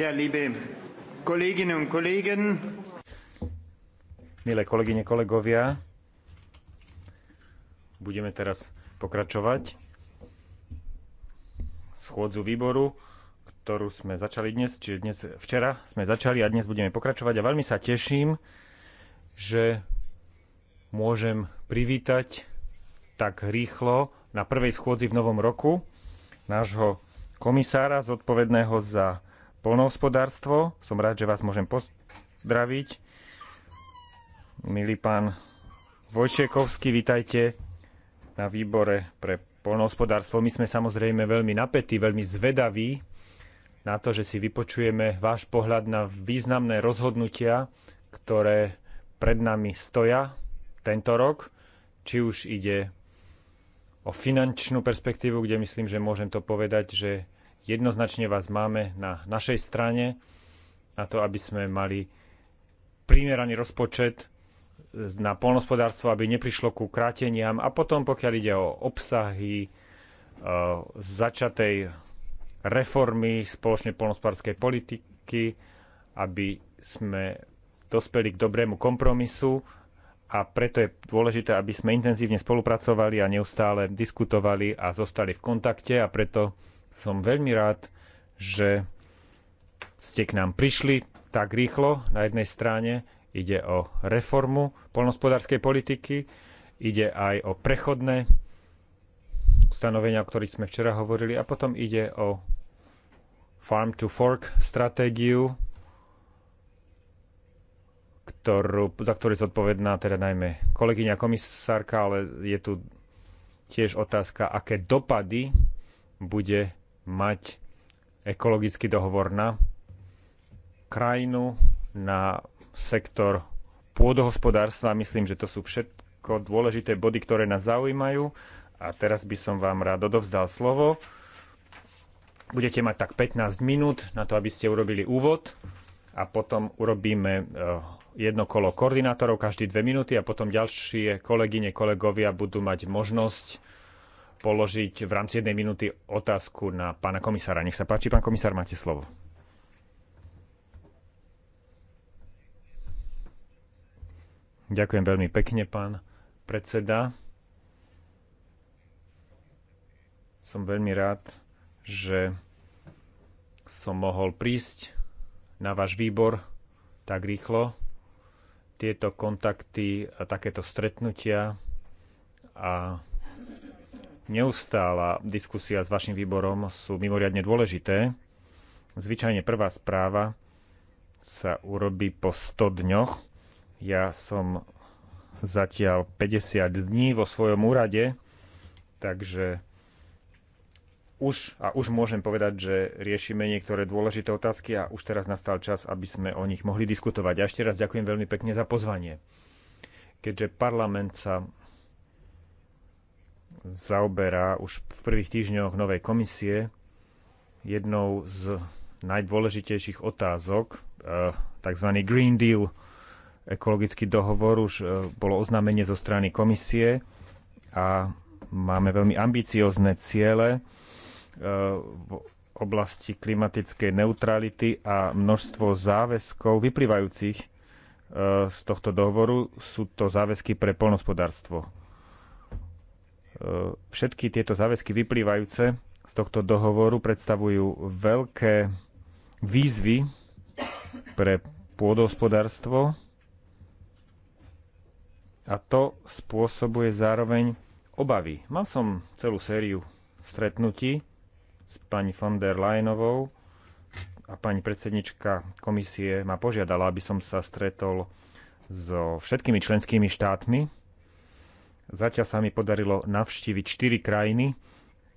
Ja, liebe Kolleginnen und Kollegen. Milé kolegyne, kolegovia, budeme teraz pokračovať schôdzu výboru, ktorú sme začali dnes, čiže dnes, včera sme začali a dnes budeme pokračovať a veľmi sa teším, že môžem privítať tak rýchlo na prvej schôdzi v novom roku nášho komisára zodpovedného za polnohospodárstvo. Som rád, že vás môžem pozdraviť. Milý pán Vojčekovský, vítajte na výbore pre polnohospodárstvo. My sme samozrejme veľmi napätí, veľmi zvedaví na to, že si vypočujeme váš pohľad na významné rozhodnutia, ktoré pred nami stoja tento rok, či už ide o finančnú perspektívu, kde myslím, že môžem to povedať, že Jednoznačne vás máme na našej strane na to, aby sme mali primeraný rozpočet na polnospodárstvo, aby neprišlo ku kráteniam a potom, pokiaľ ide o obsahy e, začatej reformy spoločnej polnospodárskej politiky, aby sme dospeli k dobrému kompromisu a preto je dôležité, aby sme intenzívne spolupracovali a neustále diskutovali a zostali v kontakte a preto som veľmi rád, že ste k nám prišli tak rýchlo. Na jednej strane ide o reformu poľnohospodárskej politiky, ide aj o prechodné stanovenia, o ktorých sme včera hovorili, a potom ide o farm to fork stratégiu, ktorú, za ktorú je zodpovedná teda najmä kolegyňa komisárka, ale je tu tiež otázka, aké dopady bude mať ekologický dohovor na krajinu, na sektor pôdohospodárstva. Myslím, že to sú všetko dôležité body, ktoré nás zaujímajú. A teraz by som vám rád odovzdal slovo. Budete mať tak 15 minút na to, aby ste urobili úvod a potom urobíme eh, jedno kolo koordinátorov každý dve minúty a potom ďalšie kolegyne, kolegovia budú mať možnosť položiť v rámci jednej minúty otázku na pána komisára. Nech sa páči, pán komisár, máte slovo. Ďakujem veľmi pekne, pán predseda. Som veľmi rád, že som mohol prísť na váš výbor tak rýchlo. Tieto kontakty a takéto stretnutia a neustála diskusia s vašim výborom sú mimoriadne dôležité. Zvyčajne prvá správa sa urobí po 100 dňoch. Ja som zatiaľ 50 dní vo svojom úrade, takže už a už môžem povedať, že riešime niektoré dôležité otázky a už teraz nastal čas, aby sme o nich mohli diskutovať. A ešte raz ďakujem veľmi pekne za pozvanie. Keďže parlament sa zaoberá už v prvých týždňoch novej komisie jednou z najdôležitejších otázok, e, tzv. Green Deal, ekologický dohovor, už e, bolo oznámenie zo strany komisie a máme veľmi ambiciozne ciele e, v oblasti klimatickej neutrality a množstvo záväzkov vyplývajúcich z tohto dohovoru sú to záväzky pre polnospodárstvo E, všetky tieto záväzky vyplývajúce z tohto dohovoru predstavujú veľké výzvy pre pôdohospodárstvo a to spôsobuje zároveň obavy. Mal som celú sériu stretnutí s pani von der Leyenovou a pani predsednička komisie ma požiadala, aby som sa stretol so všetkými členskými štátmi Zatiaľ sa mi podarilo navštíviť 4 krajiny,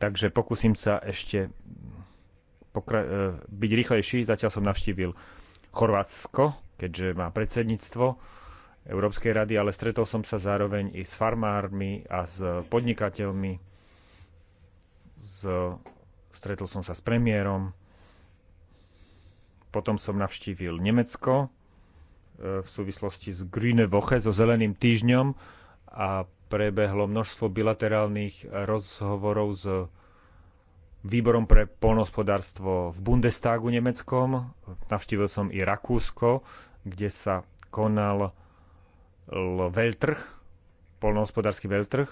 takže pokúsim sa ešte e, byť rýchlejší. Zatiaľ som navštívil Chorvátsko, keďže má predsedníctvo Európskej rady, ale stretol som sa zároveň i s farmármi a s podnikateľmi. S, stretol som sa s premiérom. Potom som navštívil Nemecko e, v súvislosti s Grüne Woche, so Zeleným týždňom a prebehlo množstvo bilaterálnych rozhovorov s Výborom pre polnospodárstvo v Bundestagu nemeckom. Navštívil som i Rakúsko, kde sa konal veľtrh, polnohospodársky veľtrh.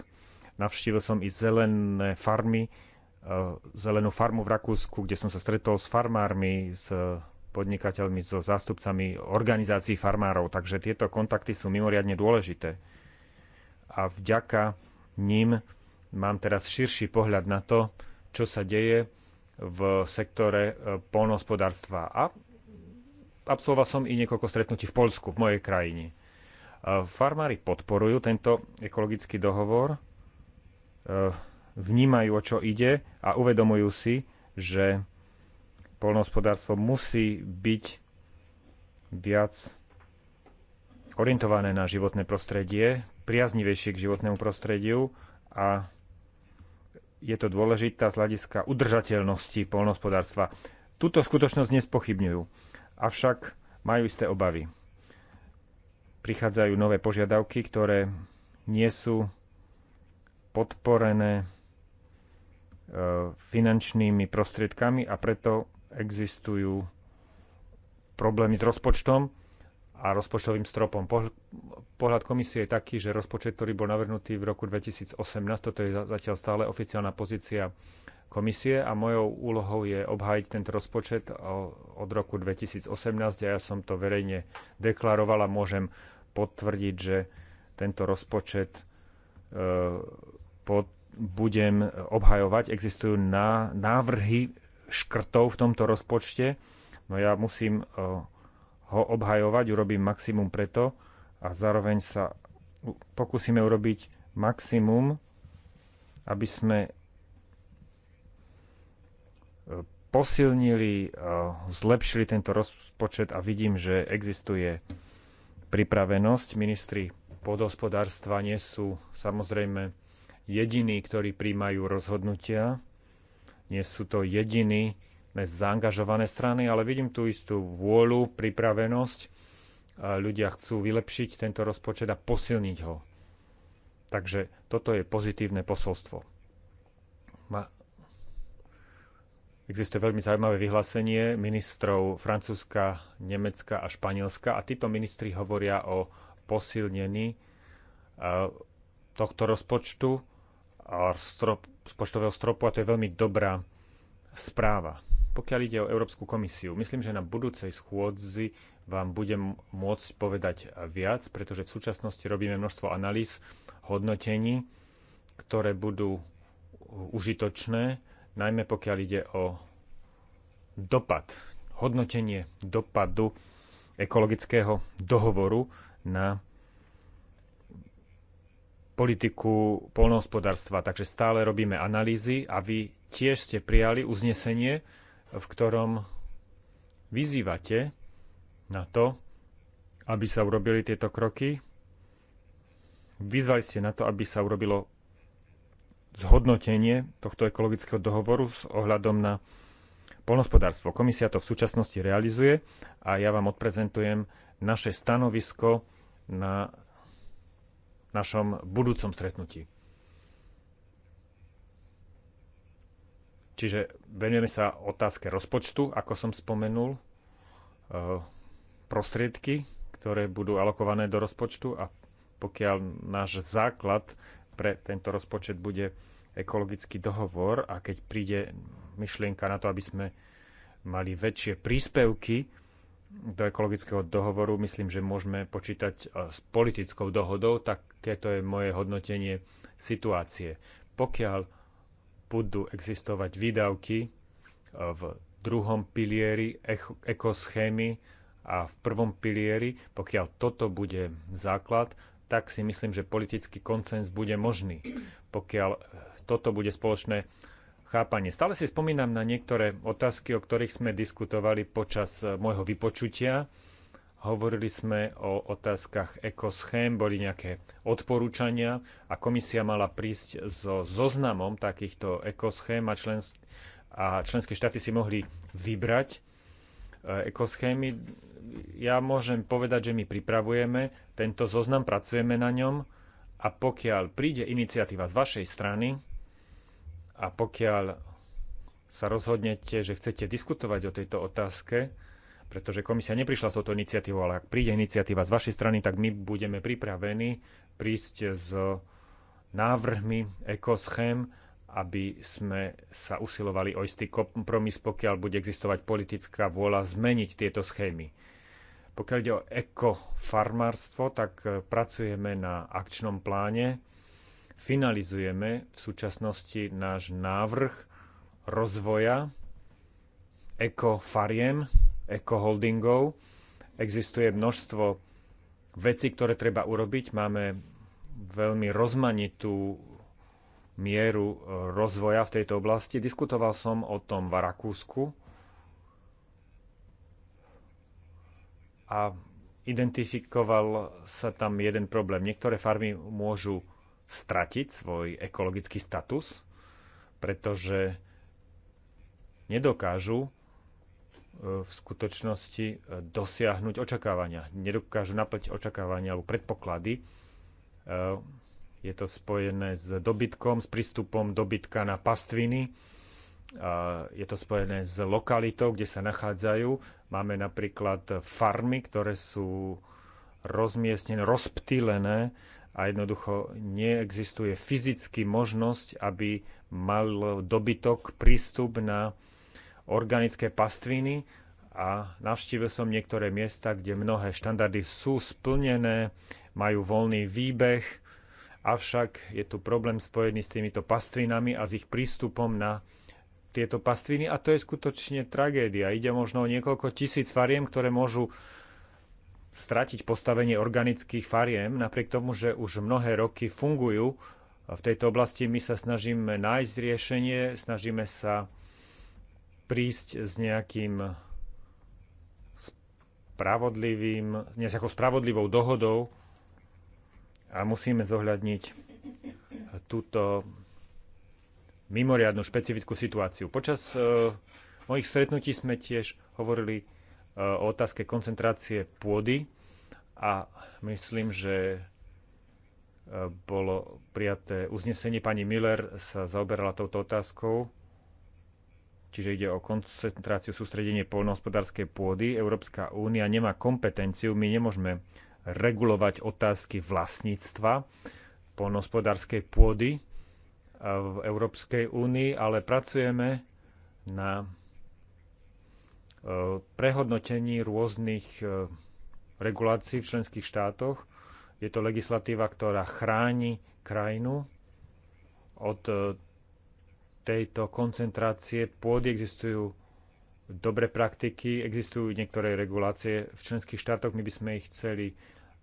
Navštívil som i zelené farmy, e, zelenú farmu v Rakúsku, kde som sa stretol s farmármi, s podnikateľmi, so zástupcami organizácií farmárov. Takže tieto kontakty sú mimoriadne dôležité a vďaka ním mám teraz širší pohľad na to, čo sa deje v sektore e, polnohospodárstva. A absolvoval som i niekoľko stretnutí v Polsku, v mojej krajine. E, farmári podporujú tento ekologický dohovor, e, vnímajú, o čo ide a uvedomujú si, že polnohospodárstvo musí byť viac orientované na životné prostredie, priaznivejšie k životnému prostrediu a je to dôležitá z hľadiska udržateľnosti polnohospodárstva. Tuto skutočnosť nespochybňujú, avšak majú isté obavy. Prichádzajú nové požiadavky, ktoré nie sú podporené e, finančnými prostriedkami a preto existujú problémy s rozpočtom a rozpočtovým stropom. Pohľad komisie je taký, že rozpočet, ktorý bol navrhnutý v roku 2018, toto je zatiaľ stále oficiálna pozícia komisie a mojou úlohou je obhájiť tento rozpočet od roku 2018 a ja som to verejne deklaroval a môžem potvrdiť, že tento rozpočet e, budem obhajovať. Existujú návrhy škrtov v tomto rozpočte, no ja musím e, ho obhajovať, urobím maximum preto a zároveň sa pokúsime urobiť maximum, aby sme e, posilnili, e, zlepšili tento rozpočet a vidím, že existuje pripravenosť. Ministri podhospodárstva nie sú samozrejme jediní, ktorí príjmajú rozhodnutia. Nie sú to jediní, zaangažované strany, ale vidím tú istú vôľu, pripravenosť. Ľudia chcú vylepšiť tento rozpočet a posilniť ho. Takže toto je pozitívne posolstvo. Ma... Existuje veľmi zaujímavé vyhlásenie ministrov Francúzska, Nemecka a Španielska a títo ministri hovoria o posilnení e, tohto rozpočtu a strop, spočtového stropu a to je veľmi dobrá správa. Pokiaľ ide o Európsku komisiu, myslím, že na budúcej schôdzi vám budem môcť povedať viac, pretože v súčasnosti robíme množstvo analýz, hodnotení, ktoré budú užitočné, najmä pokiaľ ide o dopad, hodnotenie dopadu ekologického dohovoru na politiku polnohospodárstva. Takže stále robíme analýzy a vy tiež ste prijali uznesenie, v ktorom vyzývate na to, aby sa urobili tieto kroky. Vyzvali ste na to, aby sa urobilo zhodnotenie tohto ekologického dohovoru s ohľadom na polnospodárstvo. Komisia to v súčasnosti realizuje a ja vám odprezentujem naše stanovisko na našom budúcom stretnutí. Čiže venujeme sa otázke rozpočtu, ako som spomenul, eh, prostriedky, ktoré budú alokované do rozpočtu a pokiaľ náš základ pre tento rozpočet bude ekologický dohovor a keď príde myšlienka na to, aby sme mali väčšie príspevky do ekologického dohovoru, myslím, že môžeme počítať eh, s politickou dohodou, tak to je moje hodnotenie situácie. Pokiaľ budú existovať výdavky e, v druhom pilieri ekoschémy a v prvom pilieri, pokiaľ toto bude základ, tak si myslím, že politický koncens bude možný, pokiaľ e, toto bude spoločné chápanie. Stále si spomínam na niektoré otázky, o ktorých sme diskutovali počas e, môjho vypočutia Hovorili sme o otázkach ekoschém, boli nejaké odporúčania a komisia mala prísť so zoznamom takýchto ekoschém a, člen, a členské štáty si mohli vybrať e, ekoschémy. Ja môžem povedať, že my pripravujeme tento zoznam, pracujeme na ňom a pokiaľ príde iniciatíva z vašej strany a pokiaľ sa rozhodnete, že chcete diskutovať o tejto otázke, pretože komisia neprišla s touto iniciatívou, ale ak príde iniciatíva z vašej strany, tak my budeme pripravení prísť s návrhmi ekoschém, aby sme sa usilovali o istý kompromis, pokiaľ bude existovať politická vôľa zmeniť tieto schémy. Pokiaľ ide o ekofarmárstvo, tak e, pracujeme na akčnom pláne, finalizujeme v súčasnosti náš návrh rozvoja ekofariem, ekoholdingov. Existuje množstvo vecí, ktoré treba urobiť. Máme veľmi rozmanitú mieru rozvoja v tejto oblasti. Diskutoval som o tom v Rakúsku a identifikoval sa tam jeden problém. Niektoré farmy môžu stratiť svoj ekologický status, pretože nedokážu v skutočnosti e, dosiahnuť očakávania. Nedokážu naplniť očakávania alebo predpoklady. E, je to spojené s dobytkom, s prístupom dobytka na pastviny. E, je to spojené s lokalitou, kde sa nachádzajú. Máme napríklad farmy, ktoré sú rozmiestnené, rozptýlené a jednoducho neexistuje fyzicky možnosť, aby mal dobytok prístup na organické pastviny a navštívil som niektoré miesta, kde mnohé štandardy sú splnené, majú voľný výbeh, avšak je tu problém spojený s týmito pastvinami a s ich prístupom na tieto pastviny a to je skutočne tragédia. Ide možno o niekoľko tisíc fariem, ktoré môžu stratiť postavenie organických fariem, napriek tomu, že už mnohé roky fungujú v tejto oblasti. My sa snažíme nájsť riešenie, snažíme sa prísť s nejakým spravodlivým, nejakou spravodlivou dohodou a musíme zohľadniť túto mimoriadnu špecifickú situáciu. Počas uh, mojich stretnutí sme tiež hovorili uh, o otázke koncentrácie pôdy a myslím, že uh, bolo prijaté uznesenie. Pani Miller sa zaoberala touto otázkou čiže ide o koncentráciu sústredenie poľnohospodárskej pôdy. Európska únia nemá kompetenciu, my nemôžeme regulovať otázky vlastníctva poľnohospodárskej pôdy eh, v Európskej únii, ale pracujeme na eh, prehodnotení rôznych eh, regulácií v členských štátoch. Je to legislatíva, ktorá chráni krajinu od tejto koncentrácie pôdy existujú dobré praktiky, existujú niektoré regulácie v členských štátoch, my by sme ich chceli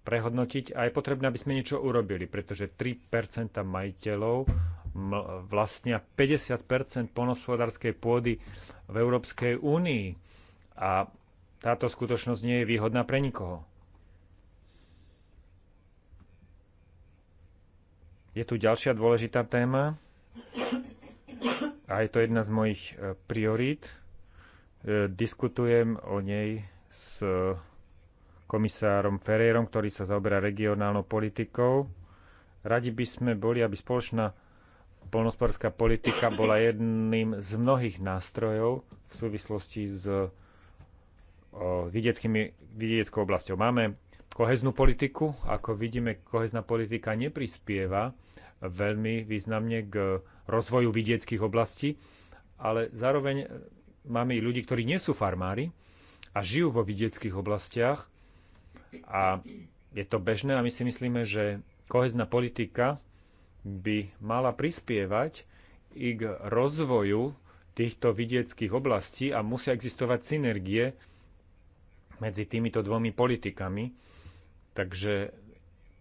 prehodnotiť a je potrebné, aby sme niečo urobili, pretože 3% majiteľov vlastnia 50% ponosvodárskej pôdy v Európskej únii a táto skutočnosť nie je výhodná pre nikoho. Je tu ďalšia dôležitá téma a je to jedna z mojich e, priorít. E, diskutujem o nej s e, komisárom Ferrerom, ktorý sa zaoberá regionálnou politikou. Radi by sme boli, aby spoločná polnospodárska politika bola jedným z mnohých nástrojov v súvislosti s vidieckou oblasťou. Máme koheznú politiku. Ako vidíme, kohezná politika neprispieva veľmi významne k rozvoju vidieckých oblastí, ale zároveň máme i ľudí, ktorí nie sú farmári a žijú vo vidieckých oblastiach a je to bežné a my si myslíme, že kohezná politika by mala prispievať i k rozvoju týchto vidieckých oblastí a musia existovať synergie medzi týmito dvomi politikami. Takže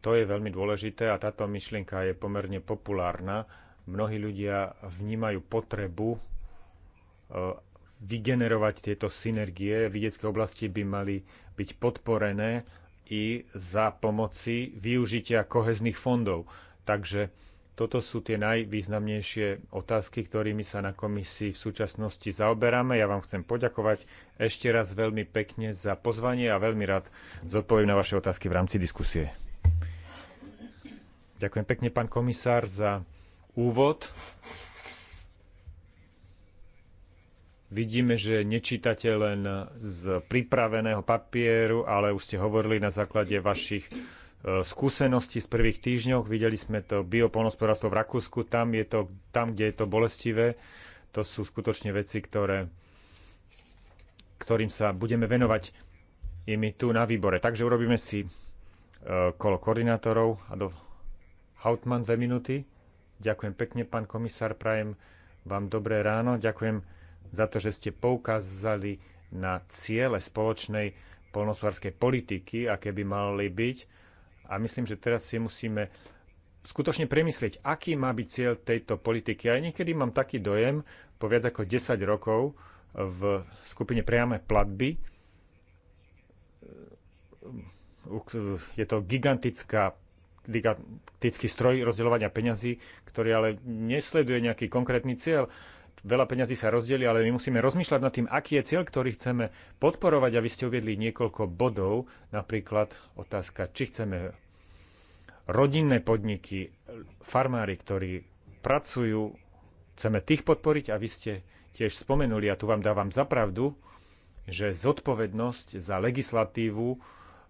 to je veľmi dôležité a táto myšlienka je pomerne populárna. Mnohí ľudia vnímajú potrebu e, vygenerovať tieto synergie. Vidiecké oblasti by mali byť podporené i za pomoci využitia kohezných fondov. Takže toto sú tie najvýznamnejšie otázky, ktorými sa na komisii v súčasnosti zaoberáme. Ja vám chcem poďakovať ešte raz veľmi pekne za pozvanie a veľmi rád zodpoviem na vaše otázky v rámci diskusie. Ďakujem pekne, pán komisár, za úvod. Vidíme, že nečítate len z pripraveného papieru, ale už ste hovorili na základe vašich e, skúseností z prvých týždňoch. Videli sme to biopolnospodárstvo v Rakúsku, tam, je to, tam, kde je to bolestivé. To sú skutočne veci, ktoré, ktorým sa budeme venovať i my tu na výbore. Takže urobíme si e, kolo koordinátorov a do, Hautman, dve minúty. Ďakujem pekne, pán komisár, prajem vám dobré ráno. Ďakujem za to, že ste poukázali na ciele spoločnej polnospodárskej politiky, aké by mali byť. A myslím, že teraz si musíme skutočne premyslieť, aký má byť cieľ tejto politiky. Aj niekedy mám taký dojem, po viac ako 10 rokov v skupine priame platby, je to gigantická gigantický stroj rozdeľovania peňazí, ktorý ale nesleduje nejaký konkrétny cieľ. Veľa peňazí sa rozdeli, ale my musíme rozmýšľať nad tým, aký je cieľ, ktorý chceme podporovať. A vy ste uviedli niekoľko bodov, napríklad otázka, či chceme rodinné podniky, farmári, ktorí pracujú, chceme tých podporiť a vy ste tiež spomenuli, a tu vám dávam zapravdu, že zodpovednosť za legislatívu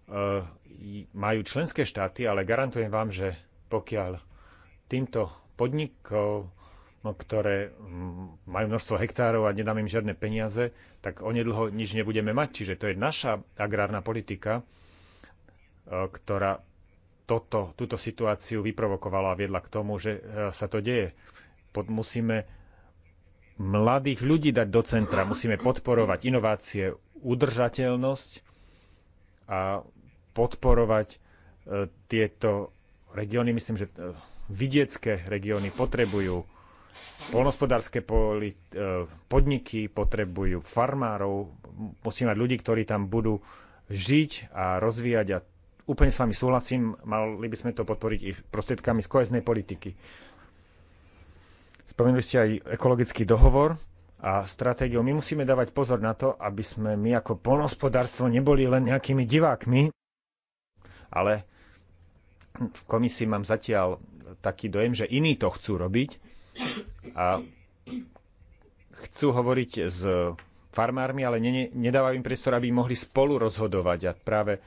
Eh, majú členské štáty, ale garantujem vám, že pokiaľ týmto podnikov, no, ktoré mm, majú množstvo hektárov a nedám im žiadne peniaze, tak onedlho nič nebudeme mať. Čiže to je naša agrárna politika, eh, ktorá toto, túto situáciu vyprovokovala a viedla k tomu, že eh, sa to deje. Pod, musíme mladých ľudí dať do centra, musíme podporovať inovácie, udržateľnosť a podporovať e, tieto regióny. Myslím, že e, vidiecké regióny potrebujú polnospodárske e, podniky, potrebujú farmárov, musí mať ľudí, ktorí tam budú žiť a rozvíjať a úplne s vami súhlasím, mali by sme to podporiť i prostriedkami z koheznej politiky. Spomenuli ste aj ekologický dohovor a stratégiu. My musíme dávať pozor na to, aby sme my ako polnospodárstvo neboli len nejakými divákmi ale v komisii mám zatiaľ taký dojem, že iní to chcú robiť a chcú hovoriť s farmármi, ale ne, nedávajú im priestor, aby mohli spolu rozhodovať. A práve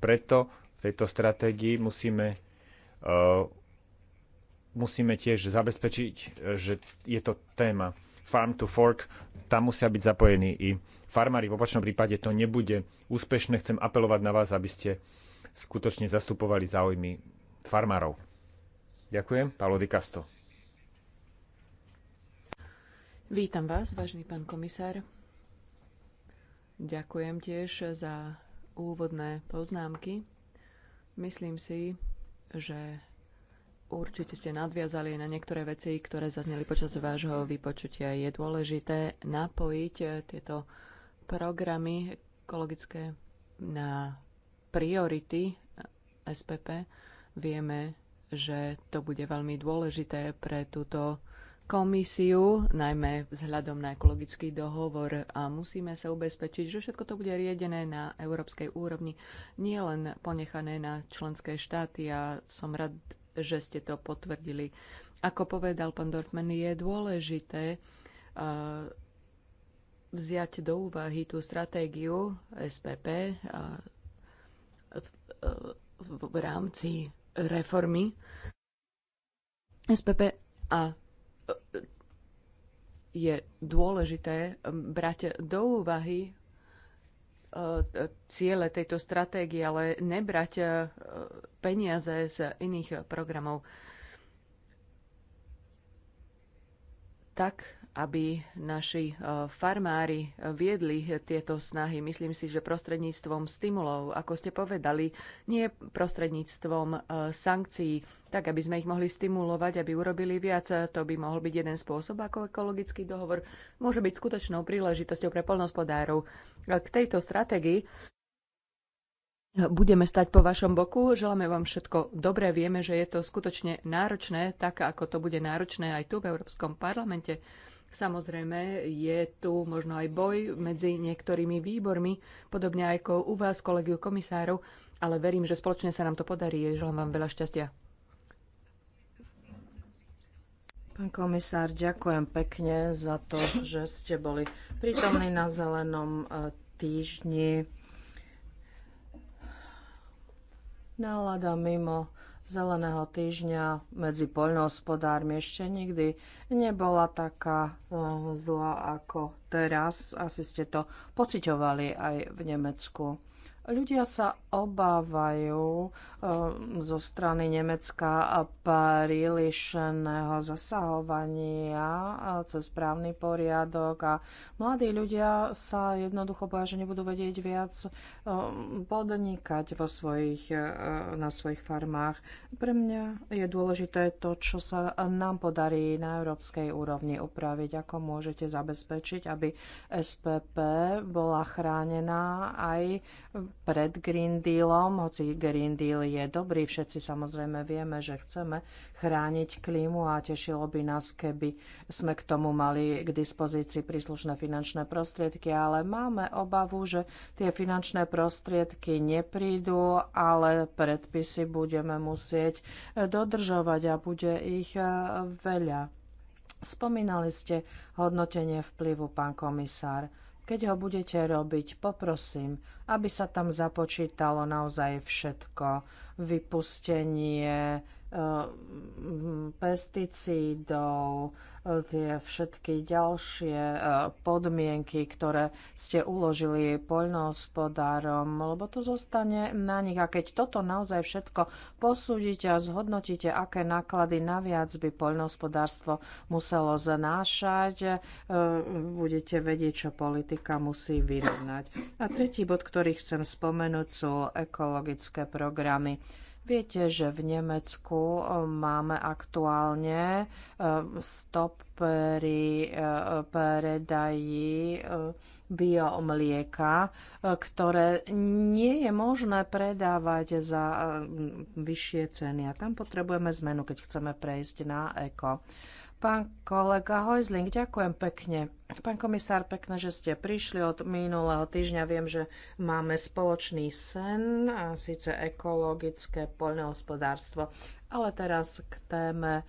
preto v tejto stratégii musíme, uh, musíme tiež zabezpečiť, že je to téma farm to fork, tam musia byť zapojení i farmári. V opačnom prípade to nebude úspešné. Chcem apelovať na vás, aby ste skutočne zastupovali záujmy farmárov. Ďakujem. Paolo Di Casto. Vítam vás, vážený pán komisár. Ďakujem tiež za úvodné poznámky. Myslím si, že určite ste nadviazali na niektoré veci, ktoré zazneli počas vášho vypočutia. Je dôležité napojiť tieto programy ekologické na priority SPP. Vieme, že to bude veľmi dôležité pre túto komisiu, najmä vzhľadom na ekologický dohovor a musíme sa ubezpečiť, že všetko to bude riedené na európskej úrovni, nie len ponechané na členské štáty a som rád, že ste to potvrdili. Ako povedal pán Dorfman, je dôležité uh, vziať do úvahy tú stratégiu SPP, uh, v rámci reformy SPP a e, je dôležité brať do úvahy e, e, ciele tejto stratégie, ale nebrať peniaze z iných programov. Tak aby naši e, farmári viedli tieto snahy. Myslím si, že prostredníctvom stimulov, ako ste povedali, nie prostredníctvom e, sankcií, tak aby sme ich mohli stimulovať, aby urobili viac. To by mohol byť jeden spôsob, ako ekologický dohovor môže byť skutočnou príležitosťou pre polnospodárov. K tejto stratégii Budeme stať po vašom boku, želáme vám všetko dobré, vieme, že je to skutočne náročné, tak ako to bude náročné aj tu v Európskom parlamente. Samozrejme, je tu možno aj boj medzi niektorými výbormi, podobne ako u vás, kolegiu komisárov, ale verím, že spoločne sa nám to podarí. Želám vám veľa šťastia. Pán komisár, ďakujem pekne za to, že ste boli prítomní na zelenom e, týždni. Nálada mimo zeleného týždňa medzi poľnohospodármi ešte nikdy nebola taká eh, zlá ako teraz. Asi ste to pociťovali aj v Nemecku. Ľudia sa obávajú eh, zo strany Nemecka prílišného zasahovania eh, cez právny poriadok a mladí ľudia sa jednoducho boja, že nebudú vedieť viac eh, podnikať vo svojich, na svojich farmách. Pre mňa je dôležité to, čo sa nám podarí na európskej úrovni upraviť, ako môžete zabezpečiť, aby SPP bola chránená aj pred Green Dealom, hoci Green Deal je dobrý, všetci samozrejme vieme, že chceme chrániť klímu a tešilo by nás, keby sme k tomu mali k dispozícii príslušné finančné prostriedky, ale máme obavu, že tie finančné prostriedky neprídu, ale predpisy budeme musieť dodržovať a bude ich e, veľa. Spomínali ste hodnotenie vplyvu, pán komisár. Keď ho budete robiť, poprosím, aby sa tam započítalo naozaj všetko. Vypustenie, Eh, pesticídov, eh, tie všetky ďalšie eh, podmienky, ktoré ste uložili poľnohospodárom, lebo to zostane na nich. A keď toto naozaj všetko posúdite a zhodnotíte, aké náklady naviac by poľnohospodárstvo muselo znášať, budete vedieť, čo politika musí vyrovnať. A tretí bod, ktorý chcem spomenúť, sú ekologické programy. Viete, že v Nemecku e, máme aktuálne e, stop pri e, predaji biomlieka, ktoré nie je možné predávať za vyššie ceny. A tam potrebujeme zmenu, keď chceme prejsť na eko. Pán kolega Hojzling, ďakujem pekne. Pán komisár, pekne, že ste prišli od minulého týždňa. Viem, že máme spoločný sen, a síce ekologické poľnohospodárstvo. Ale teraz k téme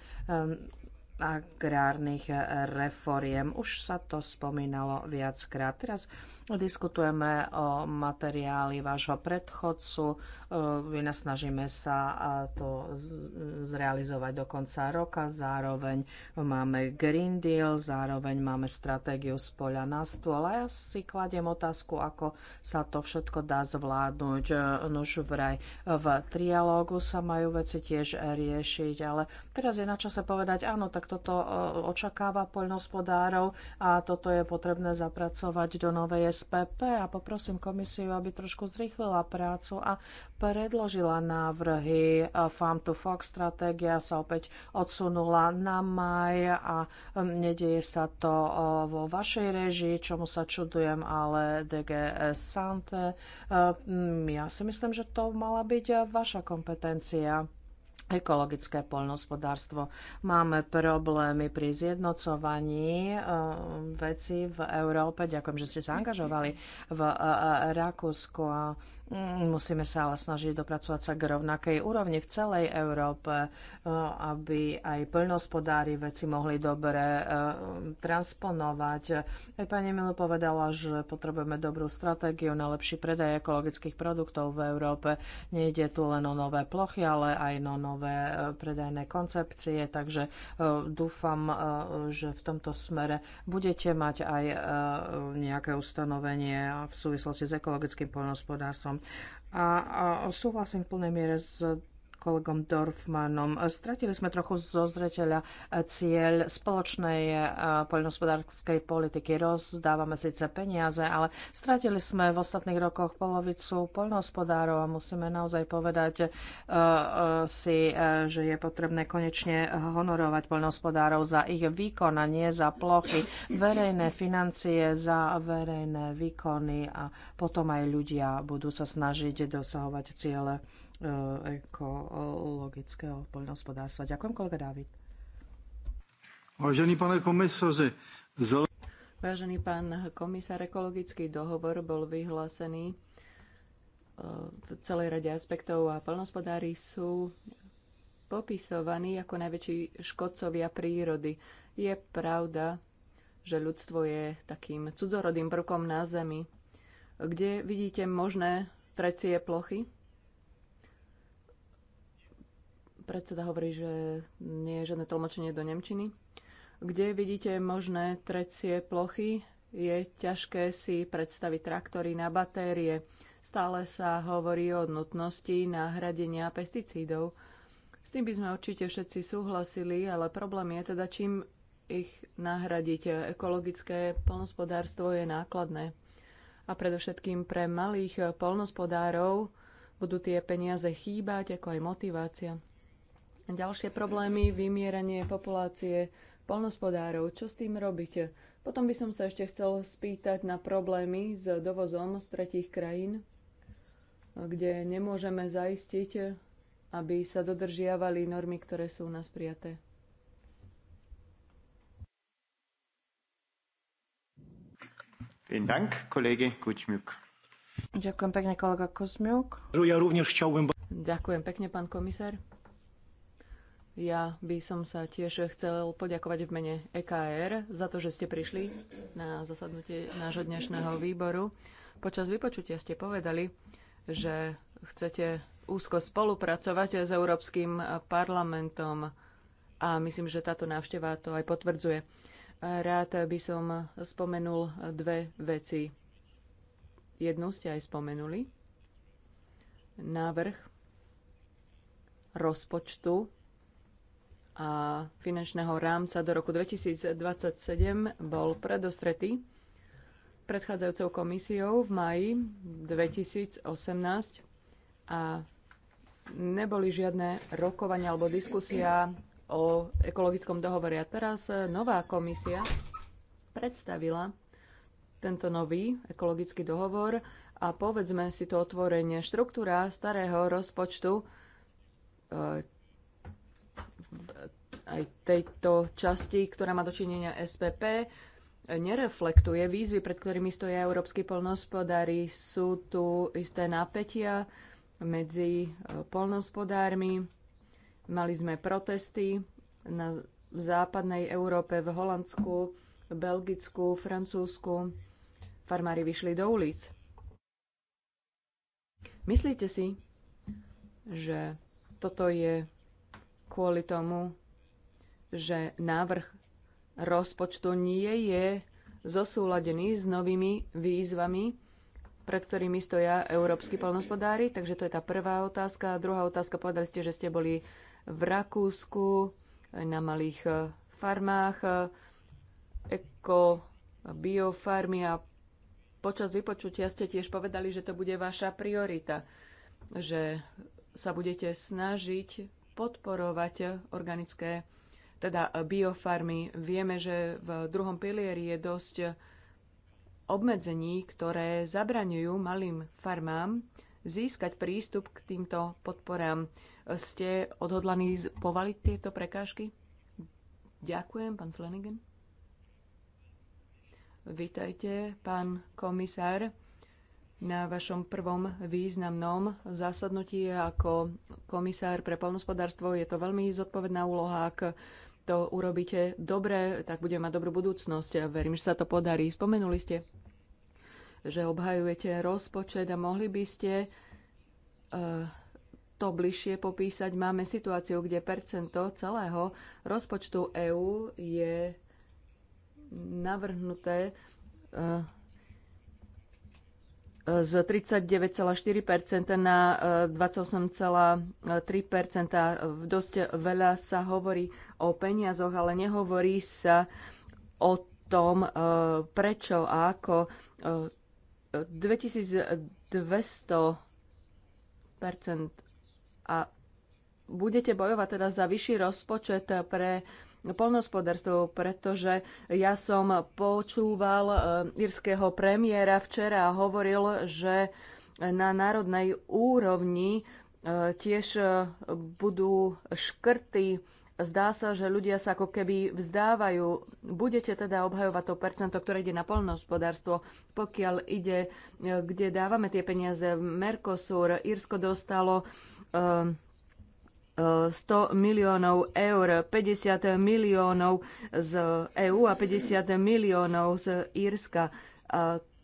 agrárnych reforiem. Už sa to spomínalo viackrát. Teraz diskutujeme o materiáli vášho predchodcu. E, vynasnažíme sa to zrealizovať do konca roka. Zároveň máme Green Deal, zároveň máme stratégiu z poľa na stôl. A ja si kladiem otázku, ako sa to všetko dá zvládnuť. E, Nož vraj v trialógu sa majú veci tiež riešiť, ale teraz je na čase povedať, áno, tak toto e, očakáva poľnohospodárov a toto je potrebné zapracovať do novej SPP a poprosím komisiu, aby trošku zrýchlila prácu a predložila návrhy e, Farm to Fox. Stratégia sa opäť odsunula na maj a nedieje sa to e, vo vašej režii, čomu sa čudujem, ale DG Sante. Ja si myslím, že to mala byť vaša kompetencia ekologické poľnohospodárstvo. Máme problémy pri zjednocovaní eh, veci v Európe. Ďakujem, že ste sa angažovali v eh, eh, Rakúsku a Mm, musíme sa ale snažiť dopracovať sa k rovnakej úrovni v celej Európe, eh, aby aj plnospodári veci mohli dobre eh, transponovať. Aj pani Milu povedala, že potrebujeme dobrú stratégiu na lepší predaj ekologických produktov v Európe. Nejde tu len o nové plochy, ale aj o nové eh, predajné koncepcie, takže dúfam, že v tomto smere budete mať aj nejaké ustanovenie v súvislosti s ekologickým poľnohospodárstvom. A, a súhlasím v plnej miere s kolegom Dorfmanom. Stratili sme trochu zo zreteľa e, cieľ spoločnej e, poľnohospodárskej politiky. Rozdávame síce peniaze, ale stratili sme v ostatných rokoch polovicu poľnohospodárov a musíme naozaj povedať e, si, že je potrebné konečne honorovať poľnohospodárov za ich výkon a nie za plochy. Verejné financie za verejné výkony a potom aj ľudia budú sa snažiť dosahovať ciele Eh, ekologického poľnohospodárstva. Ďakujem, kolega Dávid. Vážený pane komisaři, zel... Vážený pán komisár, ekologický dohovor bol vyhlásený eh, v celej rade aspektov a plnospodári sú popisovaní ako najväčší škodcovia prírody. Je pravda, že ľudstvo je takým cudzorodým prvkom na Zemi. Kde vidíte možné trecie plochy? Predseda hovorí, že nie je žiadne tlmočenie do Nemčiny. Kde vidíte možné trecie plochy, je ťažké si predstaviť traktory na batérie. Stále sa hovorí o nutnosti nahradenia pesticídov. S tým by sme určite všetci súhlasili, ale problém je teda, čím ich nahradiť. Ekologické polnospodárstvo je nákladné. A predovšetkým pre malých polnospodárov budú tie peniaze chýbať, ako aj motivácia. Ďalšie problémy, vymieranie populácie polnospodárov. Čo s tým robíte? Potom by som sa ešte chcel spýtať na problémy s dovozom z tretích krajín, kde nemôžeme zaistiť, aby sa dodržiavali normy, ktoré sú u nás prijaté. Ďakujem pekne, kolega Kuzmiuk. Ďakujem pekne, pán komisár. Ja by som sa tiež chcel poďakovať v mene EKR za to, že ste prišli na zasadnutie nášho dnešného výboru. Počas vypočutia ste povedali, že chcete úzko spolupracovať s Európskym parlamentom a myslím, že táto návšteva to aj potvrdzuje. Rád by som spomenul dve veci. Jednu ste aj spomenuli. Návrh rozpočtu a finančného rámca do roku 2027 bol predostretý predchádzajúcou komisiou v maji 2018 a neboli žiadne rokovania alebo diskusia o ekologickom dohovore. A teraz nová komisia predstavila tento nový ekologický dohovor a povedzme si to otvorenie. Štruktúra starého rozpočtu e, aj tejto časti, ktorá má dočinenia SPP, nereflektuje výzvy, pred ktorými stojí európsky polnospodári. Sú tu isté napätia medzi e, polnospodármi. Mali sme protesty na západnej Európe, v Holandsku, Belgicku, Francúzsku. Farmári vyšli do ulic. Myslíte si, že toto je kvôli tomu, že návrh rozpočtu nie je zosúladený s novými výzvami, pred ktorými stoja európsky polnospodári. Takže to je tá prvá otázka. A druhá otázka, povedali ste, že ste boli v Rakúsku na malých eh, farmách, eh, eko, biofarmy a počas vypočutia ste tiež povedali, že to bude vaša priorita, že sa budete snažiť podporovať organické, teda biofarmy. Vieme, že v druhom pilieri je dosť obmedzení, ktoré zabraňujú malým farmám získať prístup k týmto podporám. Ste odhodlaní povaliť tieto prekážky? Ďakujem, pán Flanagan. Vítajte, pán komisár na vašom prvom významnom zasadnutí ako komisár pre polnospodárstvo. Je to veľmi zodpovedná úloha, ak to urobíte dobre, tak bude mať dobrú budúcnosť. Verím, že sa to podarí. Spomenuli ste, že obhajujete rozpočet a mohli by ste eh, to bližšie popísať. Máme situáciu, kde percento celého rozpočtu EÚ je navrhnuté eh, z 39,4% na 28,3%. E, Dosť veľa sa hovorí o peniazoch, ale nehovorí sa o tom, e, prečo a ako 2200% e, a budete bojovať teda za vyšší rozpočet pre polnospodárstvo, pretože ja som počúval e, írskeho premiéra včera a hovoril, že na národnej úrovni e, tiež e, budú škrty. Zdá sa, že ľudia sa ako keby vzdávajú. Budete teda obhajovať to percento, ktoré ide na polnohospodárstvo, pokiaľ ide, kde dávame tie peniaze. Mercosur, Írsko dostalo 100 miliónov eur, 50 miliónov z EÚ a 50 miliónov z Írska.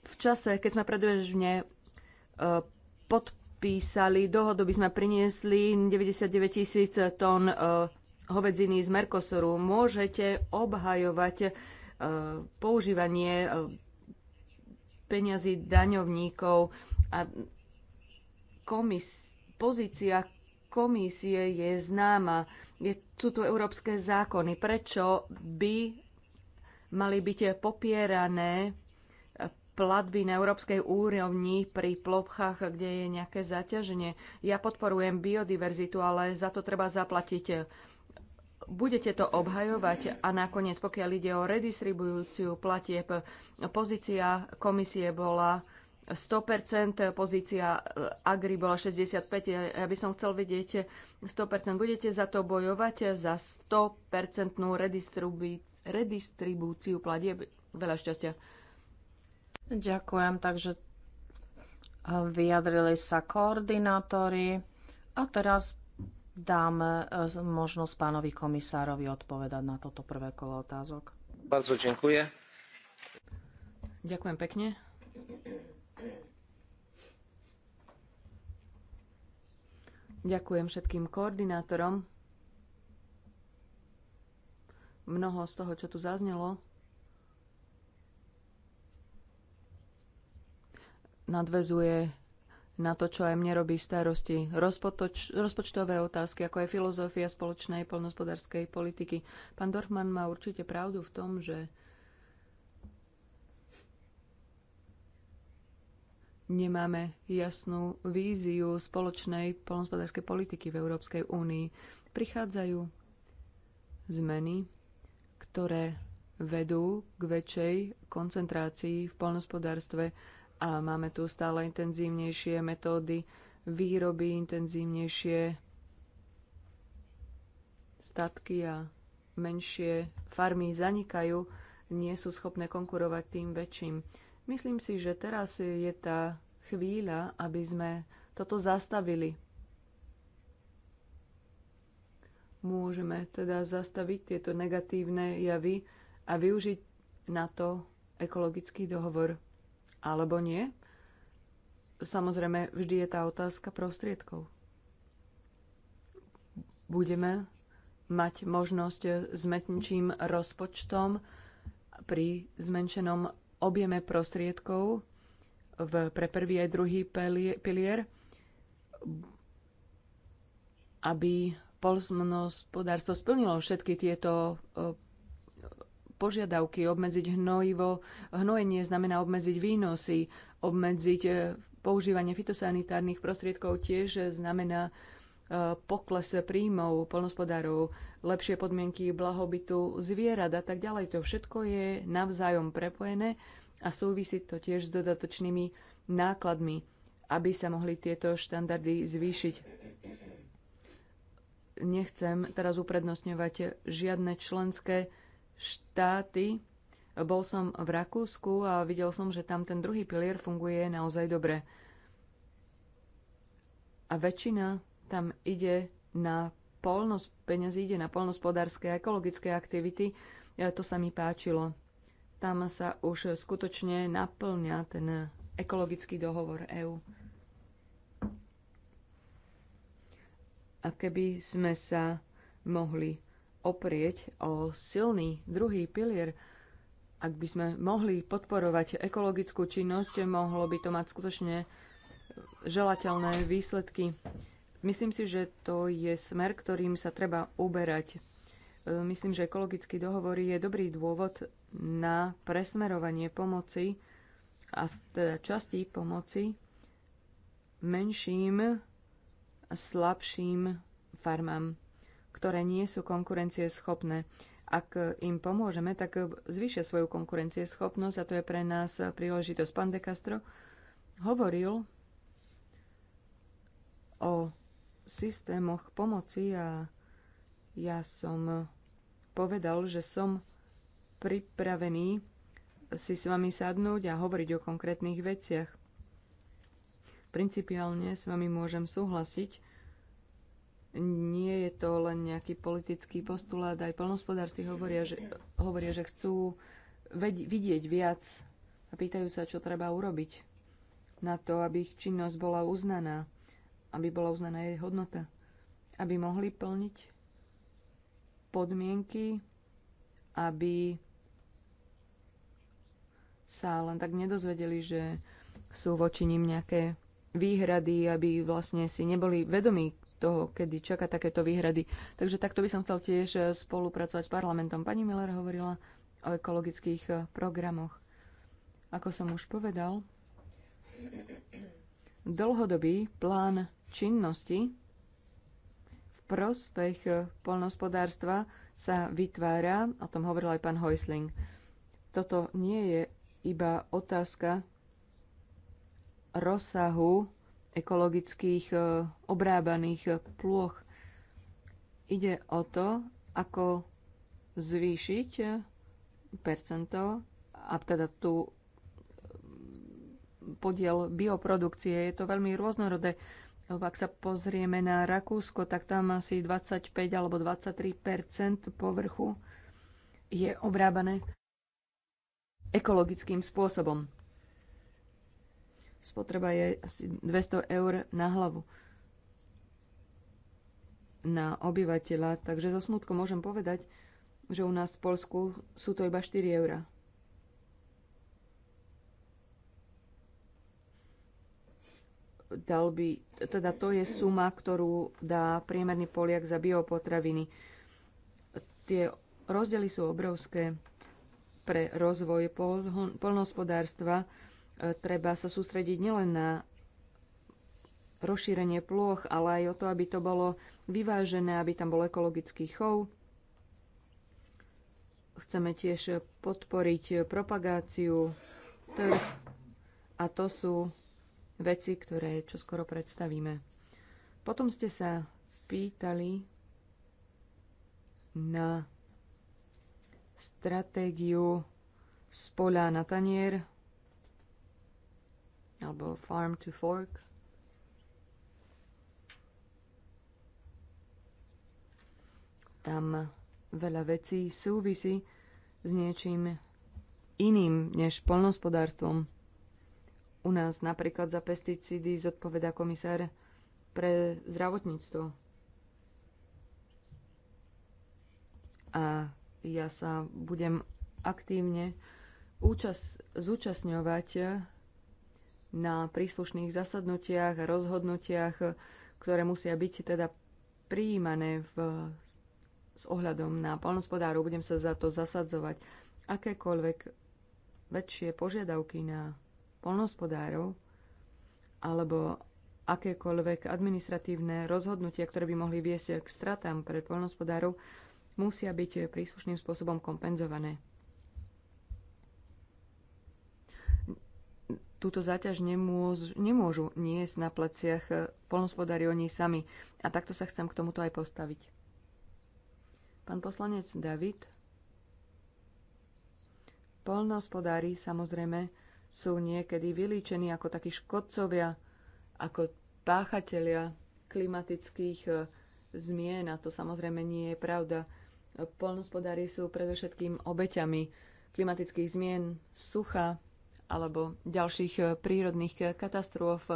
V čase, keď sme predbežne e, podpísali dohodu, by sme priniesli 99 tisíc tón e, hovedziny z Mercosuru. Môžete obhajovať e, používanie peňazí daňovníkov a komis- pozícia komisie je známa. Je, sú tu európske zákony. Prečo by mali byť popierané platby na európskej úrovni pri plochách, kde je nejaké zaťaženie. Ja podporujem biodiverzitu, ale za to treba zaplatiť. Budete to obhajovať a nakoniec, pokiaľ ide o redistribúciu platieb, pozícia komisie bola 100%, eh, pozícia eh, Agri bola 65, ja by som chcel vidieť 100%. Eh, Budete za to bojovať, za 100% redistribú redistribúciu platieb? Veľa šťastia. Ďakujem, takže vyjadrili sa koordinátori a teraz dám možnosť pánovi komisárovi odpovedať na toto prvé kolo otázok. Bardzo dziękuję. Ďakujem pekne. Ďakujem všetkým koordinátorom. Mnoho z toho, čo tu zaznelo, nadvezuje na to, čo aj mne robí starosti. Rozpotoč, rozpočtové otázky, ako aj filozofia spoločnej poľnohospodárskej politiky. Pán Dorfman má určite pravdu v tom, že nemáme jasnú víziu spoločnej polnospodárskej politiky v Európskej únii. Prichádzajú zmeny, ktoré vedú k väčšej koncentrácii v polnospodárstve a máme tu stále intenzívnejšie metódy výroby, intenzívnejšie statky a menšie farmy zanikajú, nie sú schopné konkurovať tým väčším Myslím si, že teraz je tá chvíľa, aby sme toto zastavili. Môžeme teda zastaviť tieto negatívne javy a využiť na to ekologický dohovor. Alebo nie? Samozrejme, vždy je tá otázka prostriedkov. Budeme mať možnosť s metničím rozpočtom pri zmenšenom objeme prostriedkov v, pre prvý aj druhý pilier, aby polsmnospodárstvo splnilo všetky tieto e, požiadavky, obmedziť hnojivo. Hnojenie znamená obmedziť výnosy, obmedziť e, používanie fitosanitárnych prostriedkov tiež znamená e, pokles príjmov polnospodárov lepšie podmienky blahobytu zvierat a tak ďalej. To všetko je navzájom prepojené a súvisí to tiež s dodatočnými nákladmi, aby sa mohli tieto štandardy zvýšiť. Nechcem teraz uprednostňovať žiadne členské štáty. Bol som v Rakúsku a videl som, že tam ten druhý pilier funguje naozaj dobre. A väčšina tam ide na polnos, peniaz ide na polnospodárske a ekologické aktivity, e, to sa mi páčilo. Tam sa už skutočne naplňa ten ekologický dohovor EÚ. A keby sme sa mohli oprieť o silný druhý pilier, ak by sme mohli podporovať ekologickú činnosť, mohlo by to mať skutočne želateľné výsledky. Myslím si, že to je smer, ktorým sa treba uberať. E, myslím, že ekologický dohovor je dobrý dôvod na presmerovanie pomoci a teda časti pomoci menším a slabším farmám, ktoré nie sú konkurencieschopné. Ak im pomôžeme, tak zvýšia svoju konkurencieschopnosť a to je pre nás príležitosť. Pán De Castro hovoril o systémoch pomoci a ja som povedal, že som pripravený si s vami sadnúť a hovoriť o konkrétnych veciach. Principiálne s vami môžem súhlasiť. Nie je to len nejaký politický postulát, aj polnospodárství hovoria, že, hovoria, že chcú vidieť viac a pýtajú sa, čo treba urobiť na to, aby ich činnosť bola uznaná aby bola uznaná jej hodnota, aby mohli plniť podmienky, aby sa len tak nedozvedeli, že sú voči ním nejaké výhrady, aby vlastne si neboli vedomí toho, kedy čaká takéto výhrady. Takže takto by som chcel tiež eh, spolupracovať s parlamentom. Pani Miller hovorila o ekologických eh, programoch. Ako som už povedal, dlhodobý plán činnosti v prospech polnospodárstva sa vytvára, o tom hovoril aj pán Hoisling, Toto nie je iba otázka rozsahu ekologických e, obrábaných plôch. Ide o to, ako zvýšiť percento, a teda tu e, podiel bioprodukcie. Je to veľmi rôznorodé. Lebo ak sa pozrieme na Rakúsko, tak tam asi 25 alebo 23 povrchu je obrábané ekologickým spôsobom. Spotreba je asi 200 eur na hlavu na obyvateľa, takže so smutkom môžem povedať, že u nás v Polsku sú to iba 4 eurá. dal by, teda to je suma, ktorú dá priemerný poliak za biopotraviny. Tie rozdiely sú obrovské pre rozvoj polnohospodárstva. E, treba sa sústrediť nielen na rozšírenie plôch, ale aj o to, aby to bolo vyvážené, aby tam bol ekologický chov. Chceme tiež podporiť propagáciu trh a to sú veci, ktoré čoskoro predstavíme. Potom ste sa pýtali na stratégiu z na tanier alebo farm to fork. Tam veľa vecí súvisí s niečím iným než polnospodárstvom. U nás napríklad za pesticídy zodpovedá komisár pre zdravotníctvo. A ja sa budem aktívne účas- zúčastňovať na príslušných zasadnutiach a rozhodnutiach, ktoré musia byť teda prijímané v, s ohľadom na polnospodárov. Budem sa za to zasadzovať. Akékoľvek väčšie požiadavky na polnohospodárov alebo akékoľvek administratívne rozhodnutia, ktoré by mohli viesť k stratám pre polnohospodárov, musia byť príslušným spôsobom kompenzované. túto záťaž nemôž, nemôžu niesť na pleciach polnospodári oni sami. A takto sa chcem k tomuto aj postaviť. Pán poslanec David. Polnospodári samozrejme sú niekedy vylíčení ako takí škodcovia, ako páchatelia klimatických e, zmien a to samozrejme nie je pravda. Polnospodári sú predovšetkým obeťami klimatických zmien, sucha alebo ďalších e, prírodných e, katastrof.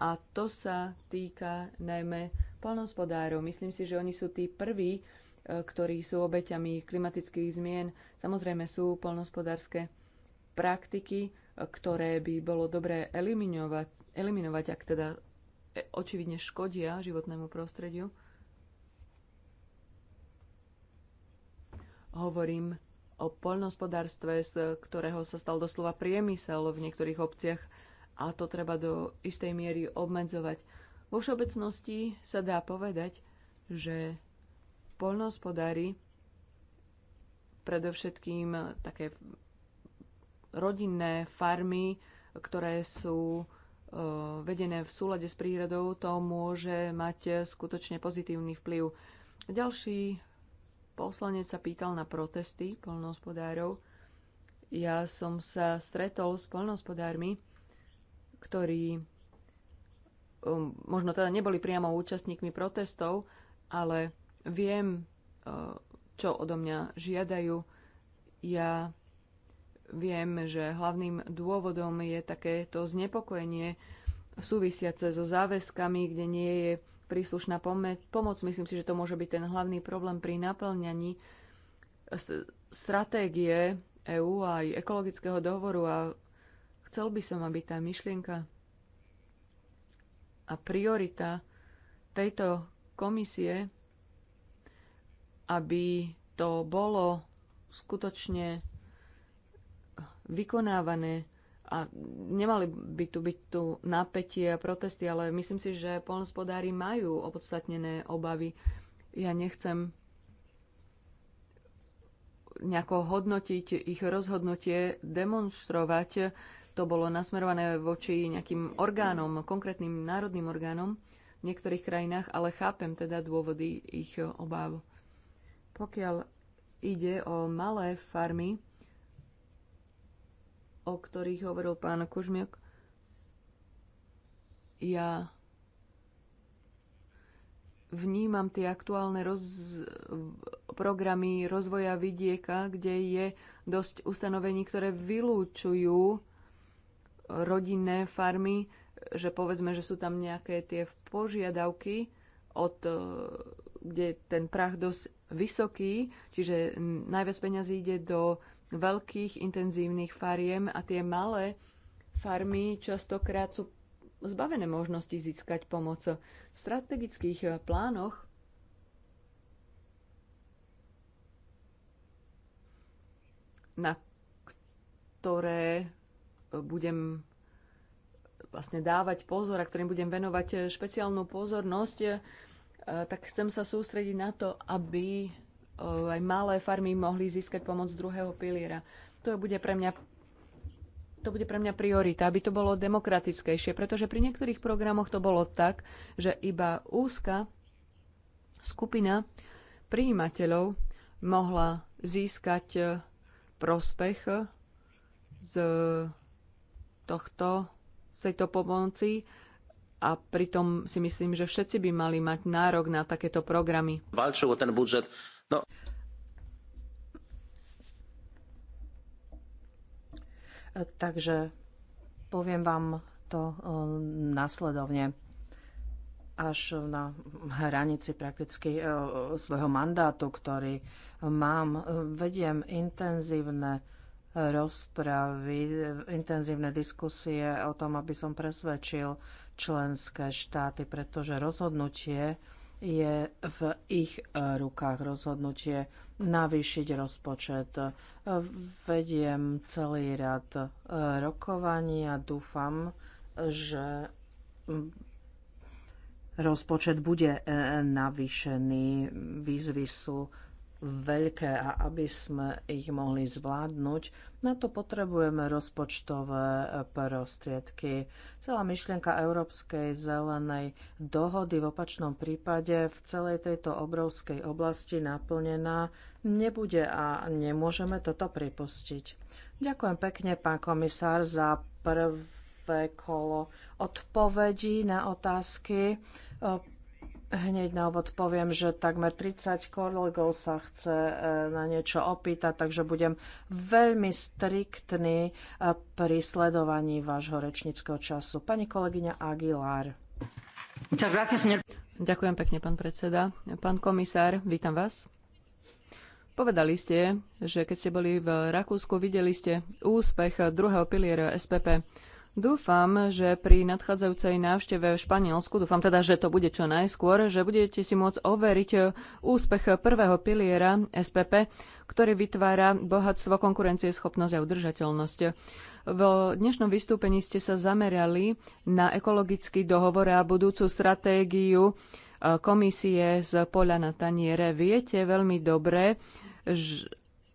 A to sa týka najmä polnospodárov. Myslím si, že oni sú tí prví, ktorí sú obeťami klimatických zmien. Samozrejme sú polnospodárske praktiky, ktoré by bolo dobré eliminovať, eliminovať ak teda e, očividne škodia životnému prostrediu. Hovorím o poľnohospodárstve, z ktorého sa stal doslova priemysel v niektorých obciach a to treba do istej miery obmedzovať. Vo všeobecnosti sa dá povedať, že poľnohospodári predovšetkým také rodinné farmy, ktoré sú e, vedené v súlade s prírodou, to môže mať skutočne pozitívny vplyv. Ďalší poslanec sa pýtal na protesty poľnohospodárov. Ja som sa stretol s poľnohospodármi, ktorí e, možno teda neboli priamo účastníkmi protestov, ale viem, e, čo odo mňa žiadajú. Ja Viem, že hlavným dôvodom je takéto znepokojenie súvisiace so záväzkami, kde nie je príslušná pomoc. Myslím si, že to môže byť ten hlavný problém pri naplňaní stratégie EÚ a aj ekologického dohovoru a chcel by som, aby tá myšlienka a priorita tejto komisie, aby to bolo skutočne vykonávané a nemali by tu byť tu napätie a protesty, ale myslím si, že polnospodári majú opodstatnené obavy. Ja nechcem nejako hodnotiť ich rozhodnutie, demonstrovať. To bolo nasmerované voči nejakým orgánom, konkrétnym národným orgánom v niektorých krajinách, ale chápem teda dôvody ich obáv. Pokiaľ ide o malé farmy, o ktorých hovoril pán Kužmiok. Ja vnímam tie aktuálne roz... programy rozvoja vidieka, kde je dosť ustanovení, ktoré vylúčujú rodinné farmy, že povedzme, že sú tam nejaké tie požiadavky, od, e, kde je ten prach dosť vysoký, čiže najviac peňazí ide do veľkých intenzívnych fariem a tie malé farmy častokrát sú zbavené možnosti získať pomoc. V strategických eh, plánoch na ktoré eh, budem eh, vlastne dávať pozor a ktorým budem venovať špeciálnu pozornosť, tak chcem sa sústrediť na to, aby Eh, aj malé farmy mohli získať pomoc z druhého piliera. To bude pre mňa to bude pre mňa priorita, aby to bolo demokratickejšie, pretože pri niektorých programoch to bolo tak, že iba úzka skupina príjimateľov mohla získať eh, prospech eh, z tohto, z tejto pomoci a pritom si myslím, že všetci by mali mať nárok na takéto programy. Valčilo ten budžet No. Takže poviem vám to eh, nasledovne až na hranici prakticky eh, svojho mandátu, ktorý mám. Eh, vediem intenzívne rozpravy, intenzívne diskusie o tom, aby som presvedčil členské štáty, pretože rozhodnutie je v ich e, rukách rozhodnutie navýšiť rozpočet. E, vediem celý rad e, rokovaní a dúfam, že rozpočet bude navýšený. Výzvy sú veľké a aby sme ich mohli zvládnuť, na to potrebujeme rozpočtové eh, prostriedky. Celá myšlienka Európskej zelenej dohody v opačnom prípade v celej tejto obrovskej oblasti naplnená nebude a nemôžeme toto pripustiť. Ďakujem pekne, pán komisár, za prvé kolo odpovedí na otázky eh, Hneď na úvod poviem, že takmer 30 kolegov sa chce e, na niečo opýtať, takže budem veľmi striktný e, pri sledovaní vášho rečníckého času. Pani kolegyňa Aguilar. Ďakujem pekne, pán predseda. Pán komisár, vítam vás. Povedali ste, že keď ste boli v Rakúsku, videli ste úspech druhého piliera SPP. Dúfam, že pri nadchádzajúcej návšteve v Španielsku, dúfam teda, že to bude čo najskôr, že budete si môcť overiť úspech prvého piliera SPP, ktorý vytvára bohatstvo, schopnosť a udržateľnosť. V dnešnom vystúpení ste sa zamerali na ekologický dohovor a budúcu stratégiu eh, komisie z poľa na taniere. Viete veľmi dobre,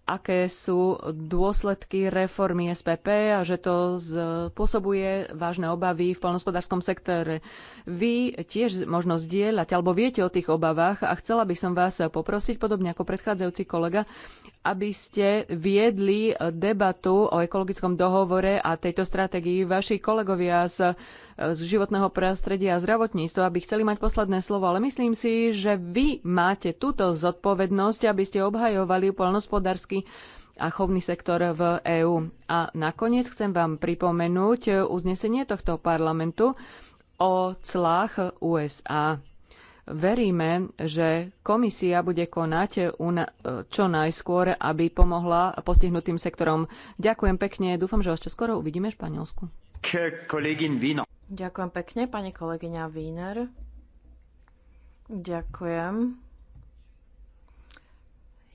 aké sú dôsledky reformy SPP a že to spôsobuje vážne obavy v polnospodárskom sektore. Vy tiež možno zdieľať, alebo viete o tých obavách a chcela by som vás poprosiť, podobne ako predchádzajúci kolega, aby ste viedli eh, debatu o ekologickom dohovore a tejto stratégii vaši kolegovia z, eh, z životného prostredia a zdravotníctva, aby chceli mať posledné slovo. Ale myslím si, že vy máte túto zodpovednosť, aby ste obhajovali poľnohospodársky a chovný sektor v EÚ. A nakoniec chcem vám pripomenúť eh, uznesenie tohto parlamentu o clách USA. Veríme, že komisia bude konať eh, eh, čo najskôr, aby pomohla postihnutým sektorom. Ďakujem pekne, dúfam, že vás čo skoro uvidíme v Španielsku. Ďakujem pekne, pani kolegyňa Wiener. Ďakujem.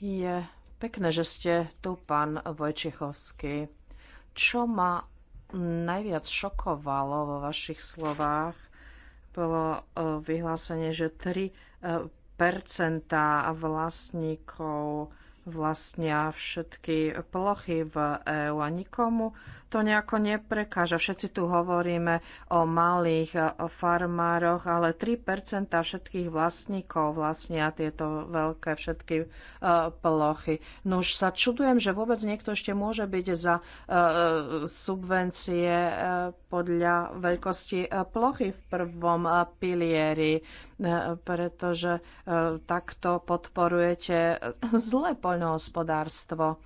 Je pekné, že ste tu, pán Vojčichovský. Čo ma najviac šokovalo vo vašich slovách, bolo e, vyhlásenie, že 3 e, vlastníkov vlastnia všetky plochy v EÚ a nikomu to nejako neprekáža. Všetci tu hovoríme o malých farmároch, ale 3% všetkých vlastníkov vlastnia tieto veľké všetky e, plochy. No už sa čudujem, že vôbec niekto ešte môže byť za e, subvencie e, podľa veľkosti plochy v prvom pilieri, pretože takto podporujete zlé poľnohospodárstvo.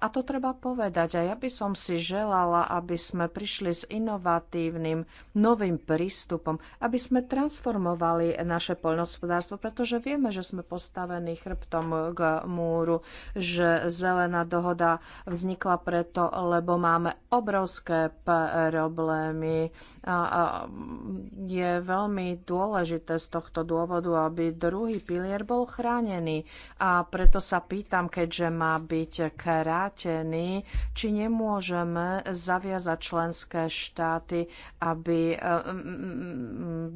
A to treba povedať. A ja by som si želala, aby sme prišli s inovatívnym, novým prístupom, aby sme transformovali naše poľnohospodárstvo, pretože vieme, že sme postavení chrbtom k múru, že zelená dohoda vznikla preto, lebo máme obrovské problémy. A je veľmi dôležité z tohto dôvodu, aby druhý pilier bol chránený. A preto sa pýtam, keďže má byť krát stratení, či nemôžeme zaviazať členské štáty, aby e,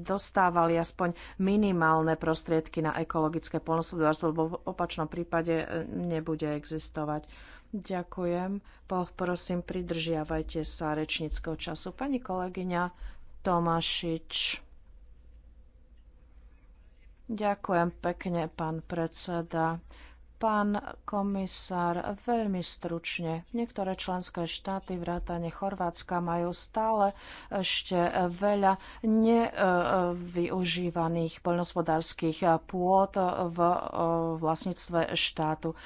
dostávali aspoň minimálne prostriedky na ekologické polnospodárstvo, lebo v opačnom prípade e, nebude existovať. Ďakujem. Poprosím, pridržiavajte sa rečníckého času. Pani kolegyňa Tomašič. Ďakujem pekne, pán predseda. Pán komisár, veľmi stručne. Niektoré členské štáty, vrátane Chorvátska, majú stále ešte veľa nevyužívaných poľnospodárských pôd v e, vlastníctve štátu. E,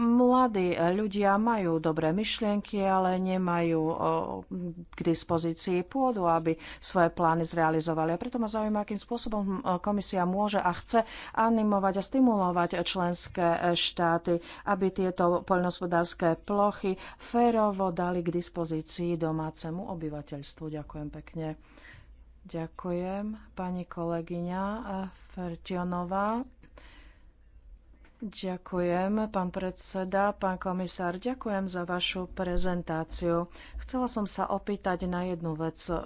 mladí ľudia majú dobré myšlienky, ale nemajú e, k dispozícii pôdu, aby svoje plány zrealizovali. A preto ma zaujíma, akým spôsobom komisia môže a chce animovať a stimulovať členské štáty štáty, aby tieto poľnohospodárske plochy férovo dali k dispozícii domácemu obyvateľstvu. Ďakujem pekne. Ďakujem, pani kolegyňa Fertionová. Ďakujem, pán predseda, pán komisár, ďakujem za vašu prezentáciu. Chcela som sa opýtať na jednu vec, e,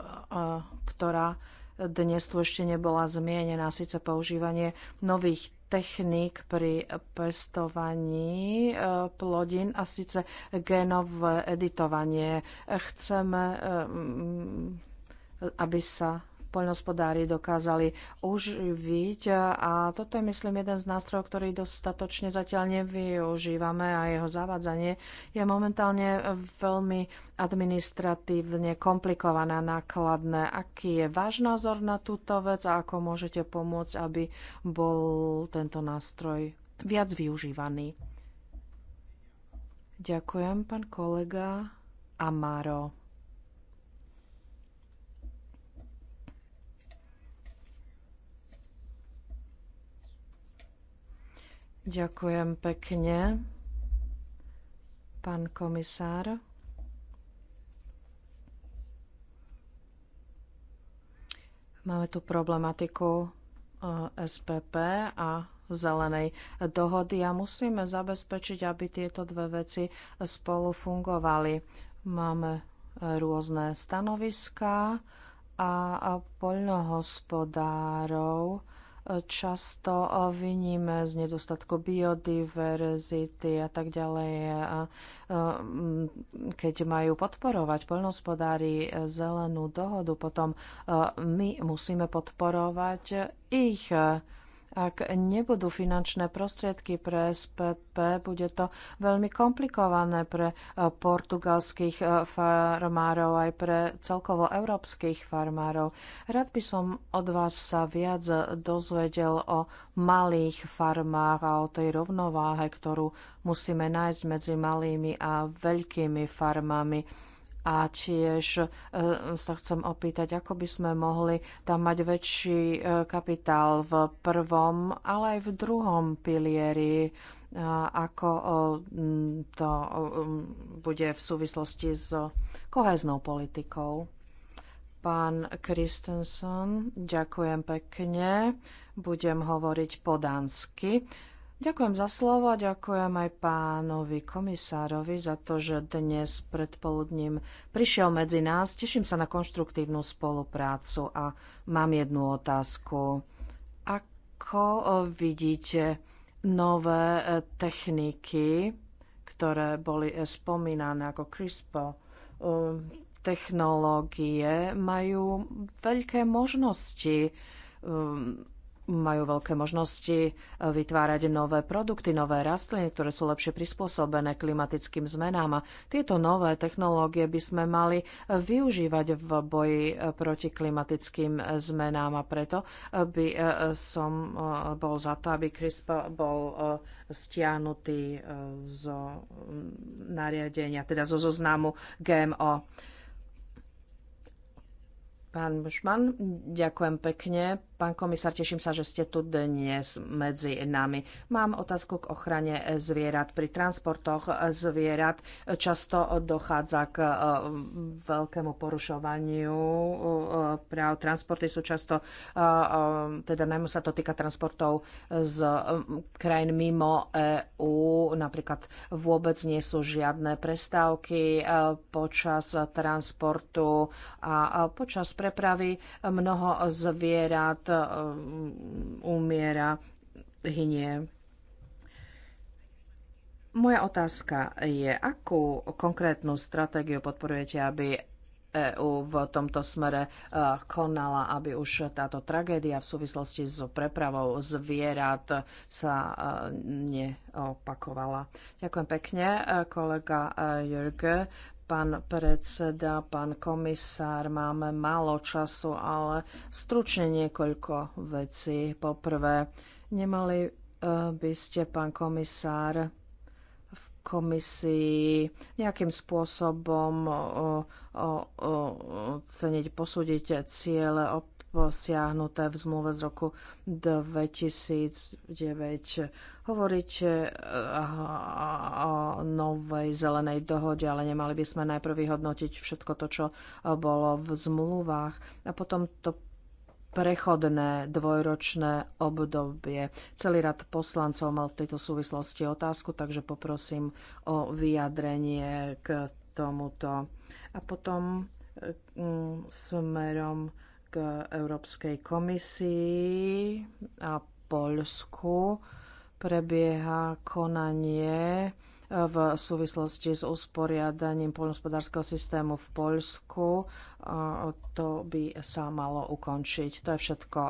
ktorá dnes tu ešte nebola zmienená, síce používanie nových technik pri pestovaní e, plodín a síce genové editovanie. Chceme, e, aby sa poľnohospodári dokázali uživiť. A toto je, myslím, jeden z nástrojov, ktorý dostatočne zatiaľ nevyužívame a jeho zavádzanie je momentálne veľmi administratívne komplikované a nákladné. Aký je váš názor na túto vec a ako môžete pomôcť, aby bol tento nástroj viac využívaný? Ďakujem, pán kolega Amaro. Ďakujem pekne, pán komisár. Máme tu problematiku e, SPP a zelenej dohody a musíme zabezpečiť, aby tieto dve veci spolu fungovali. Máme rôzne stanoviská a poľnohospodárov často e, viníme z nedostatku biodiverzity a tak ďalej. A e, keď majú podporovať poľnospodári e, zelenú dohodu, potom my musíme podporovať ich ak nebudú finančné prostriedky pre SPP, bude to veľmi komplikované pre e, portugalských e, farmárov aj pre celkovo európskych farmárov. Rád by som od vás sa viac dozvedel o malých farmách a o tej rovnováhe, ktorú musíme nájsť medzi malými a veľkými farmami a tiež e, sa chcem opýtať, ako by sme mohli tam mať väčší e, kapitál v prvom, ale aj v druhom pilieri e, ako to bude v súvislosti s koheznou politikou. Pán Kristenson, ďakujem pekne. Budem hovoriť po dánsky. Ďakujem za slovo, ďakujem aj pánovi komisárovi za to, že dnes predpoludním prišiel medzi nás. Teším sa na konštruktívnu spoluprácu a mám jednu otázku. Ako vidíte nové e, techniky, ktoré boli e, spomínané ako CRISPR, e, technológie majú veľké možnosti majú veľké možnosti eh, vytvárať nové produkty, nové rastliny, ktoré sú lepšie prispôsobené klimatickým zmenám. A tieto nové technológie by sme mali eh, využívať v boji eh, proti klimatickým zmenám a preto by som bol za to, aby CRISPR bol stiahnutý zo mm, nariadenia, teda zo zoznamu GMO. Pán Bušman, ďakujem pekne. Pán komisár, teším sa, že ste tu dnes medzi nami. Mám otázku k ochrane zvierat. Pri transportoch zvierat často dochádza k e, veľkému porušovaniu e, práv. Transporty sú často, e, teda najmä sa to týka transportov z krajín mimo EÚ, napríklad vôbec nie sú žiadne prestávky počas transportu a počas prepravy mnoho zvierat Um, umiera, hynie. Moja otázka je, akú konkrétnu stratégiu podporujete, aby EU v tomto smere e, konala, aby už táto tragédia v súvislosti s prepravou zvierat sa e, neopakovala. Ďakujem pekne, e, kolega Jörg pán predseda, pán komisár. Máme málo času, ale stručne niekoľko vecí. Poprvé, nemali eh, by ste, pán komisár, v komisii nejakým spôsobom eh, o, o, o, ceniť, posúdiť ciele siahnuté v zmluve z roku 2009. Hovoríte eh, eh, o novej zelenej dohode, ale nemali by sme najprv vyhodnotiť všetko to, čo eh, bolo v zmluvách a potom to prechodné dvojročné obdobie. Celý rad poslancov mal v tejto súvislosti otázku, takže poprosím o vyjadrenie k tomuto. A potom smerom k Európskej komisii a Poľsku prebieha konanie v súvislosti s usporiadaním poľnohospodárskeho systému v Poľsku to by sa malo ukončiť. To je všetko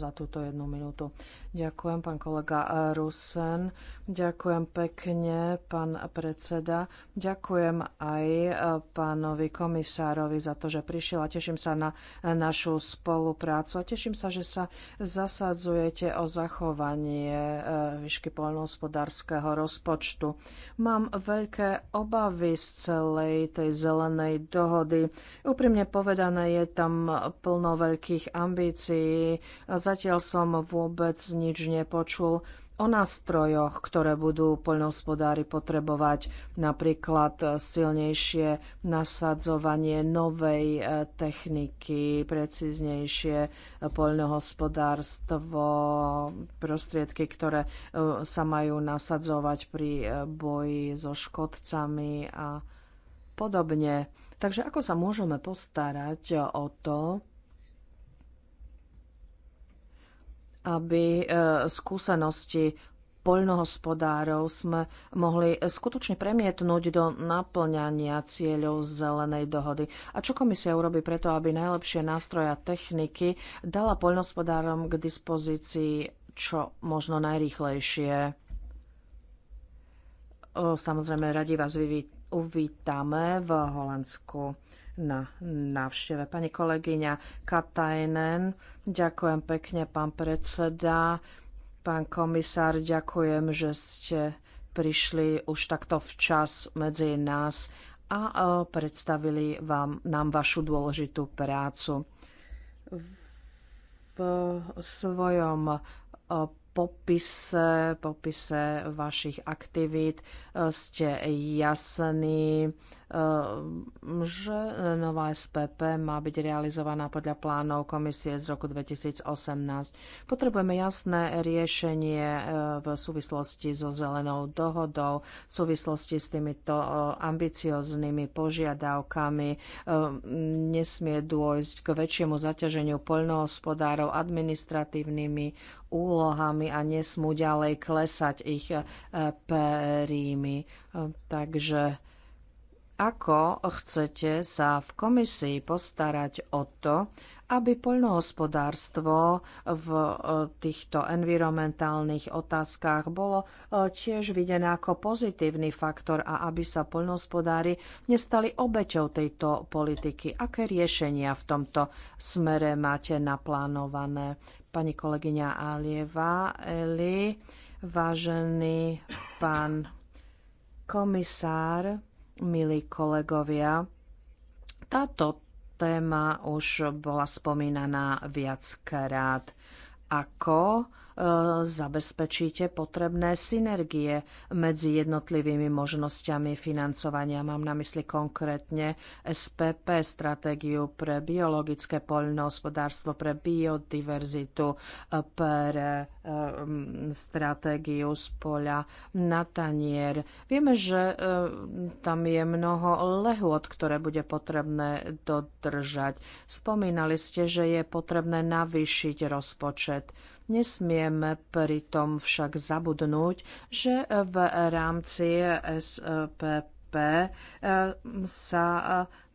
za túto jednu minútu. Ďakujem, pán kolega Rusen. Ďakujem pekne, pán predseda. Ďakujem aj pánovi komisárovi za to, že prišiel a teším sa na našu spoluprácu a teším sa, že sa zasadzujete o zachovanie e, výšky poľnohospodárskeho rozpočtu. Mám veľké obavy z celej tej zelenej dohody. Úprimne po povedané, je tam plno veľkých ambícií. Zatiaľ som vôbec nič nepočul o nástrojoch, ktoré budú poľnohospodári potrebovať, napríklad silnejšie nasadzovanie novej e, techniky, precíznejšie e, poľnohospodárstvo, prostriedky, ktoré e, sa majú nasadzovať pri boji so škodcami a podobne. Takže ako sa môžeme postarať o to, aby e, skúsenosti poľnohospodárov sme mohli skutočne premietnúť do naplňania cieľov zelenej dohody. A čo komisia urobí preto, aby najlepšie nástroje a techniky dala poľnohospodárom k dispozícii čo možno najrýchlejšie? Samozrejme, radi vás vyvítame uvítame v Holandsku na návšteve. Pani kolegyňa Katajnen, ďakujem pekne, pán predseda. Pán komisár, ďakujem, že ste prišli už takto včas medzi nás a e, predstavili vám, nám vašu dôležitú prácu. V svojom e, popise, popise vašich aktivít e, ste jasný, Ehm, že nová SPP má byť realizovaná podľa plánov komisie z roku 2018. Potrebujeme jasné riešenie ehm, v súvislosti so zelenou dohodou, v súvislosti s týmito e, ambicioznými požiadavkami. Ehm, nesmie dôjsť k väčšiemu zaťaženiu poľnohospodárov administratívnymi úlohami a nesmú ďalej klesať ich e, príjmy. Takže ako chcete sa v komisii postarať o to, aby poľnohospodárstvo v e, týchto environmentálnych otázkach bolo e, tiež videné ako pozitívny faktor a aby sa poľnohospodári nestali obeťou tejto politiky. Aké riešenia v tomto smere máte naplánované? Pani kolegyňa Alieva, Eli, vážený pán komisár, milí kolegovia, táto téma už bola spomínaná viackrát. Ako zabezpečíte potrebné synergie medzi jednotlivými možnosťami financovania. Mám na mysli konkrétne SPP, stratégiu pre biologické poľnohospodárstvo, pre biodiverzitu, pre um, stratégiu z poľa na tanier. Vieme, že um, tam je mnoho lehôd, ktoré bude potrebné dodržať. Spomínali ste, že je potrebné navýšiť rozpočet. Nesmieme pritom však zabudnúť, že v rámci SPP eh, sa eh,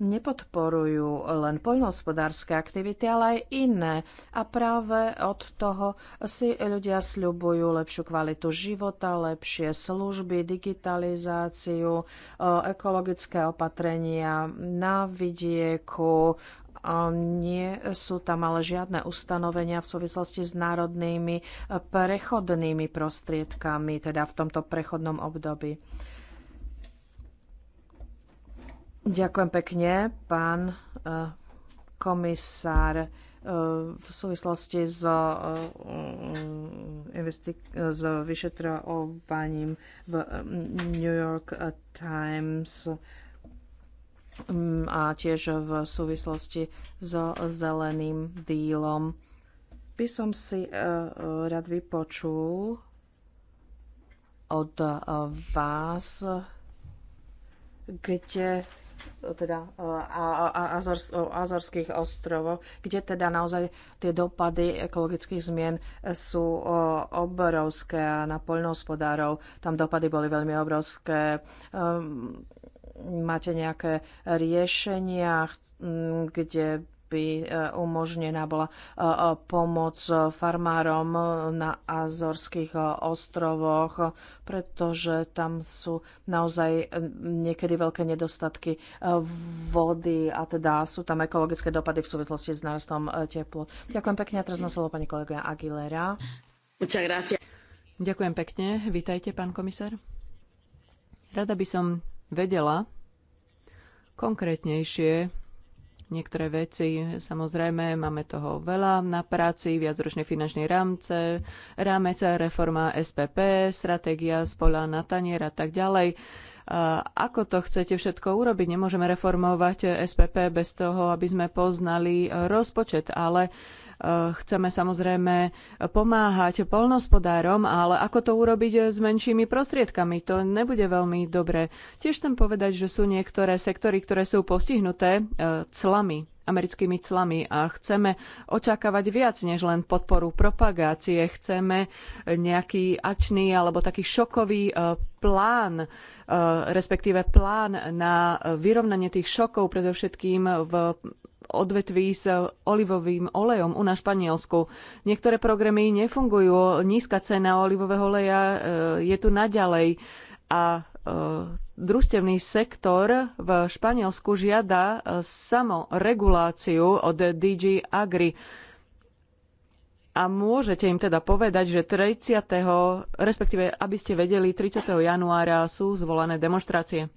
nepodporujú len poľnohospodárske aktivity, ale aj iné. A práve od toho si ľudia sľubujú lepšiu kvalitu života, lepšie služby, digitalizáciu, eh, ekologické opatrenia na vidieku, nie sú tam ale žiadne ustanovenia v súvislosti s národnými prechodnými prostriedkami, teda v tomto prechodnom období. Ďakujem pekne, pán e, komisár. E, v súvislosti s, e, s vyšetrovaním v New York Times Mm, a tiež v súvislosti so zeleným dílom. By som si e, e, rád vypočul od e, vás, kde teda o Azorských ostrovoch, kde teda naozaj tie dopady ekologických zmien sú obrovské a na poľnohospodárov tam dopady boli veľmi obrovské. Ehm, máte nejaké riešenia, kde by e, umožnená bola e, e, pomoc farmárom na Azorských ostrovoch, pretože tam sú naozaj niekedy veľké nedostatky vody a teda sú tam ekologické dopady v súvislosti s narastom teplot. Ďakujem pekne a teraz na slovo pani kolega Aguilera. Ďakujem pekne. Vítajte, pán komisár. Rada by som vedela konkrétnejšie niektoré veci. Samozrejme, máme toho veľa na práci, viacročne finančné rámce, rámec, reforma SPP, stratégia spola na tanier a tak ďalej. A ako to chcete všetko urobiť? Nemôžeme reformovať SPP bez toho, aby sme poznali rozpočet, ale Eh, chceme samozrejme pomáhať polnospodárom, ale ako to urobiť eh, s menšími prostriedkami? To nebude veľmi dobre. Tiež chcem povedať, že sú niektoré sektory, ktoré sú postihnuté eh, clami americkými clami a chceme očakávať viac než len podporu propagácie. Chceme nejaký ačný alebo taký šokový plán, respektíve plán na vyrovnanie tých šokov, predovšetkým v odvetví s olivovým olejom u nás v Španielsku. Niektoré programy nefungujú, nízka cena olivového oleja e, je tu naďalej a e, družstevný sektor v Španielsku žiada e, samoreguláciu od DG Agri. A môžete im teda povedať, že 30. respektíve, aby ste vedeli, 30. januára sú zvolené demonštrácie.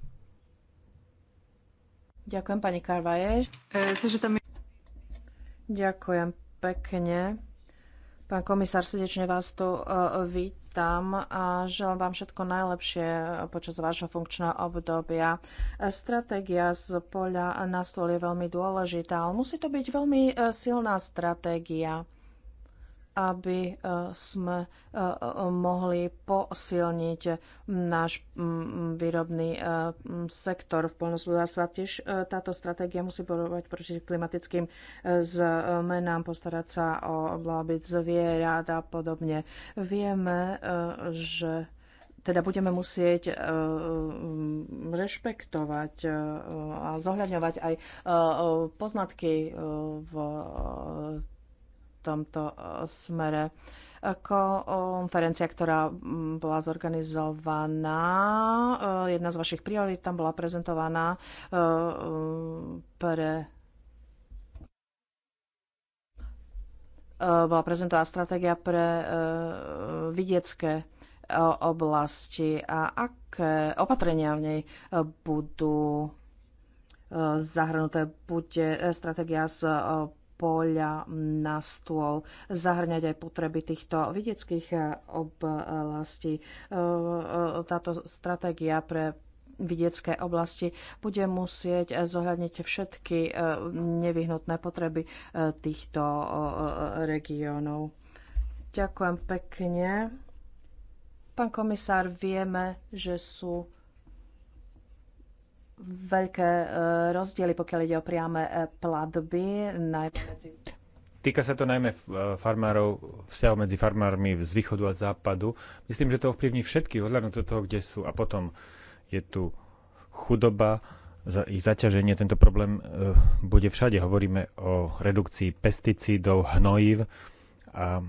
Ďakujem, pani Karvaje. E, Ďakujem pekne. Pán komisár, srdečne vás tu e, vítam a želám vám všetko najlepšie počas vášho funkčného obdobia. E, stratégia z poľa na stôl je veľmi dôležitá, ale musí to byť veľmi silná stratégia aby e, sme e, e, mohli posilniť náš výrobný sektor v polnospodárstve. Tiež táto stratégia musí bojovať proti klimatickým zmenám, postarať sa o blábyt zvierat a podobne. Vieme, že teda budeme musieť rešpektovať a zohľadňovať aj poznatky v tomto e, smere. E, konferencia, ktorá bola zorganizovaná, e, jedna z vašich priorít tam bola prezentovaná pre bola prezentovaná stratégia pre vidiecké oblasti a aké opatrenia v nej budú zahrnuté. Bude stratégia z poľa na stôl, zahrňať aj potreby týchto vidieckých eh, oblastí. Eh, eh, táto stratégia pre vidiecké oblasti bude musieť zohľadniť všetky nevyhnutné potreby týchto regiónov. Ďakujem pekne. Pán komisár, vieme, že sú veľké e, rozdiely, pokiaľ ide o priame e, platby. Týka sa to najmä e, farmárov, vzťahu medzi farmármi z východu a západu. Myslím, že to ovplyvní všetky odhľadnúť od toho, kde sú. A potom je tu chudoba, za ich zaťaženie. Tento problém bude všade. Hovoríme o redukcii pesticídov, hnojiv a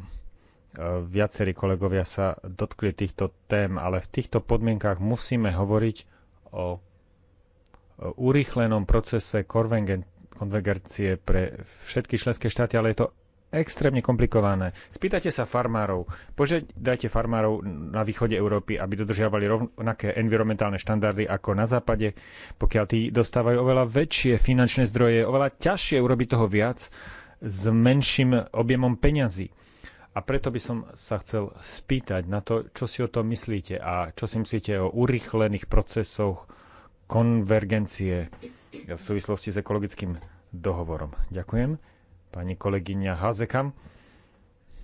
viacerí kolegovia sa dotkli týchto tém, ale v týchto podmienkách musíme hovoriť o urýchlenom procese konvergencie pre všetky členské štáty, ale je to extrémne komplikované. Spýtate sa farmárov, požiadajte farmárov na východe Európy, aby dodržiavali rovnaké environmentálne štandardy ako na západe, pokiaľ tí dostávajú oveľa väčšie finančné zdroje, oveľa ťažšie urobiť toho viac s menším objemom peňazí. A preto by som sa chcel spýtať na to, čo si o tom myslíte a čo si myslíte o urýchlených procesoch konvergencie v súvislosti s ekologickým dohovorom. Ďakujem. Pani kolegyňa Hazekam.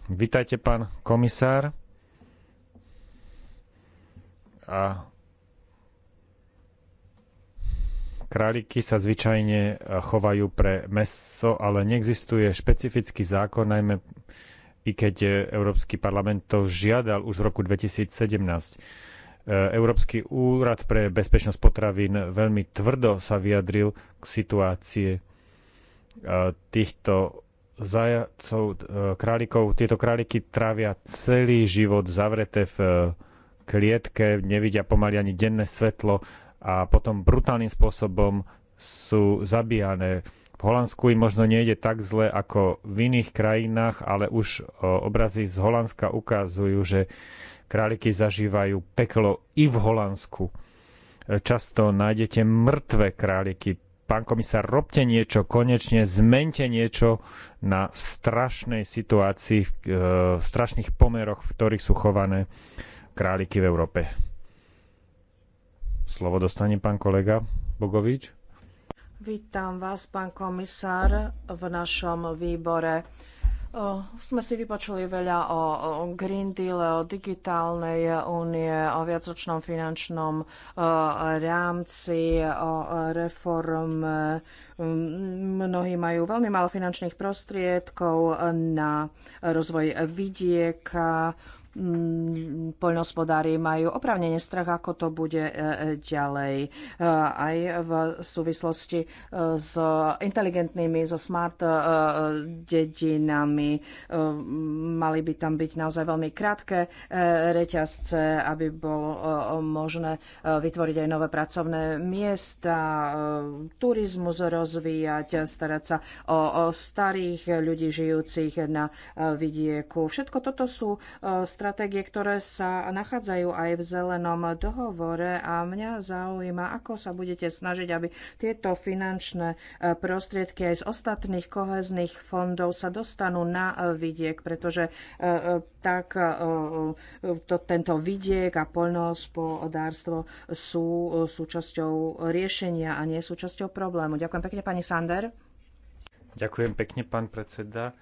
Vítajte, pán komisár. A králiky sa zvyčajne chovajú pre meso, ale neexistuje špecifický zákon, najmä i keď Európsky parlament to žiadal už v roku 2017 E, Európsky úrad pre bezpečnosť potravín veľmi tvrdo sa vyjadril k situácie týchto zajacov, e, králikov. Tieto králiky trávia celý život zavreté v e, klietke, nevidia pomaly ani denné svetlo a potom brutálnym spôsobom sú zabíjane. V Holandsku im možno nejde tak zle ako v iných krajinách, ale už obrazy z Holandska ukazujú, že Králiky zažívajú peklo i v Holandsku. E, často nájdete mŕtve králiky. Pán komisár, robte niečo, konečne zmente niečo na strašnej situácii, e, v strašných pomeroch, v ktorých sú chované králiky v Európe. Slovo dostane pán kolega Bogovič. Vítam vás, pán komisár, v našom výbore. Eh, sme si vypočuli veľa o Green Deal, o digitálnej únie, o viacročnom finančnom eh, rámci, o reforme. Mm, mnohí majú veľmi málo finančných prostriedkov na rozvoj vidieka Mm, poľnospodári majú opravnenie strach, ako to bude e, e, ďalej. E, aj v súvislosti s inteligentnými, so smart dedinami mali by tam byť naozaj veľmi krátke reťazce, aby bolo možné vytvoriť aj nové pracovné miesta, turizmus rozvíjať, starať sa o starých ľudí žijúcich na vidieku. Všetko toto sú strany stratégie, ktoré sa nachádzajú aj v zelenom dohovore a mňa zaujíma, ako sa budete snažiť, aby tieto finančné e, prostriedky aj z ostatných kohezných fondov sa dostanú na e, vidiek, pretože e, tak to, tento vidiek a poľnohospodárstvo sú súčasťou riešenia a nie súčasťou problému. Ďakujem pekne, pani Sander. Ďakujem pekne, pán predseda.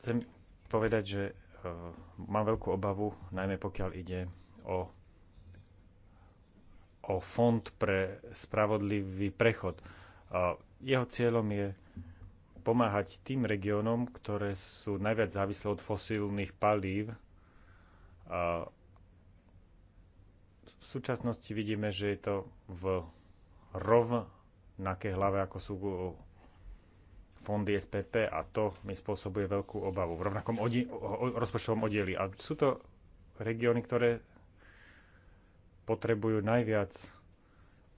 Chcem povedať, že e, mám veľkú obavu, najmä pokiaľ ide o, o fond pre spravodlivý prechod. E, jeho cieľom je pomáhať tým regiónom, ktoré sú najviac závislé od fosílnych palív. E, v súčasnosti vidíme, že je to v rovnakej hlave, ako sú fondy SPP a to mi spôsobuje veľkú obavu v rovnakom odi- rozpočtovom oddieli. A sú to regióny, ktoré potrebujú najviac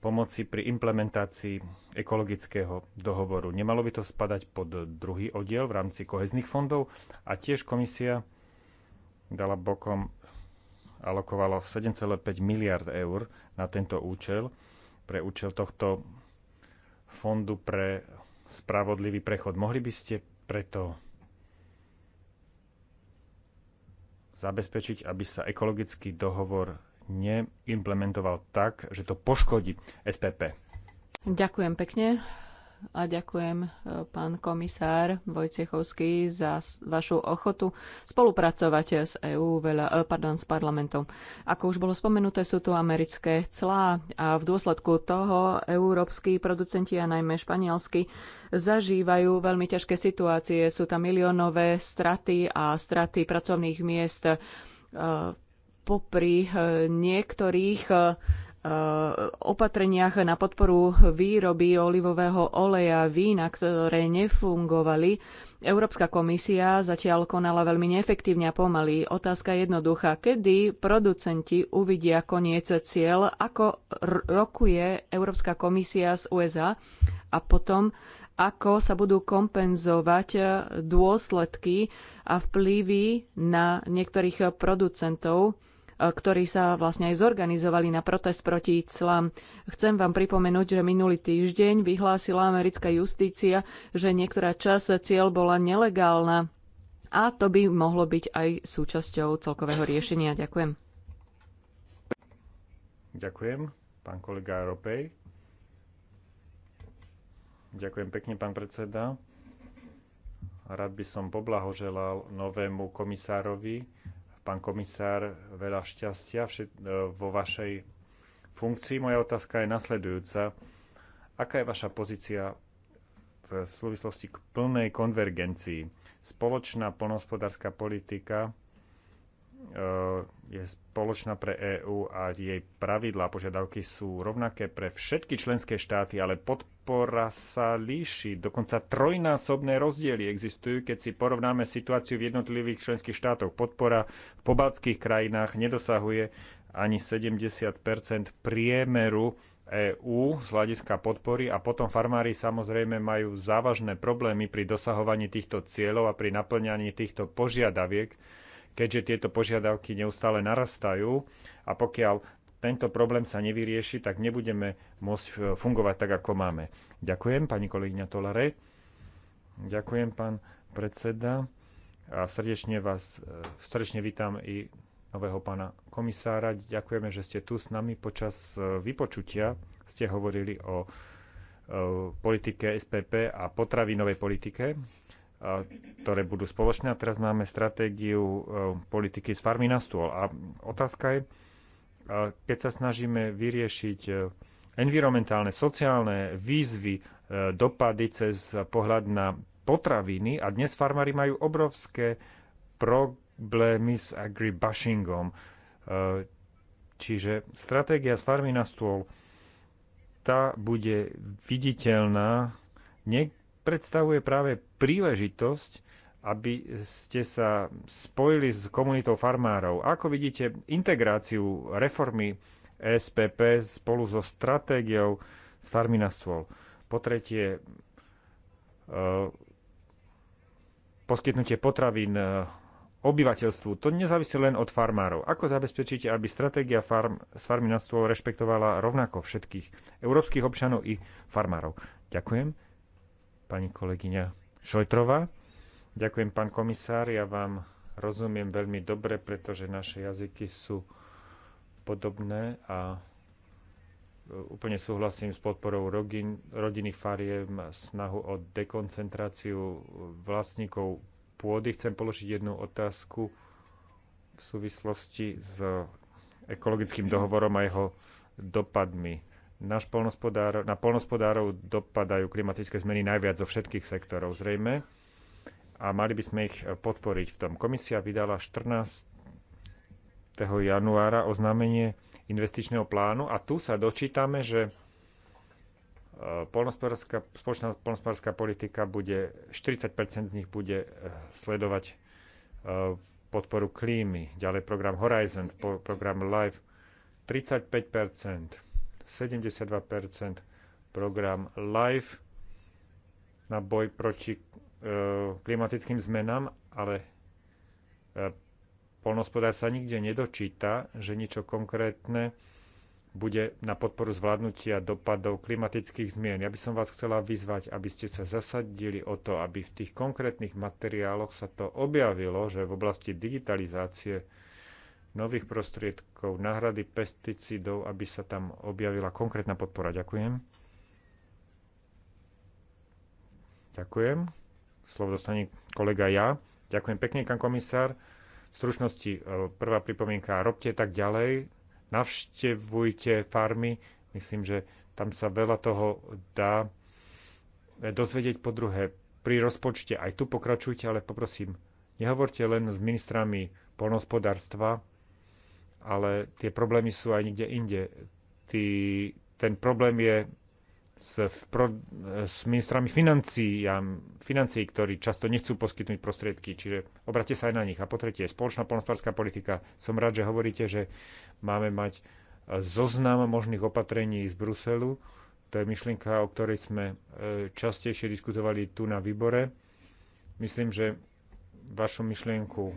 pomoci pri implementácii ekologického dohovoru. Nemalo by to spadať pod druhý oddiel v rámci kohezných fondov a tiež komisia dala bokom alokovalo 7,5 miliard eur na tento účel pre účel tohto fondu pre spravodlivý prechod. Mohli by ste preto zabezpečiť, aby sa ekologický dohovor neimplementoval tak, že to poškodí SPP. Ďakujem pekne a ďakujem e, pán komisár Vojciechovský za vašu ochotu spolupracovať s EU, veľa, e, pardon, s parlamentom. Ako už bolo spomenuté, sú tu americké clá a v dôsledku toho európsky producenti a najmä španielsky zažívajú veľmi ťažké situácie. Sú tam miliónové straty a straty pracovných miest e, popri niektorých Eh, opatreniach na podporu výroby olivového oleja vína, ktoré nefungovali, Európska komisia zatiaľ konala veľmi neefektívne a pomaly. Otázka je jednoduchá. Kedy producenti uvidia koniec cieľ, ako rokuje Európska komisia z USA a potom ako sa budú kompenzovať dôsledky a vplyvy na niektorých producentov ktorí sa vlastne aj zorganizovali na protest proti clám. Chcem vám pripomenúť, že minulý týždeň vyhlásila americká justícia, že niektorá časť cieľ bola nelegálna a to by mohlo byť aj súčasťou celkového riešenia. Ďakujem. Ďakujem, pán kolega Ropej. Ďakujem pekne, pán predseda. Rád by som poblahoželal novému komisárovi pán komisár, veľa šťastia e, vo vašej funkcii. Moja otázka je nasledujúca. Aká je vaša pozícia v súvislosti k plnej konvergencii? Spoločná polnohospodárska politika E, je spoločná pre EÚ a jej pravidlá a požiadavky sú rovnaké pre všetky členské štáty, ale podpora sa líši. Dokonca trojnásobné rozdiely existujú, keď si porovnáme situáciu v jednotlivých členských štátoch. Podpora v pobaltských krajinách nedosahuje ani 70 priemeru EÚ z hľadiska podpory a potom farmári samozrejme majú závažné problémy pri dosahovaní týchto cieľov a pri naplňaní týchto požiadaviek keďže tieto požiadavky neustále narastajú a pokiaľ tento problém sa nevyrieši, tak nebudeme môcť e, fungovať tak, ako máme. Ďakujem, pani kolegyňa Tolare. Ďakujem, pán predseda. A srdečne vás e, srdečne vítam i nového pána komisára. Ďakujeme, že ste tu s nami počas e, vypočutia. Ste hovorili o politike SPP a potravinovej politike ktoré budú spoločné. A teraz máme stratégiu e, politiky z farmy na stôl. A otázka je, e, keď sa snažíme vyriešiť e, environmentálne, sociálne výzvy, dopady cez pohľad na potraviny a dnes farmári majú obrovské problémy s agribashingom. Čiže stratégia z farmy na stôl tá bude viditeľná, nepredstavuje práve príležitosť, aby ste sa spojili s komunitou farmárov. Ako vidíte integráciu reformy SPP spolu so stratégiou z farmy na stôl? Po tretie, e, poskytnutie potravín e, obyvateľstvu. To nezávisí len od farmárov. Ako zabezpečíte, aby stratégia farm, s farmy na stôl rešpektovala rovnako všetkých európskych občanov i farmárov? Ďakujem. Pani kolegyňa Šojtrova. Ďakujem, pán komisár, ja vám rozumiem veľmi dobre, pretože naše jazyky sú podobné a e, úplne súhlasím s podporou rodin, rodinných fariem, snahu o dekoncentráciu vlastníkov pôdy. Chcem položiť jednu otázku v súvislosti s ekologickým dohovorom a jeho dopadmi. Náš polnospodár, na polnospodárov dopadajú klimatické zmeny najviac zo všetkých sektorov zrejme a mali by sme ich podporiť v tom. Komisia vydala 14. januára oznámenie investičného plánu a tu sa dočítame, že e, polnospodárska, spoločná polnospodárska politika bude, 40 z nich bude e, sledovať e, podporu klímy, ďalej program Horizon, program LIFE, 35 72% program LIFE na boj proti e, klimatickým zmenám, ale e, polnospodár sa nikde nedočíta, že niečo konkrétne bude na podporu zvládnutia dopadov klimatických zmien. Ja by som vás chcela vyzvať, aby ste sa zasadili o to, aby v tých konkrétnych materiáloch sa to objavilo, že v oblasti digitalizácie nových prostriedkov, náhrady pesticídov, aby sa tam objavila konkrétna podpora. Ďakujem. Ďakujem. Slovo dostane kolega ja. Ďakujem pekne, pán komisár. V stručnosti e, prvá pripomienka, robte tak ďalej, navštevujte farmy, myslím, že tam sa veľa toho dá e, dozvedieť po druhé. Pri rozpočte aj tu pokračujte, ale poprosím, nehovorte len s ministrami polnospodárstva, ale tie problémy sú aj niekde inde. Tý, ten problém je s, pro, s ministrami financií, financií, ktorí často nechcú poskytnúť prostriedky, čiže obrate sa aj na nich. A po tretie, spoločná polnospodárska politika. Som rád, že hovoríte, že máme mať e, zoznam možných opatrení z Bruselu. To je myšlienka, o ktorej sme e, častejšie diskutovali tu na výbore. Myslím, že vašu myšlienku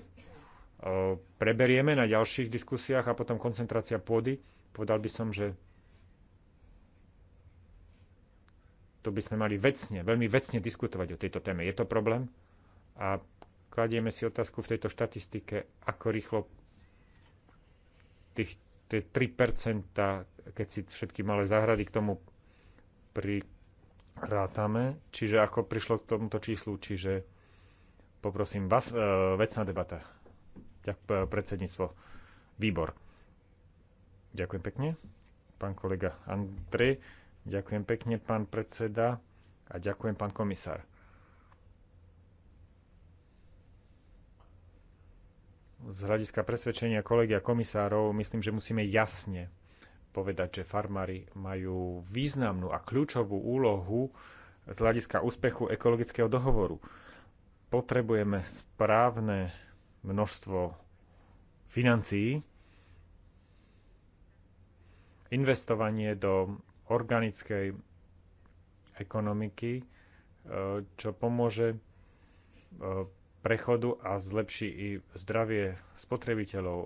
Eh, preberieme na ďalších diskusiách a potom koncentrácia pôdy. Povedal by som, že to by sme mali vecne, veľmi vecne diskutovať o tejto téme. Je to problém? A kladieme si otázku v tejto štatistike, ako rýchlo tých, tie 3%, keď si všetky malé záhrady k tomu prirátame, čiže ako prišlo k tomuto číslu, čiže poprosím vás, e, vecná debata. E, predsedníctvo, výbor. Ďakujem pekne, pán kolega Andrej. Ďakujem pekne, pán predseda. A ďakujem, pán komisár. Z hľadiska presvedčenia kolegia komisárov myslím, že musíme jasne povedať, že farmári majú významnú a kľúčovú úlohu z hľadiska úspechu ekologického dohovoru. Potrebujeme správne množstvo financií, investovanie do organickej ekonomiky, e, čo pomôže e, prechodu a zlepší i zdravie spotrebiteľov.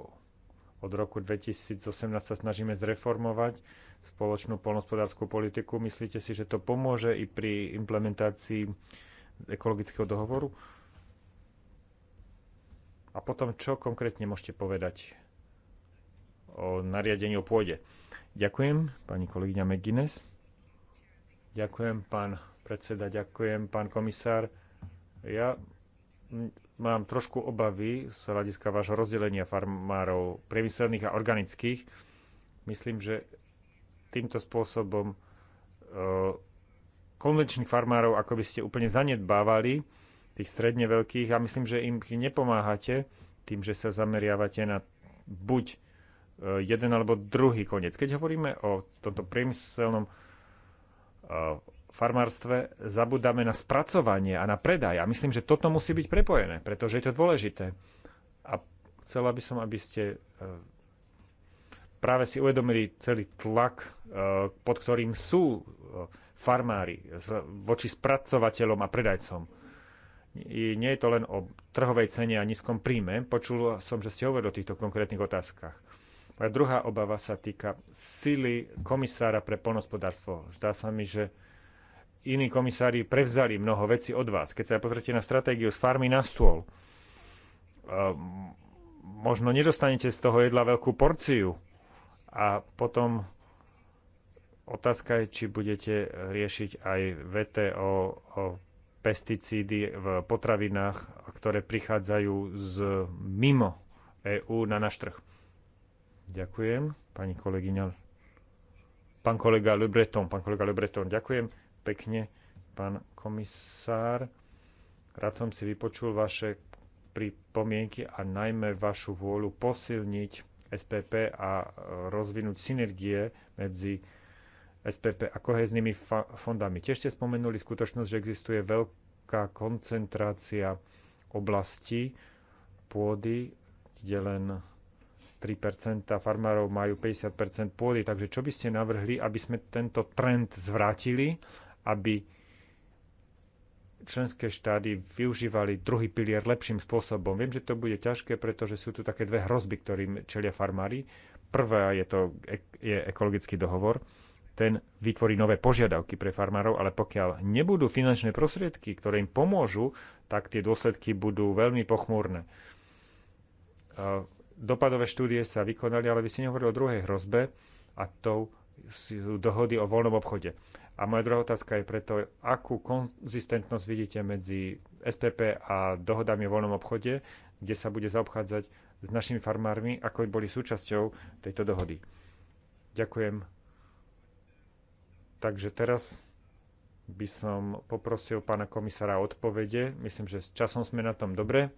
Od roku 2018 sa snažíme zreformovať spoločnú polnospodárskú politiku. Myslíte si, že to pomôže i pri implementácii ekologického dohovoru? A potom, čo konkrétne môžete povedať o nariadení o pôde? Ďakujem, pani kolegyňa McGuinness. Ďakujem, pán predseda, ďakujem, pán komisár. Ja mám trošku obavy z hľadiska vášho rozdelenia farmárov priemyselných a organických. Myslím, že týmto spôsobom e, konvenčných farmárov ako by ste úplne zanedbávali tých stredne veľkých a myslím, že im nepomáhate tým, že sa zameriavate na buď e, jeden alebo druhý koniec. Keď hovoríme o tomto priemyselnom e, farmárstve, zabudáme na spracovanie a na predaj. A myslím, že toto musí byť prepojené, pretože je to dôležité. A chcela by som, aby ste e, práve si uvedomili celý tlak, pod ktorým sú farmári voči spracovateľom a predajcom nie je to len o trhovej cene a nízkom príjme. Počul som, že ste hovorili o týchto konkrétnych otázkach. Moja druhá obava sa týka sily komisára pre polnospodárstvo. Zdá sa mi, že iní komisári prevzali mnoho vecí od vás. Keď sa pozrite na stratégiu z farmy na stôl, ehm, možno nedostanete z toho jedla veľkú porciu. A potom otázka je, či budete riešiť aj VTO o pesticídy v potravinách, ktoré prichádzajú z mimo EÚ na náš trh. Ďakujem, pani kolegyňa. Pán kolega Lebreton, pán kolega Lebreton, ďakujem pekne, pán komisár. Rád som si vypočul vaše pripomienky a najmä vašu vôľu posilniť SPP a e, rozvinúť synergie medzi SPP a koheznými fondami. Tiež ste spomenuli skutočnosť, že existuje veľká koncentrácia oblasti pôdy, kde len 3% farmárov majú 50% pôdy. Takže čo by ste navrhli, aby sme tento trend zvrátili, aby členské štády využívali druhý pilier lepším spôsobom. Viem, že to bude ťažké, pretože sú tu také dve hrozby, ktorým čelia farmári. Prvá je to je ekologický dohovor, ten vytvorí nové požiadavky pre farmárov, ale pokiaľ nebudú finančné prostriedky, ktoré im pomôžu, tak tie dôsledky budú veľmi pochmúrne. Dopadové štúdie sa vykonali, ale vy ste nehovorili o druhej hrozbe a to sú dohody o voľnom obchode. A moja druhá otázka je preto, akú konzistentnosť vidíte medzi SPP a dohodami o voľnom obchode, kde sa bude zaobchádzať s našimi farmármi, ako boli súčasťou tejto dohody. Ďakujem Takže teraz by som poprosil pána komisára o odpovede. Myslím, že s časom sme na tom dobre.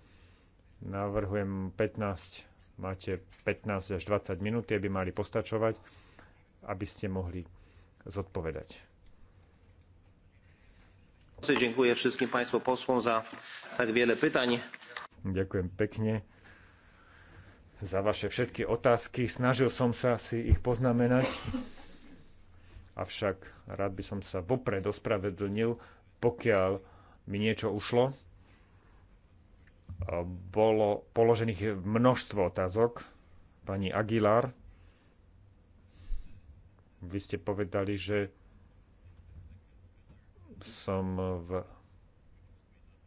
Navrhujem 15, máte 15 až 20 minút, aby by mali postačovať, aby ste mohli zodpovedať. Ďakujem všetkým pánstvom poslom za tak veľa pytań. Ďakujem pekne za vaše všetky otázky. Snažil som sa si ich poznamenať avšak rád by som sa vopred ospravedlnil, pokiaľ mi niečo ušlo. E, bolo položených množstvo otázok. Pani Aguilar, vy ste povedali, že som v,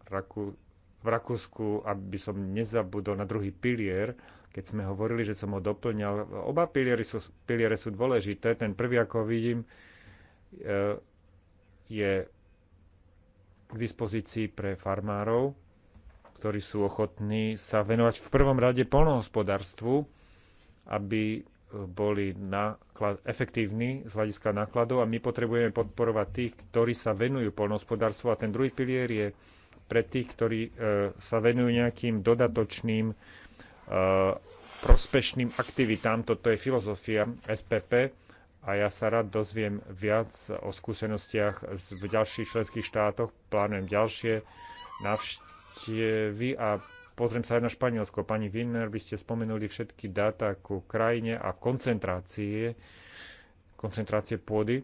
Raku- v Rakúsku, aby som nezabudol na druhý pilier, keď sme hovorili, že som ho doplňal. Oba piliere sú, piliere sú dôležité. Ten prvý, ako vidím, e, je k dispozícii pre farmárov, ktorí sú ochotní sa venovať v prvom rade polnohospodárstvu, aby boli náklad, efektívni z hľadiska nákladov a my potrebujeme podporovať tých, ktorí sa venujú polnohospodárstvu a ten druhý pilier je pre tých, ktorí e, sa venujú nejakým dodatočným E, prospešným aktivitám. Toto je filozofia SPP a ja sa rád dozviem viac o skúsenostiach v ďalších členských štátoch. Plánujem ďalšie navštevy a pozriem sa aj na Španielsko. Pani Wiener, by ste spomenuli všetky dáta ku krajine a koncentrácie, koncentrácie pôdy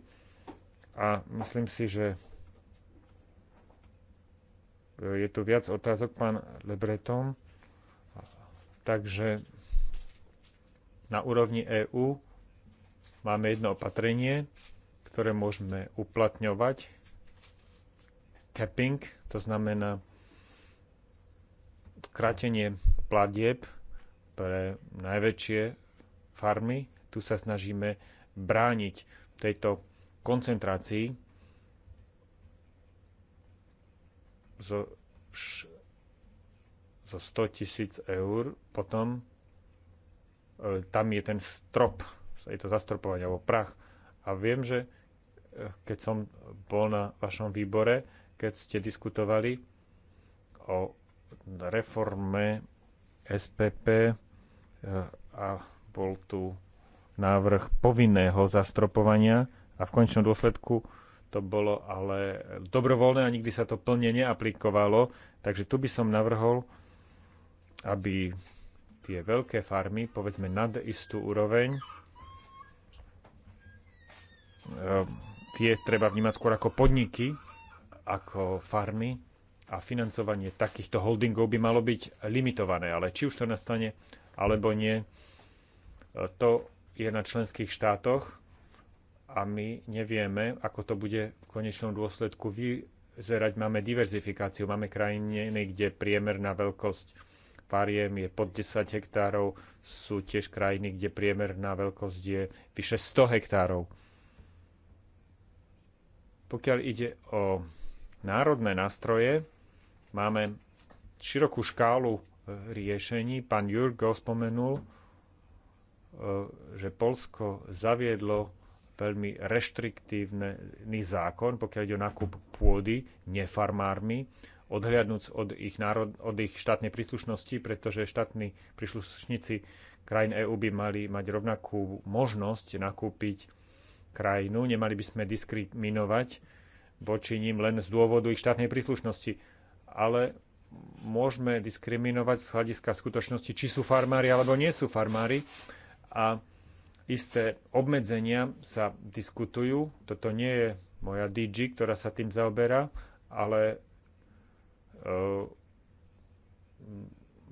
a myslím si, že je tu viac otázok, pán Lebreton. Takže na úrovni EÚ máme jedno opatrenie, ktoré môžeme uplatňovať. Capping, to znamená krátenie platieb pre najväčšie farmy. Tu sa snažíme brániť tejto koncentrácii zo zo 100 tisíc eur, potom e, tam je ten strop, je to zastropovanie alebo prach. A viem, že e, keď som bol na vašom výbore, keď ste diskutovali o reforme SPP e, a bol tu návrh povinného zastropovania a v končnom dôsledku to bolo ale dobrovoľné a nikdy sa to plne neaplikovalo. Takže tu by som navrhol, aby tie veľké farmy, povedzme nad istú úroveň, ehm, tie treba vnímať skôr ako podniky, ako farmy a financovanie takýchto holdingov by malo byť limitované, ale či už to nastane alebo nie, e, to je na členských štátoch a my nevieme, ako to bude v konečnom dôsledku vyzerať. Máme diverzifikáciu, máme krajiny, kde priemerná veľkosť fariem je pod 10 hektárov. Sú tiež krajiny, kde priemerná veľkosť je vyše 100 hektárov. Pokiaľ ide o národné nástroje, máme širokú škálu e, riešení. Pán Jurgo spomenul, e, že Polsko zaviedlo veľmi reštriktívny zákon, pokiaľ ide o nákup pôdy nefarmármi odhliadnúc od ich, národ, od ich štátnej príslušnosti, pretože štátni príslušníci krajín EÚ by mali mať rovnakú možnosť nakúpiť krajinu. Nemali by sme diskriminovať voči ním len z dôvodu ich štátnej príslušnosti, ale môžeme diskriminovať z hľadiska skutočnosti, či sú farmári alebo nie sú farmári. A isté obmedzenia sa diskutujú. Toto nie je moja DG, ktorá sa tým zaoberá, ale Ehm,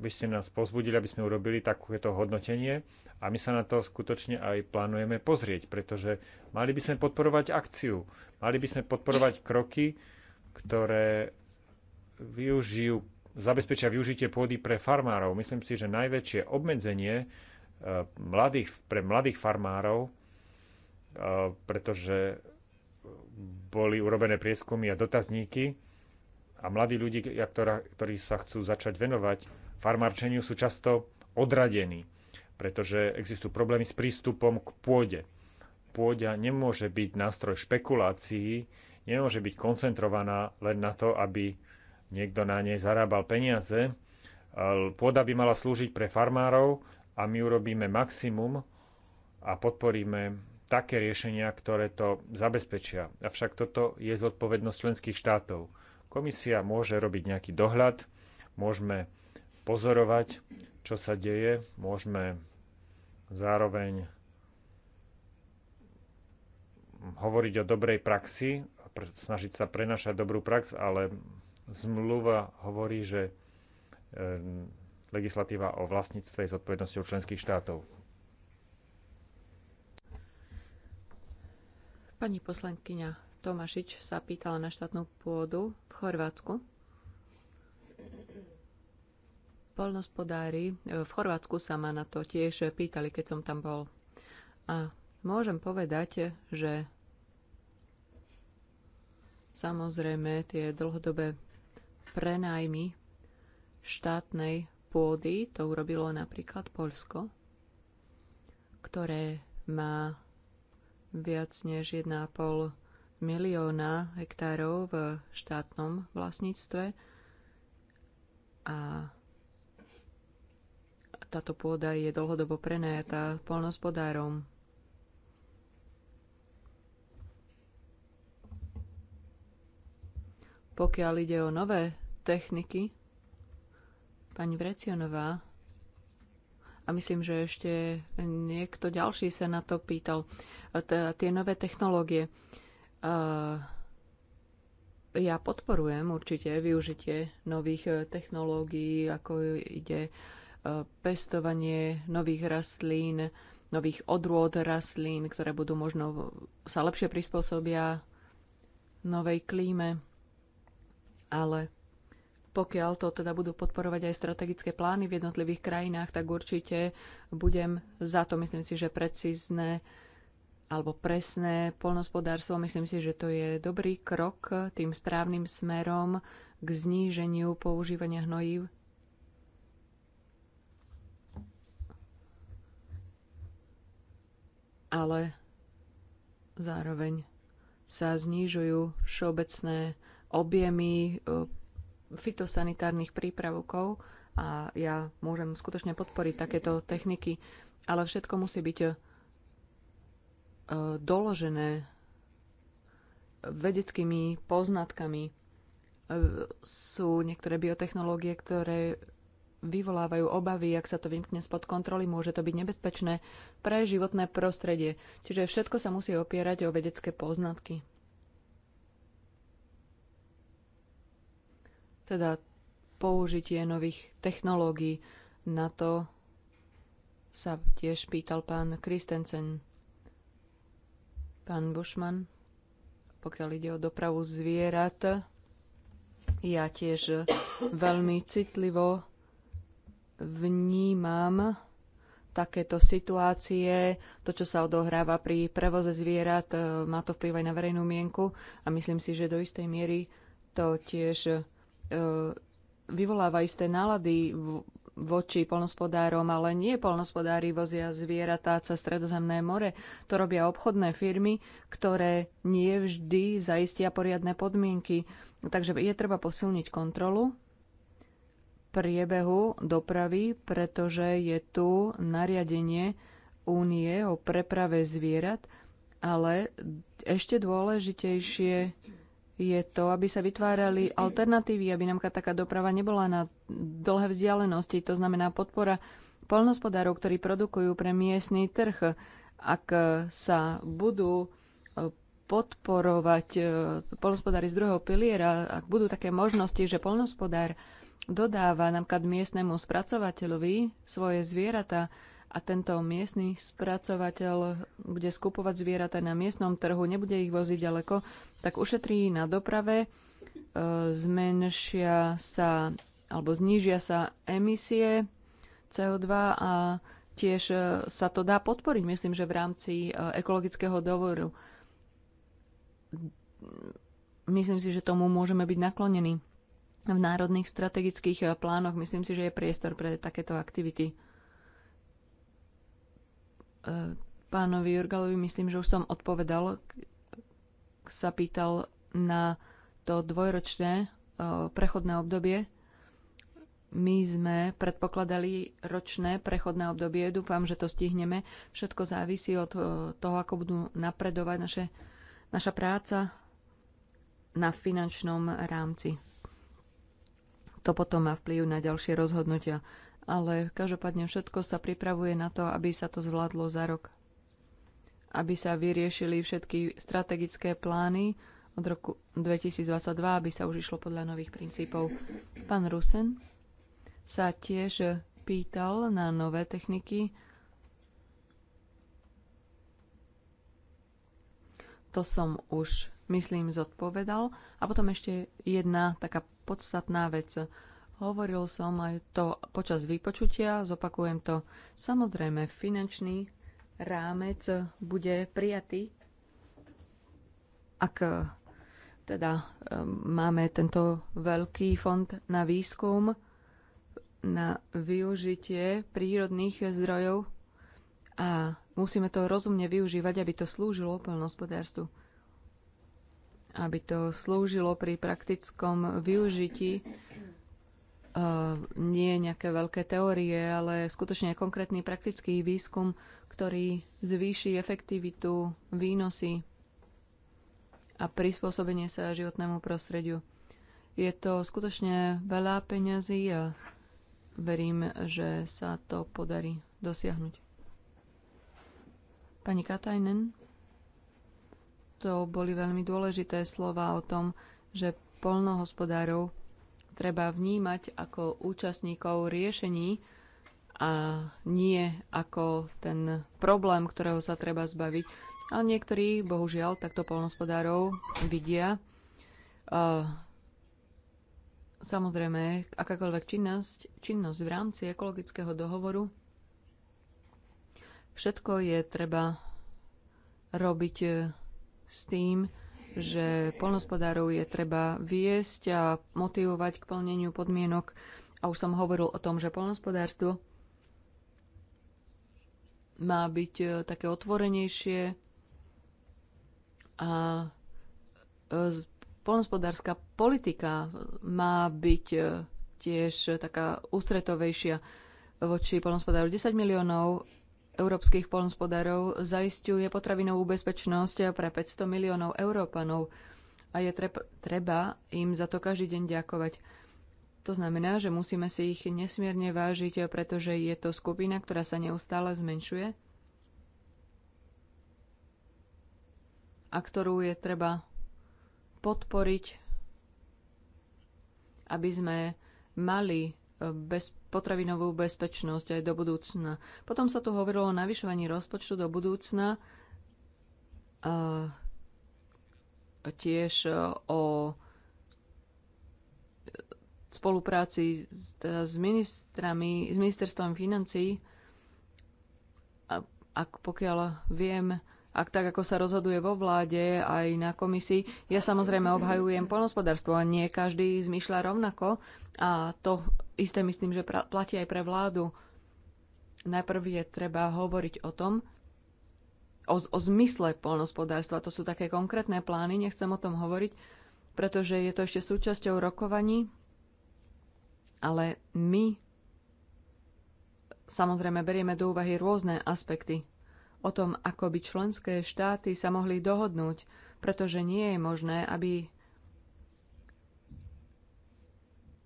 vy ste nás pozbudili, aby sme urobili takéto hodnotenie a my sa na to skutočne aj plánujeme pozrieť, pretože mali by sme podporovať akciu, mali by sme podporovať kroky, ktoré využijú, zabezpečia využitie pôdy pre farmárov. Myslím si, že najväčšie obmedzenie ehm, mladých, pre mladých farmárov, ehm, pretože boli urobené prieskumy a dotazníky, a mladí ľudí, ktorí sa chcú začať venovať farmárčeniu, sú často odradení, pretože existujú problémy s prístupom k pôde. Pôda nemôže byť nástroj špekulácií, nemôže byť koncentrovaná len na to, aby niekto na nej zarábal peniaze. Pôda by mala slúžiť pre farmárov a my urobíme maximum a podporíme také riešenia, ktoré to zabezpečia. Avšak toto je zodpovednosť členských štátov Komisia môže robiť nejaký dohľad, môžeme pozorovať, čo sa deje, môžeme zároveň hovoriť o dobrej praxi, snažiť sa prenašať dobrú prax, ale zmluva hovorí, že e, legislatíva o vlastníctve je zodpovednosťou členských štátov. Pani poslankyňa Tomašič sa pýtala na štátnu pôdu v Chorvátsku. Polnospodári e, v Chorvátsku sa ma na to tiež pýtali, keď som tam bol. A môžem povedať, že samozrejme tie dlhodobé prenajmy štátnej pôdy, to urobilo napríklad Polsko, ktoré má viac než 1,5 milióna hektárov v štátnom vlastníctve a táto pôda je dlhodobo prenajatá polnospodárom. Pokiaľ ide o nové techniky, pani Vrecionová, a myslím, že ešte niekto ďalší sa na to pýtal, tie nové technológie. Eh, ja podporujem určite využitie nových eh, technológií, ako ide eh, pestovanie nových rastlín, nových odrôd rastlín, ktoré budú možno sa lepšie prispôsobia novej klíme. Ale pokiaľ to teda budú podporovať aj strategické plány v jednotlivých krajinách, tak určite budem za to, myslím si, že precízne alebo presné polnospodárstvo. Myslím si, že to je dobrý krok tým správnym smerom k zníženiu používania hnojív. Ale zároveň sa znižujú všeobecné objemy e, fitosanitárnych prípravkov a ja môžem skutočne podporiť takéto techniky, ale všetko musí byť doložené vedeckými poznatkami. E, sú niektoré biotechnológie, ktoré vyvolávajú obavy, ak sa to vymkne spod kontroly, môže to byť nebezpečné pre životné prostredie. Čiže všetko sa musí opierať o vedecké poznatky. Teda použitie nových technológií. Na to sa tiež pýtal pán Kristensen. Pán Bušman, pokiaľ ide o dopravu zvierat, ja tiež veľmi citlivo vnímam takéto situácie, to, čo sa odohráva pri prevoze zvierat, e, má to vplyv aj na verejnú mienku a myslím si, že do istej miery to tiež e, vyvoláva isté nálady voči polnospodárom, ale nie polnospodári vozia zvieratá cez stredozemné more. To robia obchodné firmy, ktoré nie vždy zaistia poriadne podmienky. Takže je treba posilniť kontrolu priebehu dopravy, pretože je tu nariadenie únie o preprave zvierat, ale ešte dôležitejšie je to, aby sa vytvárali alternatívy, aby nám taká doprava nebola na dlhé vzdialenosti. To znamená podpora polnospodárov, ktorí produkujú pre miestny trh. Ak sa budú e, podporovať e, polnospodári z druhého piliera, ak budú také možnosti, že polnospodár dodáva napríklad miestnemu spracovateľovi svoje zvieratá, a tento miestny spracovateľ bude skupovať zvieratá na miestnom trhu, nebude ich voziť ďaleko, tak ušetrí na doprave, e, zmenšia sa alebo znížia sa emisie CO2 a tiež sa to dá podporiť, myslím, že v rámci e, ekologického dovoru. Myslím si, že tomu môžeme byť naklonení v národných strategických e, plánoch. Myslím si, že je priestor pre takéto aktivity pánovi Jurgalovi, myslím, že už som odpovedal, sa pýtal na to dvojročné e, prechodné obdobie. My sme predpokladali ročné prechodné obdobie, dúfam, že to stihneme. Všetko závisí od e, toho, ako budú napredovať naše, naša práca na finančnom rámci. To potom má vplyv na ďalšie rozhodnutia ale každopádne všetko sa pripravuje na to, aby sa to zvládlo za rok. Aby sa vyriešili všetky strategické plány od roku 2022, aby sa už išlo podľa nových princípov. Pán Rusen sa tiež pýtal na nové techniky. To som už, myslím, zodpovedal. A potom ešte jedna taká podstatná vec Hovoril som aj to počas vypočutia, zopakujem to. Samozrejme, finančný rámec bude prijatý, ak teda máme tento veľký fond na výskum, na využitie prírodných zdrojov a musíme to rozumne využívať, aby to slúžilo plnohospodárstvu. Aby to slúžilo pri praktickom využití Eh, nie nejaké veľké teórie, ale skutočne konkrétny praktický výskum, ktorý zvýši efektivitu, výnosy a prispôsobenie sa životnému prostrediu. Je to skutočne veľa peňazí a verím, že sa to podarí dosiahnuť. Pani Katajnen, to boli veľmi dôležité slova o tom, že polnohospodárov treba vnímať ako účastníkov riešení a nie ako ten problém, ktorého sa treba zbaviť. Ale niektorí, bohužiaľ, takto polnospodárov vidia. Samozrejme, akákoľvek činnosť, činnosť v rámci ekologického dohovoru, všetko je treba robiť e, s tým, že polnospodárov je treba viesť a motivovať k plneniu podmienok. A už som hovoril o tom, že polnospodárstvo má byť e, také otvorenejšie a e, polnospodárska politika má byť e, tiež taká ústretovejšia voči polnospodáru. 10 miliónov európskych polnospodárov zaisťuje potravinovú bezpečnosť pre 500 miliónov Európanov a je treba im za to každý deň ďakovať. To znamená, že musíme si ich nesmierne vážiť, pretože je to skupina, ktorá sa neustále zmenšuje a ktorú je treba podporiť, aby sme mali eh, bezpečnosť potravinovú bezpečnosť aj do budúcna. Potom sa tu hovorilo o navyšovaní rozpočtu do budúcna, a tiež o spolupráci s, teda s ministrami, s ministerstvom financií. A, ak pokiaľ viem, ak tak, ako sa rozhoduje vo vláde aj na komisii. Ja samozrejme obhajujem poľnospodárstvo a nie každý zmyšľa rovnako a to isté myslím, že platí aj pre vládu. Najprv je treba hovoriť o tom, o, o zmysle polnospodárstva. To sú také konkrétne plány, nechcem o tom hovoriť, pretože je to ešte súčasťou rokovaní, ale my samozrejme berieme do úvahy rôzne aspekty o tom, ako by členské štáty sa mohli dohodnúť, pretože nie je možné, aby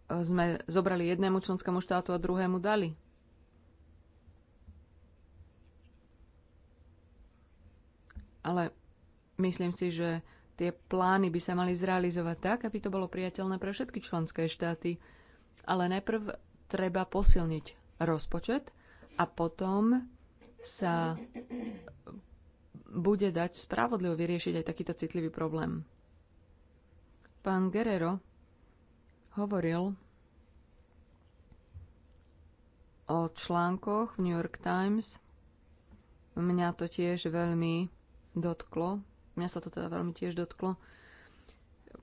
sme zobrali jednému členskému štátu a druhému dali. Ale myslím si, že tie plány by sa mali zrealizovať tak, aby to bolo priateľné pre všetky členské štáty. Ale najprv treba posilniť rozpočet a potom sa bude dať spravodlivo vyriešiť aj takýto citlivý problém. Pán Guerrero hovoril o článkoch v New York Times. Mňa to tiež veľmi dotklo. Mňa sa to teda veľmi tiež dotklo,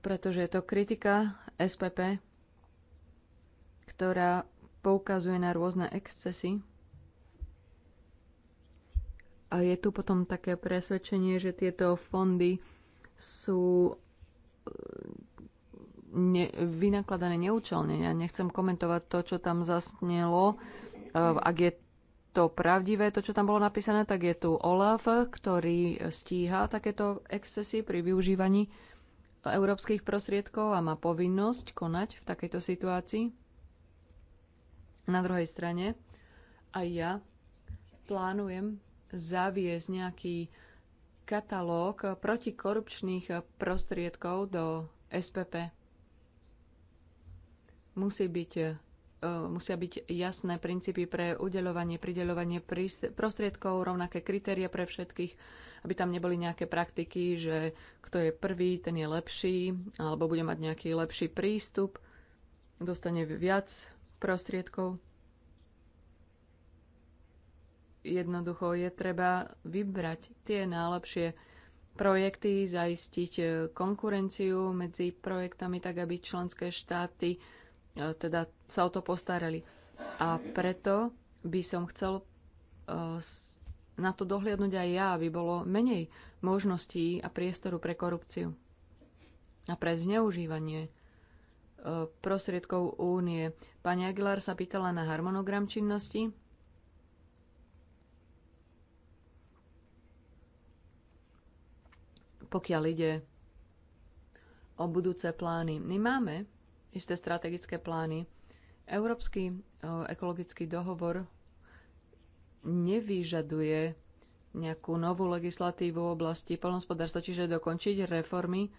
pretože je to kritika SPP, ktorá poukazuje na rôzne excesy. A je tu potom také presvedčenie, že tieto fondy sú ne, vynakladané neúčelne. Ja nechcem komentovať to, čo tam zasnelo. Ehm, ak je to pravdivé, to, čo tam bolo napísané, tak je tu OLAF, ktorý stíha takéto excesy pri využívaní európskych prostriedkov a má povinnosť konať v takejto situácii. Na druhej strane aj ja plánujem zaviesť nejaký katalóg protikorupčných prostriedkov do SPP musí byť, e, musia byť jasné princípy pre udeľovanie, prideľovanie prostriedkov, rovnaké kritéria pre všetkých, aby tam neboli nejaké praktiky, že kto je prvý, ten je lepší, alebo bude mať nejaký lepší prístup, dostane viac prostriedkov. Jednoducho je treba vybrať tie najlepšie projekty, zaistiť e, konkurenciu medzi projektami, tak aby členské štáty E, teda sa o to postarali. A preto by som chcel e, na to dohliadnúť aj ja, aby bolo menej možností a priestoru pre korupciu a pre zneužívanie e, prostriedkov únie. Pani Aguilar sa pýtala na harmonogram činnosti. Pokiaľ ide o budúce plány, my máme isté strategické plány. Európsky e, ekologický dohovor nevyžaduje nejakú novú legislatívu v oblasti poľnohospodárstva, čiže dokončiť reformy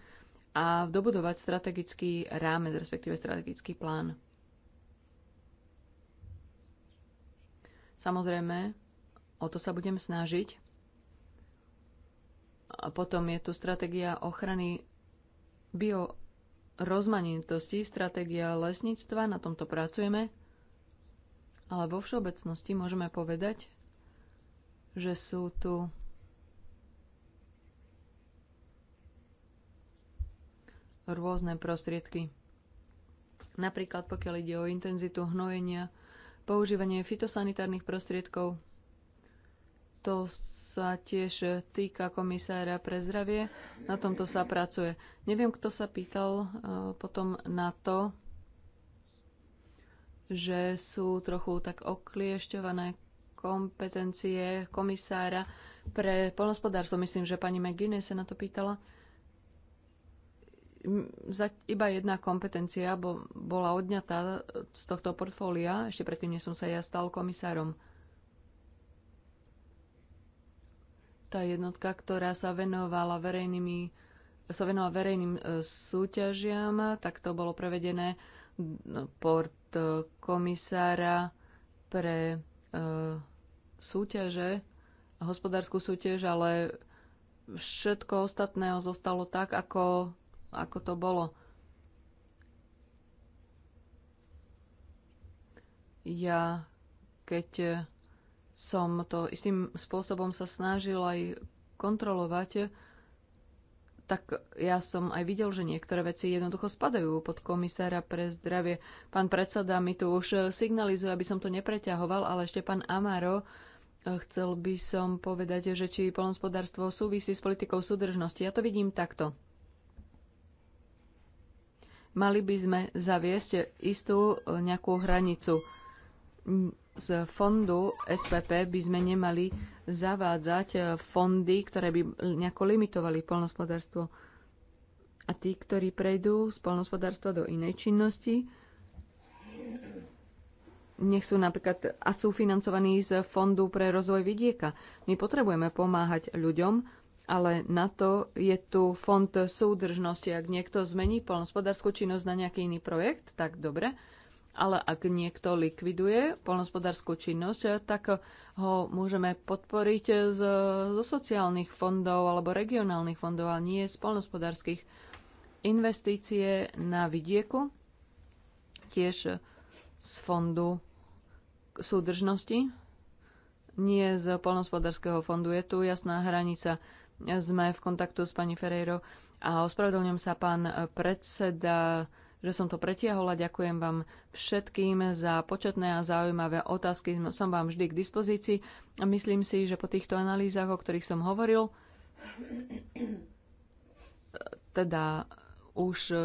a dobudovať strategický rámec, respektíve strategický plán. Samozrejme, o to sa budem snažiť. A potom je tu stratégia ochrany bio rozmanitosti, stratégia lesníctva, na tomto pracujeme, ale vo všeobecnosti môžeme povedať, že sú tu rôzne prostriedky. Napríklad pokiaľ ide o intenzitu hnojenia, používanie fitosanitárnych prostriedkov, to sa tiež týka komisára pre zdravie. Na tomto sa pracuje. Neviem, kto sa pýtal e, potom na to, že sú trochu tak okliešťované kompetencie komisára pre polnospodárstvo. Myslím, že pani McGuinness sa na to pýtala iba jedna kompetencia bola odňatá z tohto portfólia, ešte predtým, než som sa ja stal komisárom. tá jednotka, ktorá sa venovala verejnými sa venovala verejným e, súťažiam, tak to bolo prevedené port e, komisára pre e, súťaže, hospodárskú súťaž, ale všetko ostatné zostalo tak, ako, ako to bolo. Ja, keď som to istým spôsobom sa snažil aj kontrolovať, tak ja som aj videl, že niektoré veci jednoducho spadajú pod komisára pre zdravie. Pán predseda mi tu už signalizuje, aby som to nepreťahoval, ale ešte pán Amaro, eh, chcel by som povedať, že či polnospodárstvo súvisí s politikou súdržnosti. Ja to vidím takto. Mali by sme zaviesť istú eh, nejakú hranicu z fondu SPP by sme nemali zavádzať eh, fondy, ktoré by nejako limitovali polnospodárstvo. A tí, ktorí prejdú z polnospodárstva do inej činnosti, nech sú napríklad a sú financovaní z Fondu pre rozvoj vidieka. My potrebujeme pomáhať ľuďom, ale na to je tu fond súdržnosti. Ak niekto zmení polnospodárskú činnosť na nejaký iný projekt, tak dobre ale ak niekto likviduje polnospodárskú činnosť, tak ho môžeme podporiť z, zo sociálnych fondov alebo regionálnych fondov, ale nie z polnospodárských investície na vidieku, tiež z fondu súdržnosti, nie z polnospodárskeho fondu. Je tu jasná hranica. Sme v kontaktu s pani Ferreiro a ospravedlňujem sa, pán predseda, že som to pretiahol a ďakujem vám všetkým za početné a zaujímavé otázky. Som vám vždy k dispozícii a myslím si, že po týchto analýzach, o ktorých som hovoril, teda už e,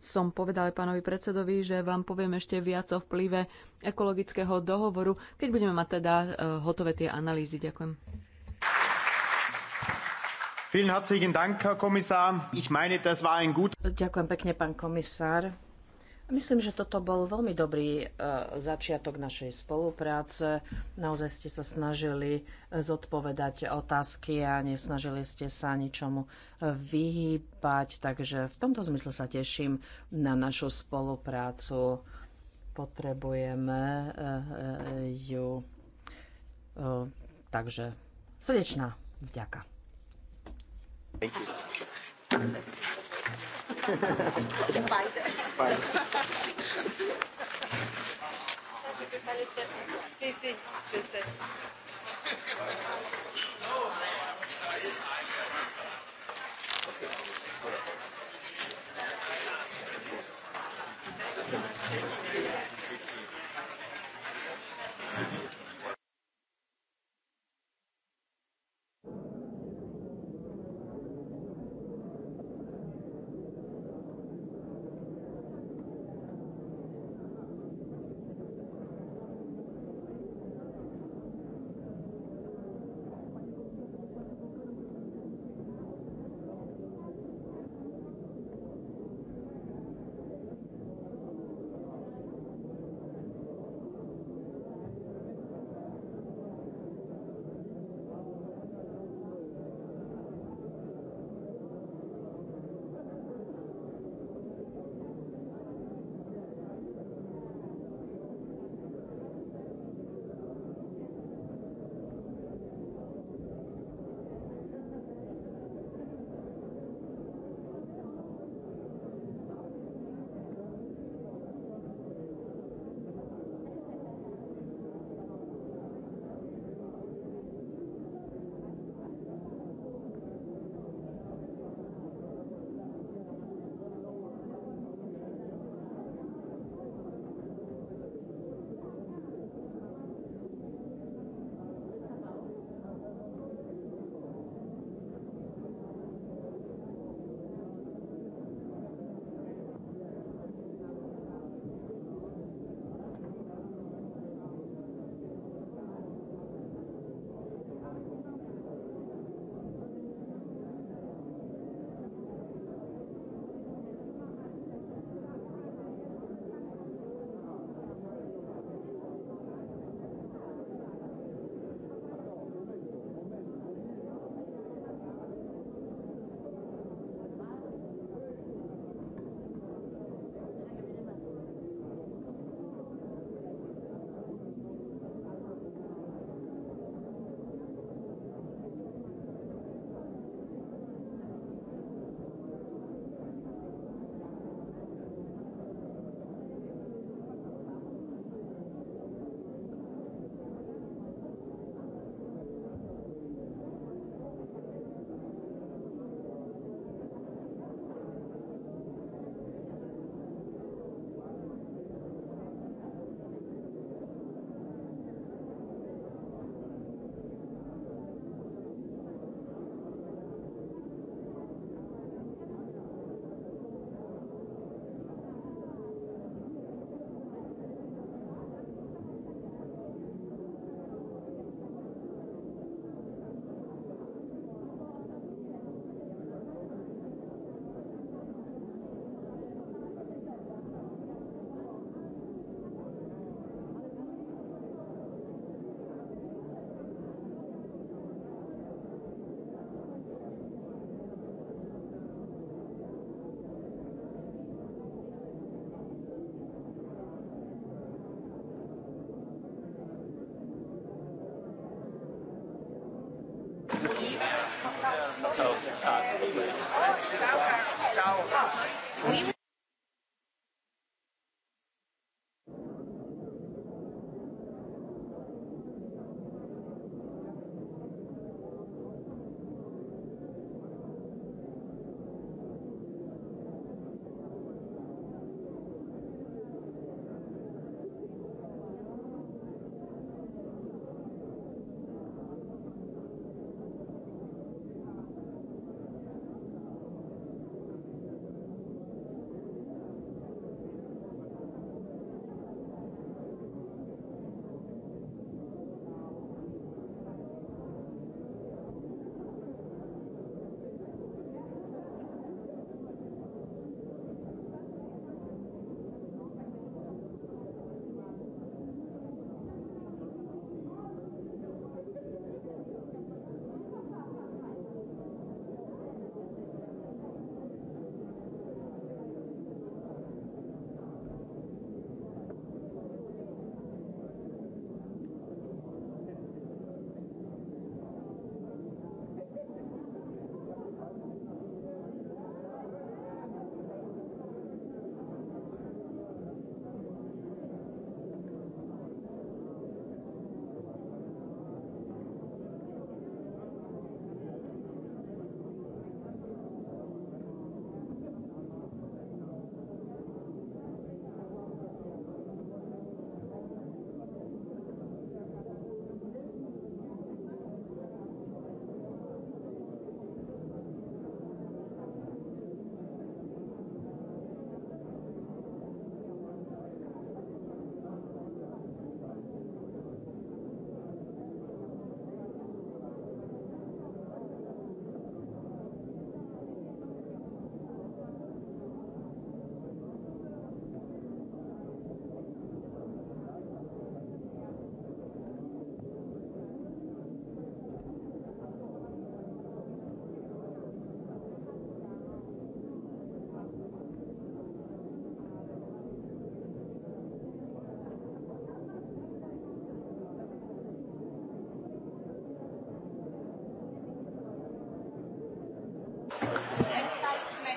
som povedal pánovi predsedovi, že vám poviem ešte viac o vplyve ekologického dohovoru, keď budeme mať teda e, hotové tie analýzy. Ďakujem. Ďakujem pekne, pán komisár. Myslím, že toto bol veľmi dobrý e, začiatok našej spolupráce. Naozaj ste sa snažili zodpovedať otázky a nesnažili ste sa ničomu e, vyhýbať, takže v tomto zmysle sa teším na našu spoluprácu. Potrebujeme e, ju. Takže srdečná vďaka. Si, si, je sais. Okay.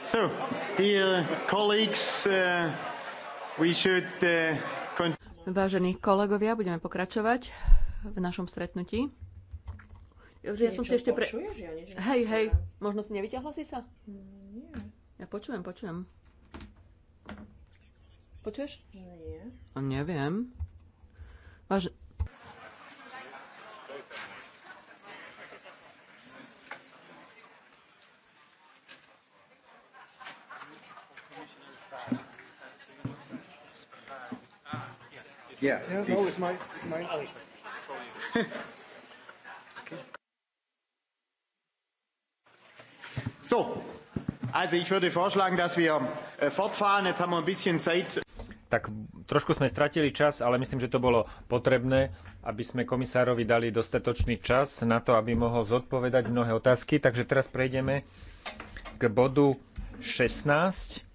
So, dear colleagues, uh, we should, uh, Vážení kolegovia, budeme pokračovať v našom stretnutí. Že ja som si ešte pre... Ja hej, hej, možno si nevyťahla si sa? Nie. Ja počujem, počujem. Počuješ? Nie. A neviem. Yeah, no, it's my, it's my. Oh, sorry. okay. So, also ich würde vorschlagen, dass wir äh, fortfahren. Jetzt haben wir ein bisschen Zeit. Tak trošku sme stratili čas, ale myslím, že to bolo potrebné, aby sme komisárovi dali dostatočný čas na to, aby mohol zodpovedať mnohé otázky. Takže teraz prejdeme k bodu 16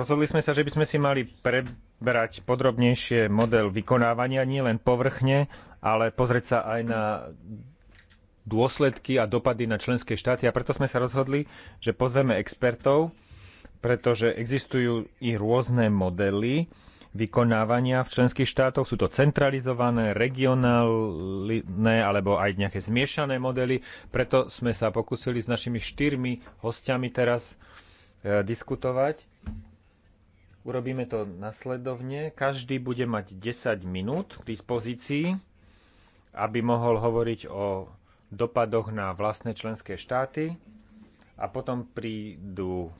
Rozhodli sme sa, že by sme si mali prebrať podrobnejšie model vykonávania, nie len povrchne, ale pozrieť sa aj na dôsledky a dopady na členské štáty. A preto sme sa rozhodli, že pozveme expertov, pretože existujú i rôzne modely vykonávania v členských štátoch. Sú to centralizované, regionálne alebo aj nejaké zmiešané modely. Preto sme sa pokúsili s našimi štyrmi hostiami teraz e, diskutovať Urobíme to nasledovne. Každý bude mať 10 minút k dispozícii, aby mohol hovoriť o dopadoch na vlastné členské štáty a potom prídu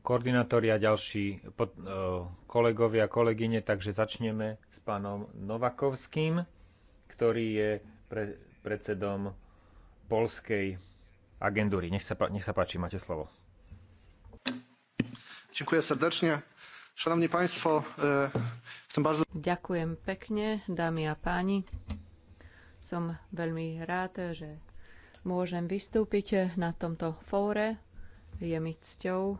koordinátori a ďalší pod, e, kolegovia a kolegyne, takže začneme s pánom Novakovským, ktorý je pre, predsedom polskej agentúry. Nech sa, nech sa páči, máte slovo. Dziękuję serdecznie. Szanowni Państwo, e, bardzo... Ďakujem pekne, dámy a páni. Som veľmi rád, že môžem vystúpiť na tomto fóre. Je mi cťou,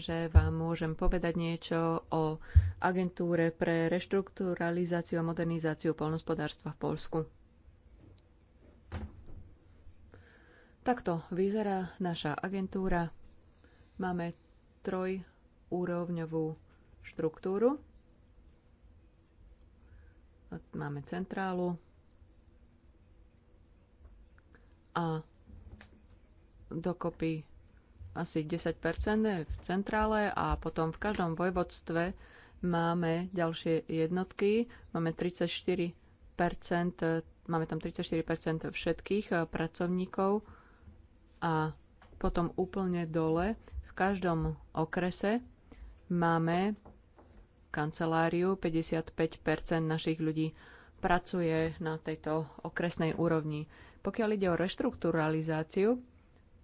že vám môžem povedať niečo o agentúre pre reštrukturalizáciu a modernizáciu poľnospodárstva v Polsku. Takto vyzerá naša agentúra. Máme troj úrovňovú štruktúru. Máme centrálu a dokopy asi 10% v centrále a potom v každom vojvodstve máme ďalšie jednotky, máme 34%, máme tam 34% všetkých eh, pracovníkov a potom úplne dole v každom okrese máme kanceláriu, 55 našich ľudí pracuje na tejto okresnej úrovni. Pokiaľ ide o reštrukturalizáciu,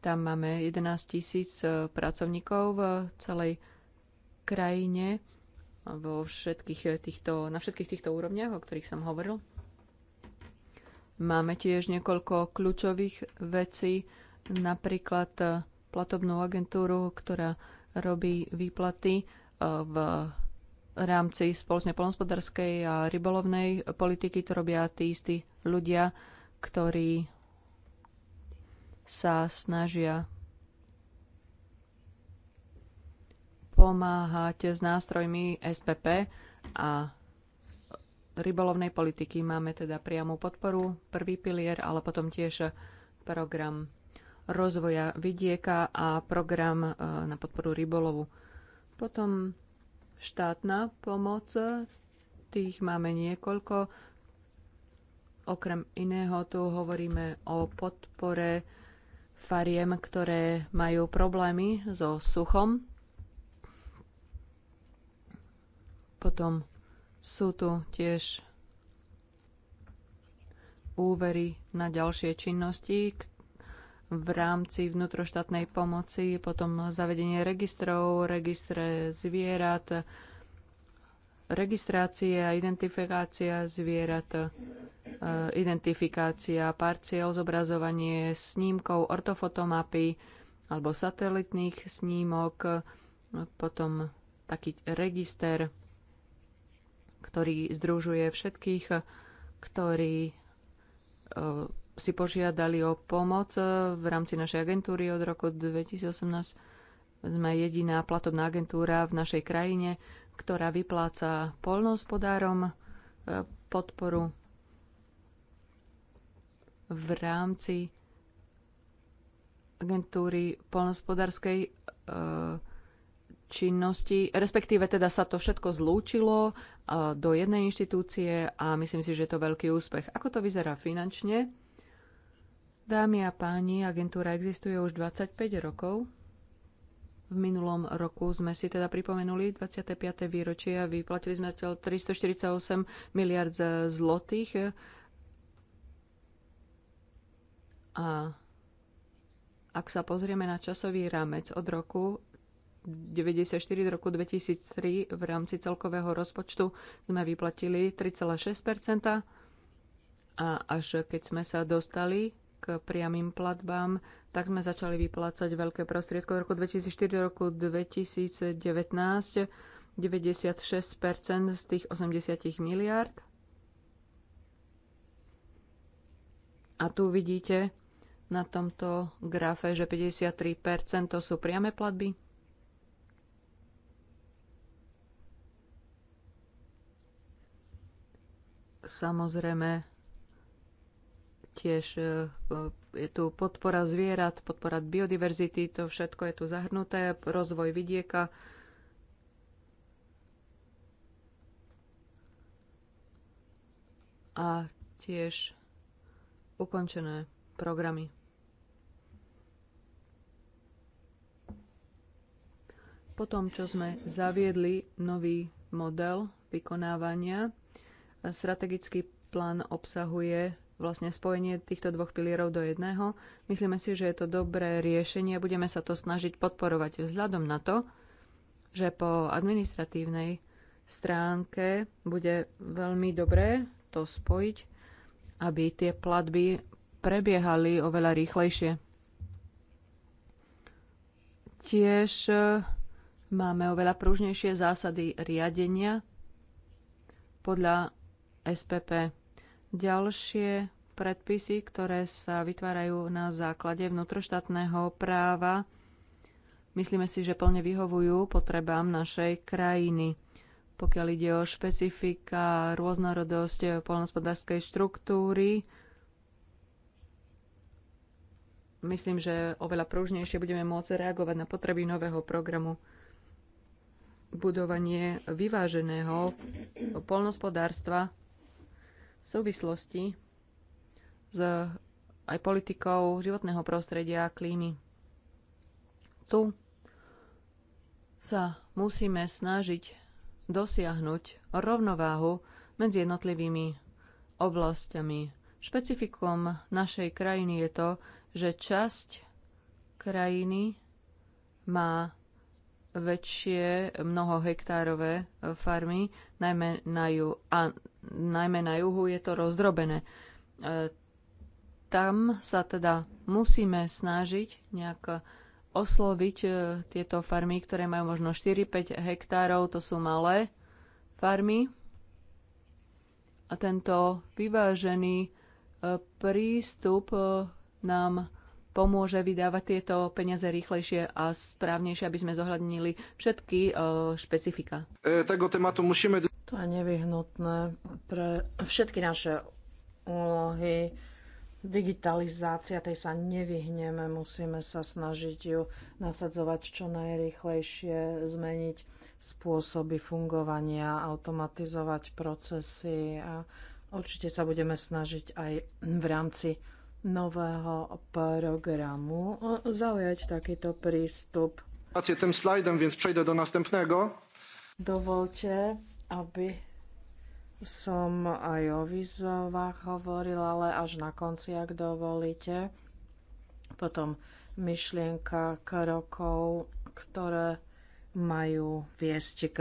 tam máme 11 tisíc e, pracovníkov v celej krajine vo všetkých e, týchto, na všetkých týchto úrovniach, o ktorých som hovoril. Máme tiež niekoľko kľúčových vecí, napríklad e, platobnú agentúru, ktorá robí výplaty e, v rámci spoločnej polnospodárskej a rybolovnej politiky. To robia tí istí ľudia, ktorí sa snažia pomáhať s nástrojmi SPP a rybolovnej politiky. Máme teda priamu podporu, prvý pilier, ale potom tiež program rozvoja vidieka a program e, na podporu rybolovu. Potom štátna pomoc, tých máme niekoľko. Okrem iného tu hovoríme o podpore fariem, ktoré majú problémy so suchom. Potom sú tu tiež úvery na ďalšie činnosti, v rámci vnútroštátnej pomoci, potom zavedenie registrov, registre zvierat, registrácia, identifikácia zvierat, e, identifikácia parciel, zobrazovanie snímkov, ortofotomapy alebo satelitných snímok, potom taký register, ktorý združuje všetkých, ktorí e, si požiadali o pomoc e, v rámci našej agentúry od roku 2018. Sme jediná platobná agentúra v našej krajine, ktorá vypláca polnohospodárom e, podporu v rámci agentúry polnohospodárskej e, činnosti, respektíve teda sa to všetko zlúčilo do jednej inštitúcie a myslím si, že je to veľký úspech. Ako to vyzerá finančne? Dámy a páni, agentúra existuje už 25 rokov. V minulom roku sme si teda pripomenuli 25. výročie a vyplatili sme 348 miliard zlotých. A ak sa pozrieme na časový rámec od roku 94 do roku 2003 v rámci celkového rozpočtu sme vyplatili 3,6 a až keď sme sa dostali k priamým platbám, tak sme začali vyplácať veľké prostriedky. V roku 2004 do roku 2019 96% z tých 80 miliard. A tu vidíte na tomto grafe, že 53% to sú priame platby. Samozrejme, Tiež e, je tu podpora zvierat, podpora biodiverzity, to všetko je tu zahrnuté, rozvoj vidieka. A tiež ukončené programy. Po tom, čo sme zaviedli nový model vykonávania, strategický plán obsahuje vlastne spojenie týchto dvoch pilierov do jedného. Myslíme si, že je to dobré riešenie a budeme sa to snažiť podporovať vzhľadom na to, že po administratívnej stránke bude veľmi dobré to spojiť, aby tie platby prebiehali oveľa rýchlejšie. Tiež e, máme oveľa pružnejšie zásady riadenia podľa SPP ďalšie predpisy, ktoré sa vytvárajú na základe vnútroštátneho práva, myslíme si, že plne vyhovujú potrebám našej krajiny. Pokiaľ ide o špecifika, rôznorodosť polnospodárskej štruktúry, myslím, že oveľa pružnejšie budeme môcť reagovať na potreby nového programu budovanie vyváženého polnospodárstva v súvislosti s aj politikou životného prostredia a klímy. Tu sa musíme snažiť dosiahnuť rovnováhu medzi jednotlivými oblastiami. Špecifikom našej krajiny je to, že časť krajiny má väčšie mnohohektárové farmy, najmä na, ju, a, najmä na juhu je to rozdrobené. E, tam sa teda musíme snažiť nejak osloviť e, tieto farmy, ktoré majú možno 4-5 hektárov, to sú malé farmy. A tento vyvážený e, prístup nám pomôže vydávať tieto peniaze rýchlejšie a správnejšie, aby sme zohľadnili všetky e, špecifika. E, musíme... To je nevyhnutné pre všetky naše úlohy. Digitalizácia, tej sa nevyhneme, musíme sa snažiť ju nasadzovať čo najrychlejšie, zmeniť spôsoby fungovania, automatizovať procesy a určite sa budeme snažiť aj v rámci nového programu zaujať takýto prístup. tým slajdom, więc przejdę do następnego. Dovolte, aby som aj o vizovách hovorila, ale až na konci, ak dovolíte. Potom myšlienka krokov, ktoré majú viesť k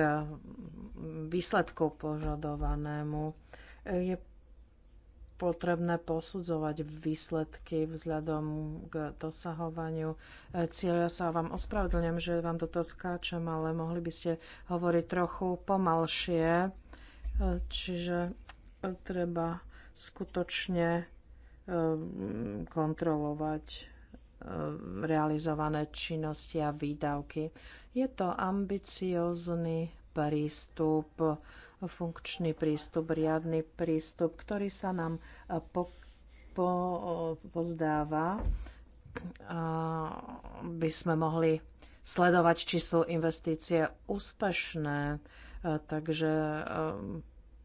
výsledku požadovanému. Je potrebné posudzovať výsledky vzhľadom k dosahovaniu e, cieľa. Ja sa vám ospravedlňujem, že vám do toho skáčem, ale mohli by ste hovoriť trochu pomalšie. E, čiže e, treba skutočne kontrolovať realizované činnosti a výdavky. Je to ambiciózny prístup funkčný prístup, riadny prístup, ktorý sa nám eh, po, po, eh, pozdáva, eh, by sme mohli sledovať, či sú investície úspešné. Takže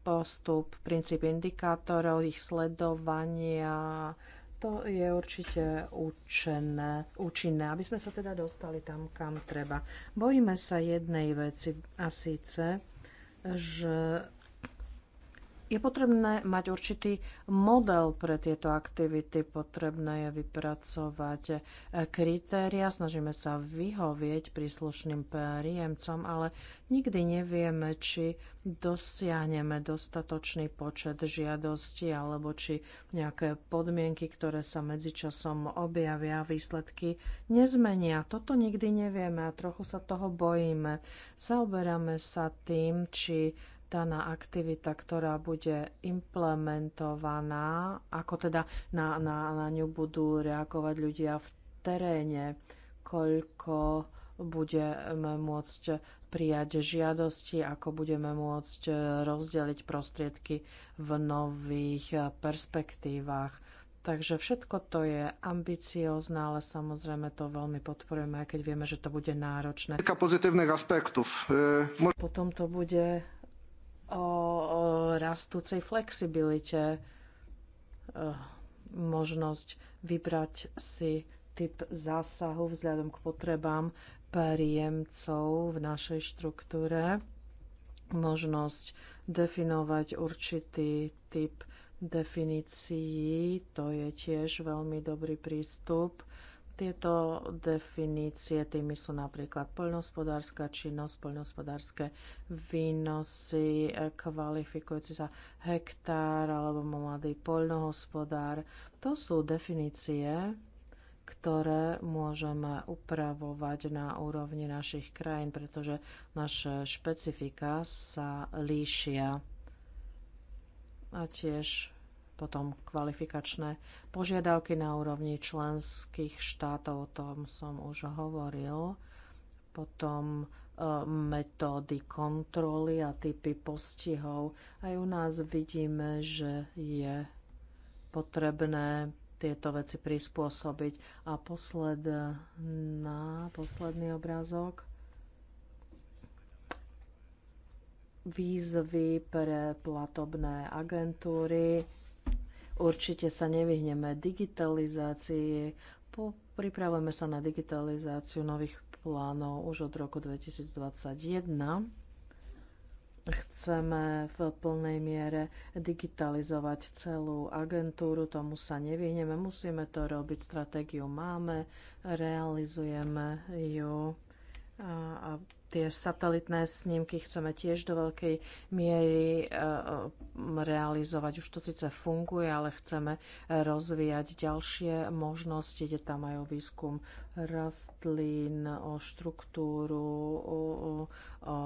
postup, princíp indikátorov, ich sledovania, to je určite účinné, účinné, aby sme sa teda dostali tam, kam treba. Bojíme sa jednej veci a síce, že je potrebné mať určitý model pre tieto aktivity, potrebné je vypracovať eh, kritéria, snažíme sa vyhovieť príslušným príjemcom, ale nikdy nevieme, či dosiahneme dostatočný počet žiadostí alebo či nejaké podmienky, ktoré sa medzičasom objavia, výsledky nezmenia. Toto nikdy nevieme a trochu sa toho bojíme. Zaoberáme sa tým, či daná aktivita, ktorá bude implementovaná, ako teda na, na, na ňu budú reagovať ľudia v teréne, koľko budeme môcť prijať žiadosti, ako budeme môcť e, rozdeliť prostriedky v nových e, perspektívach. Takže všetko to je ambiciózne, ale samozrejme to veľmi podporujeme, aj keď vieme, že to bude náročné. Pozitívnych aspektov. E, Potom to bude o rastúcej flexibilite, e, možnosť vybrať si typ zásahu vzhľadom k potrebám príjemcov v našej štruktúre, možnosť definovať určitý typ definícií, to je tiež veľmi dobrý prístup tieto definície, tými sú napríklad poľnohospodárska činnosť, poľnohospodárske výnosy, e, kvalifikujúci sa hektár alebo mladý poľnohospodár. To sú definície, ktoré môžeme upravovať na úrovni našich krajín, pretože naše špecifika sa líšia. A tiež potom kvalifikačné požiadavky na úrovni členských štátov, o tom som už hovoril, potom e, metódy kontroly a typy postihov. Aj u nás vidíme, že je potrebné tieto veci prispôsobiť. A posledná, posledný obrázok. Výzvy pre platobné agentúry Určite sa nevyhneme digitalizácii, pripravujeme sa na digitalizáciu nových plánov už od roku 2021. Chceme v plnej miere digitalizovať celú agentúru, tomu sa nevyhneme, musíme to robiť, stratégiu máme, realizujeme ju a, a tie satelitné snímky chceme tiež do veľkej miery eh, realizovať. Už to síce funguje, ale chceme rozvíjať ďalšie možnosti. Ide tam aj o výskum rastlín, o štruktúru, o, o, o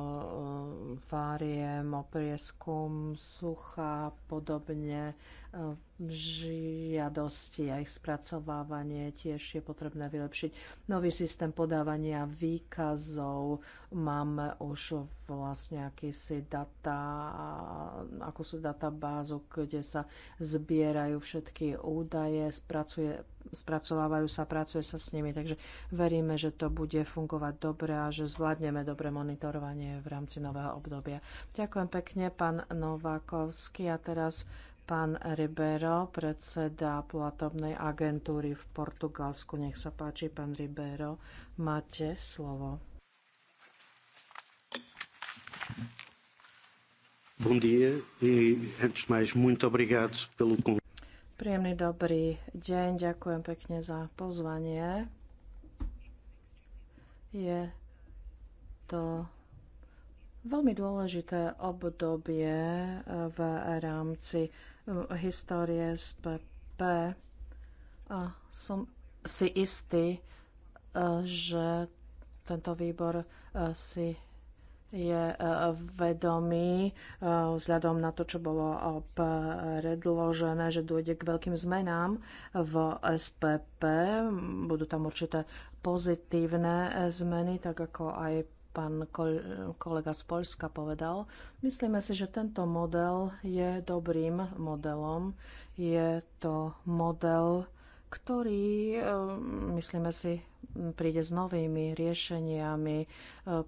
fáriem, o prieskum sucha, podobne žiadosti aj ich spracovávanie tiež je potrebné vylepšiť. Nový systém podávania výkazov, Máme už vlastne akýsi data, ako sú databázu, kde sa zbierajú všetky údaje, spracuje, spracovávajú sa, pracuje sa s nimi. Takže veríme, že to bude fungovať dobre a že zvládneme dobre monitorovanie v rámci nového obdobia. Ďakujem pekne, pán Novákovský. A teraz pán Ribeiro, predseda platobnej agentúry v Portugalsku. Nech sa páči, pán Ribeiro, máte slovo. Bom dia e antes mais muito obrigado pelo Príjemný dobrý deň, ďakujem pekne za pozvanie. Je to veľmi dôležité obdobie eh, v rámci eh, histórie SPP a som si istý, eh, že tento výbor si je e, vedomý e, vzhľadom na to, čo bolo e, predložené, že dôjde k veľkým zmenám v SPP. Budú tam určité pozitívne zmeny, tak ako aj pán kolega z Polska povedal. Myslíme si, že tento model je dobrým modelom. Je to model, ktorý, myslíme si, príde s novými riešeniami, e,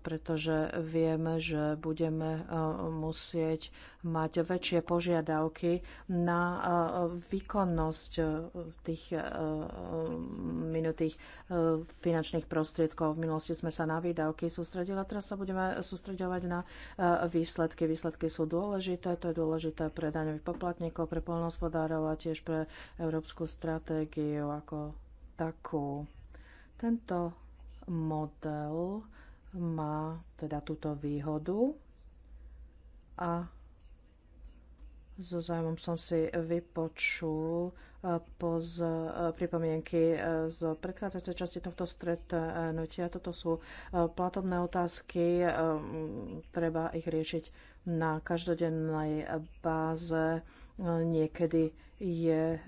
pretože vieme, že budeme e, musieť mať väčšie požiadavky na e, výkonnosť tých minutých finančných prostriedkov. V minulosti sme sa na výdavky sústredili a teraz sa budeme sústredovať na výsledky. Výsledky sú dôležité, to je dôležité pre daňových poplatníkov, pre polnohospodárov a tiež pre európsku stratégiu ako takú. Tento model má teda túto výhodu a so zájmom som si vypočul eh, poz eh, pripomienky eh, z predchádzajúcej časti tohto stretnutia. Toto sú platobné otázky, treba ich riešiť na každodennej báze. Niekedy je e,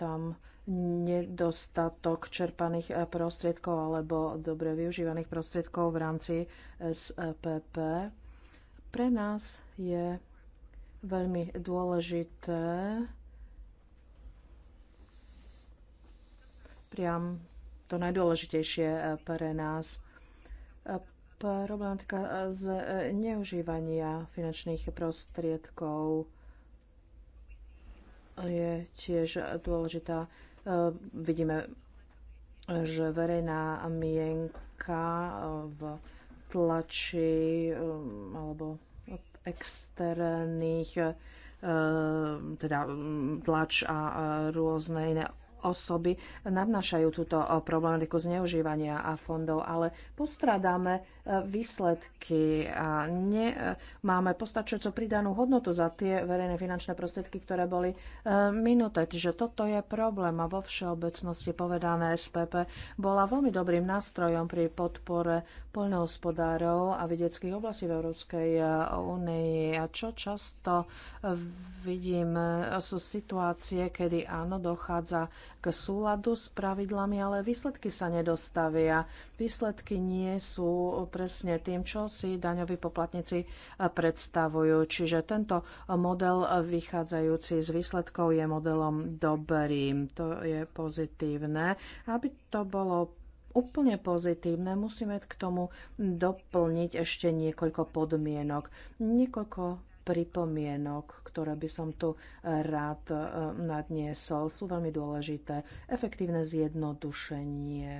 tam nedostatok čerpaných e, prostriedkov alebo dobre využívaných prostriedkov v rámci SPP. Pre nás je veľmi dôležité priam to najdôležitejšie e, pre nás problematika e, e, neužívania finančných prostriedkov je tiež dôležitá. E, vidíme, že verejná mienka v tlači alebo od externých teda tlač a rôzne iné osoby navnášajú túto eh, problematiku zneužívania a eh, fondov, ale postradáme eh, výsledky a nemáme postačujúco pridanú hodnotu za tie verejné finančné prostriedky, ktoré boli minuté. Čiže toto je problém a vo všeobecnosti povedané SPP bola veľmi dobrým nástrojom pri podpore poľnohospodárov a vedeckých oblastí v Európskej eh, únii. A čo často eh, vidím, eh, sú situácie, kedy áno, dochádza k súladu s pravidlami, ale výsledky sa nedostavia. Výsledky nie sú presne tým, čo si daňoví poplatníci predstavujú. Čiže tento model vychádzajúci z výsledkov je modelom dobrým. To je pozitívne. Aby to bolo úplne pozitívne, musíme k tomu doplniť ešte niekoľko podmienok, niekoľko pripomienok, ktoré by som tu rád e, nadniesol. Sú veľmi dôležité. Efektívne zjednodušenie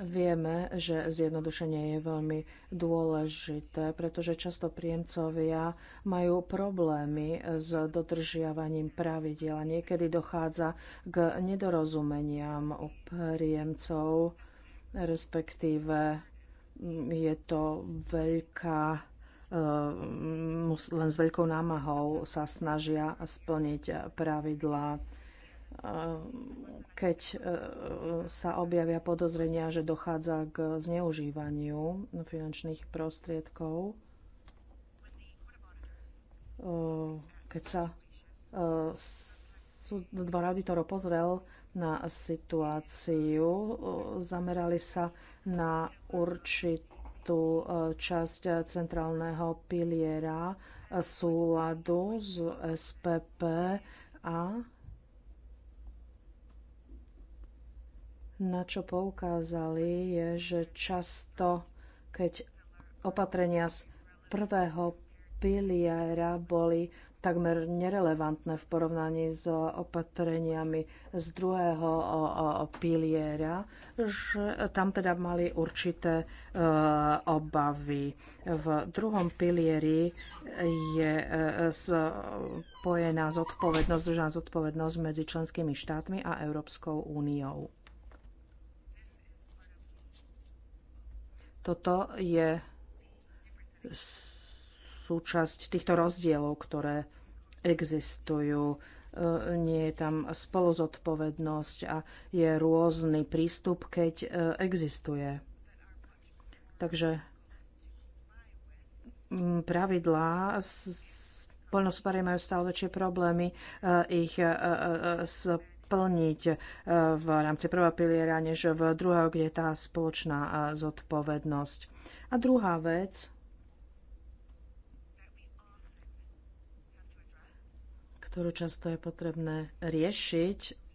Vieme, že zjednodušenie je veľmi dôležité, pretože často príjemcovia majú problémy s dodržiavaním pravidiel a niekedy dochádza k nedorozumeniam u príjemcov, respektíve je to veľká e, len s veľkou námahou sa snažia splniť pravidlá E, keď e, sa objavia podozrenia, že dochádza k zneužívaniu finančných prostriedkov, e, keď sa dva dvor auditorov pozrel na situáciu, zamerali sa na určitú časť centrálneho piliera súladu z SPP a na čo poukázali, je, že často, keď opatrenia z prvého piliera boli takmer nerelevantné v porovnaní s opatreniami z druhého piliera, že tam teda mali určité e, obavy. V druhom pilieri je e, spojená zodpovednosť, združená zodpovednosť medzi členskými štátmi a Európskou úniou. Toto je súčasť týchto rozdielov, ktoré existujú. E, nie je tam spolozodpovednosť a je rôzny prístup, keď e, existuje. Takže mm, pravidlá poľnospodári majú stále väčšie problémy e, ich plniť e, v rámci prvého piliera, než v druhého, kde je tá spoločná e, zodpovednosť. A druhá vec, ktorú často je potrebné riešiť.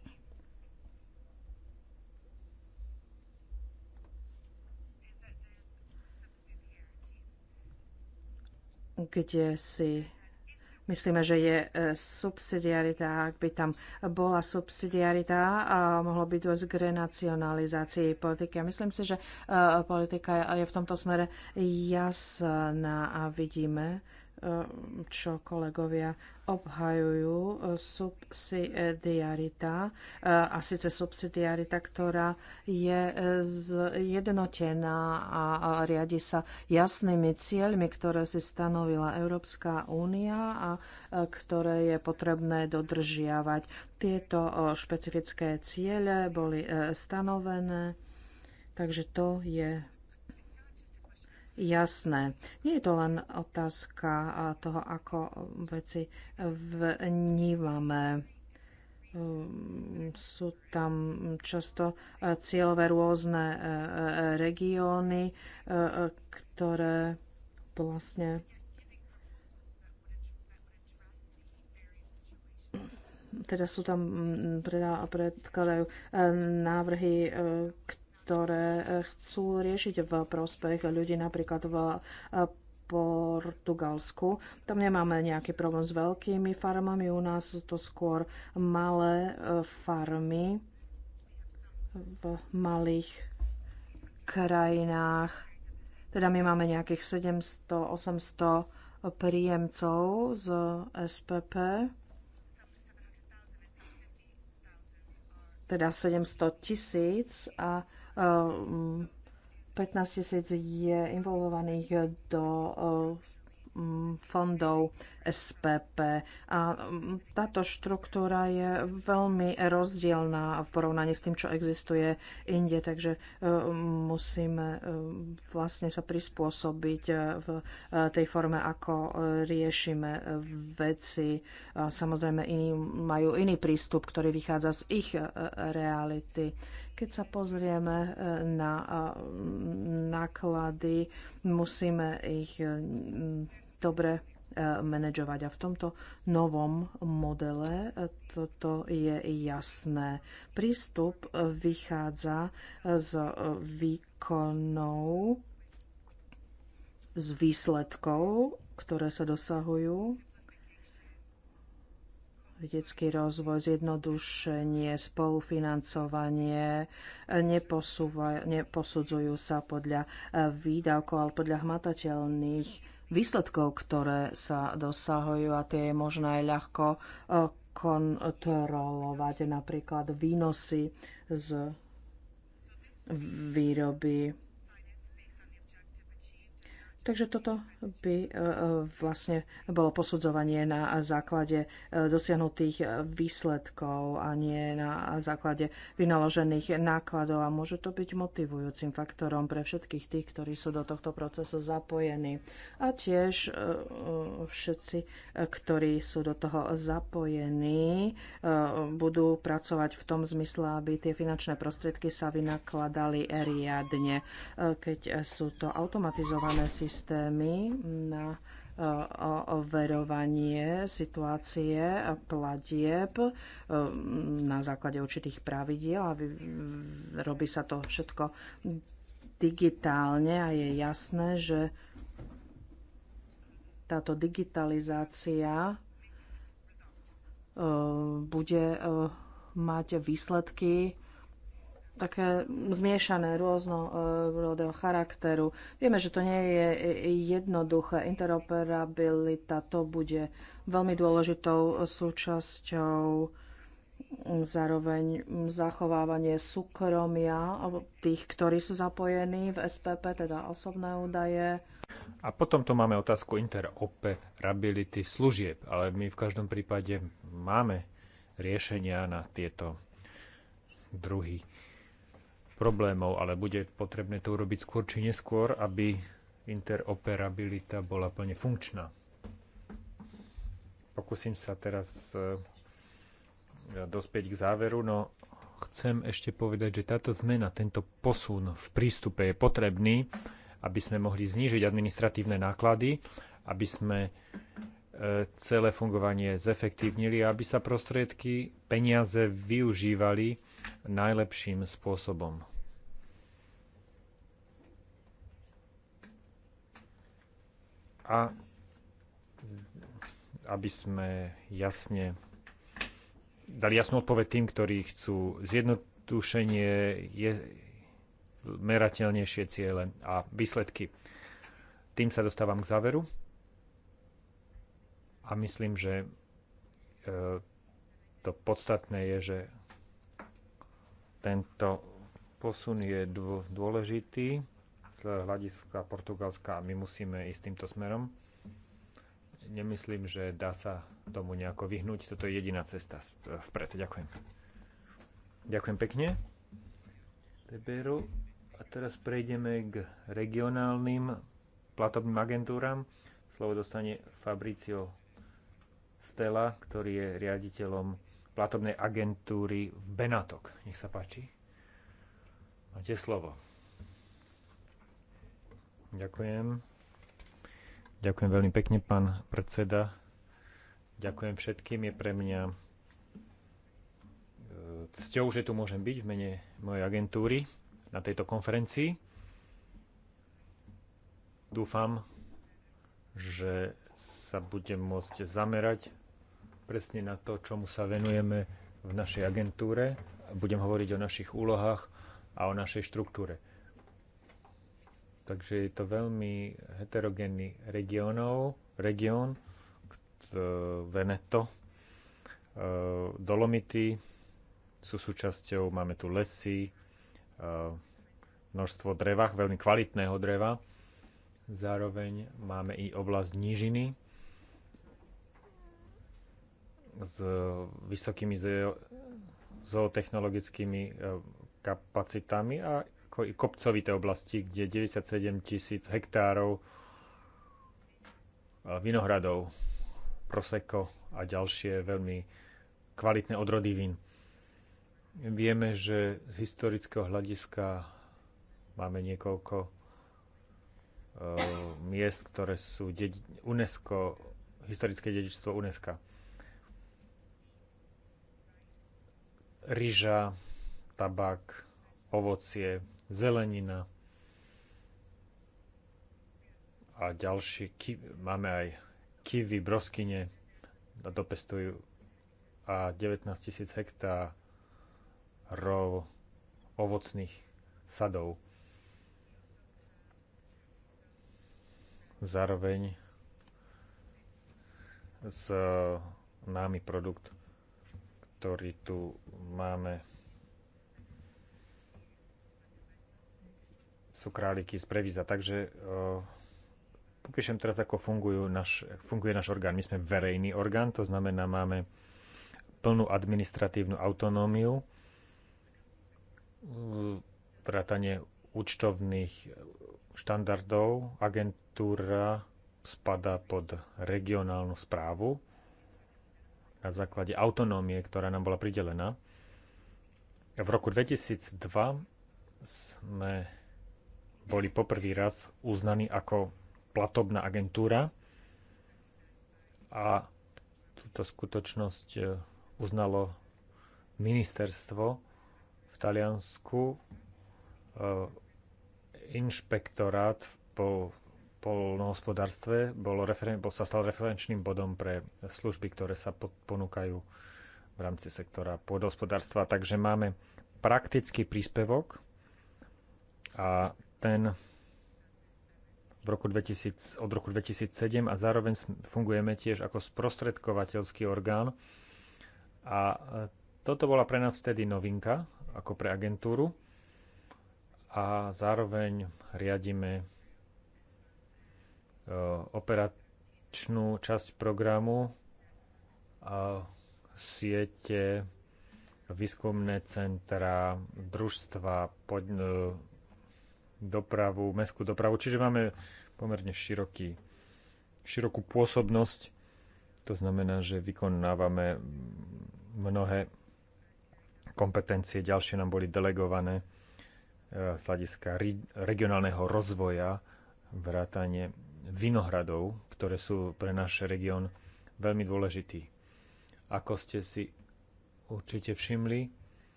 kde si Myslíme, že je e, subsidiarita. Ak by tam bola subsidiarita, a mohlo by dôjsť k renacionalizácii politiky. A myslím si, že e, politika je v tomto smere jasná a vidíme, E, čo kolegovia obhajujú, e, subsidiarita, e, a síce subsidiarita, ktorá je zjednotená a riadi sa jasnými cieľmi, ktoré si stanovila Európska únia a ktoré je potrebné dodržiavať. Tieto špecifické ciele boli stanovené, takže to je jasné. Nie je to len otázka toho, ako veci vnímame ehm, sú tam často e, cieľové rôzne e, e, regióny, ktoré vlastne teda sú tam teda predkladajú návrhy, ktoré ktoré e, chcú riešiť v prospech ľudí napríklad v e, Portugalsku. Tam nemáme nejaký problém s veľkými farmami, u nás sú to skôr malé e, farmy v malých krajinách. Teda my máme nejakých 700-800 príjemcov z SPP. Teda 700 tisíc a 15 ehm, mm, tisíc je involvovaných do ehm, mm, fondov SPP. A mm, táto štruktúra je veľmi rozdielná v porovnaní s tým, čo existuje inde, takže e, musíme e, vlastne sa prispôsobiť e, v tej forme, ako riešime veci. Samozrejme, iní majú iný prístup, ktorý vychádza z ich reality. Keď sa pozrieme na náklady, musíme ich dobre E, manažovať. A v tomto novom modele e, toto je jasné. Prístup e, vychádza z výkonov, z výsledkov, ktoré sa dosahujú vedecký rozvoj, zjednodušenie, spolufinancovanie, neposudzujú sa podľa výdavkov, ale podľa hmatateľných výsledkov, ktoré sa dosahujú a tie je možné ľahko e, kontrolovať, napríklad výnosy z výroby Takže toto by e, e, vlastne bolo posudzovanie na základe e, dosiahnutých výsledkov a nie na základe vynaložených nákladov a môže to byť motivujúcim faktorom pre všetkých tých, ktorí sú do tohto procesu zapojení. A tiež všetci, ktorí sú do toho zapojení, budú pracovať v tom zmysle, aby tie finančné prostriedky sa vynakladali riadne, keď sú to automatizované systémy systémy na e, overovanie situácie platieb e, na základe určitých pravidiel a robí sa to všetko digitálne a je jasné, že táto digitalizácia e, bude mať výsledky také zmiešané rôznorodého charakteru. Vieme, že to nie je jednoduché. Interoperabilita to bude veľmi dôležitou súčasťou zároveň zachovávanie súkromia tých, ktorí sú zapojení v SPP, teda osobné údaje. A potom tu máme otázku interoperability služieb, ale my v každom prípade máme riešenia na tieto druhy problémov, ale bude potrebné to urobiť skôr či neskôr, aby interoperabilita bola plne funkčná. Pokúsim sa teraz e, dospieť k záveru, no chcem ešte povedať, že táto zmena, tento posun v prístupe je potrebný, aby sme mohli znížiť administratívne náklady, aby sme celé fungovanie zefektívnili, aby sa prostriedky, peniaze využívali najlepším spôsobom. A aby sme jasne dali jasnú odpoveď tým, ktorí chcú zjednodušenie, je, merateľnejšie ciele a výsledky. Tým sa dostávam k záveru. A myslím, že e, to podstatné je, že tento posun je dôležitý z hľadiska Portugalska a my musíme ísť týmto smerom. Nemyslím, že dá sa tomu nejako vyhnúť. Toto je jediná cesta e, vpred. Ďakujem. Ďakujem pekne. Teberu. A teraz prejdeme k regionálnym platobným agentúram. Slovo dostane Fabricio Stela, ktorý je riaditeľom platobnej agentúry v Benatok. Nech sa páči. Máte slovo. Ďakujem. Ďakujem veľmi pekne, pán predseda. Ďakujem všetkým. Je pre mňa e, cťou, že tu môžem byť v mene mojej agentúry na tejto konferencii. Dúfam, že sa budem môcť zamerať presne na to, čomu sa venujeme v našej agentúre. Budem hovoriť o našich úlohách a o našej štruktúre. Takže je to veľmi heterogénny regionov, region, Veneto, e, Dolomity sú súčasťou, máme tu lesy, e, množstvo dreva, veľmi kvalitného dreva. Zároveň máme i oblasť nížiny, s vysokými zootechnologickými e, kapacitami a kopcovité oblasti, kde 97 tisíc hektárov e, vinohradov, proseko a ďalšie veľmi kvalitné odrody vín. Vieme, že z historického hľadiska máme niekoľko uh, miest, ktoré sú UNESCO, historické dedičstvo UNESCO. ryža, tabak, ovocie, zelenina a ďalší. Máme aj kivy, broskyne, dopestujú a 19 tisíc hektárov ovocných sadov. Zároveň s námi produkt ktorý tu máme. Sú králiky z prevíza. Takže uh, popíšem teraz, ako naš, funguje náš orgán. My sme verejný orgán, to znamená, máme plnú administratívnu autonómiu, e, vrátanie účtovných štandardov, agentúra spada pod regionálnu správu na základe autonómie, ktorá nám bola pridelená. V roku 2002 sme boli poprvý raz uznaní ako platobná agentúra a túto skutočnosť e, uznalo ministerstvo v Taliansku, e, inšpektorát po polnohospodárstve bolo referen- sa stal referenčným bodom pre služby, ktoré sa ponúkajú v rámci sektora pôdohospodárstva. Takže máme praktický príspevok a ten v roku 2000, od roku 2007 a zároveň fungujeme tiež ako sprostredkovateľský orgán. A e, toto bola pre nás vtedy novinka, ako pre agentúru. A zároveň riadíme Eh, operačnú časť programu a siete, výskumné centra, družstva, pod, eh, dopravu, mestskú dopravu. Čiže máme pomerne široký, širokú pôsobnosť. To znamená, že vykonávame mnohé kompetencie, ďalšie nám boli delegované eh, z hľadiska regionálneho rozvoja, vrátanie vinohradov, ktoré sú pre náš región veľmi dôležitý. Ako ste si určite všimli,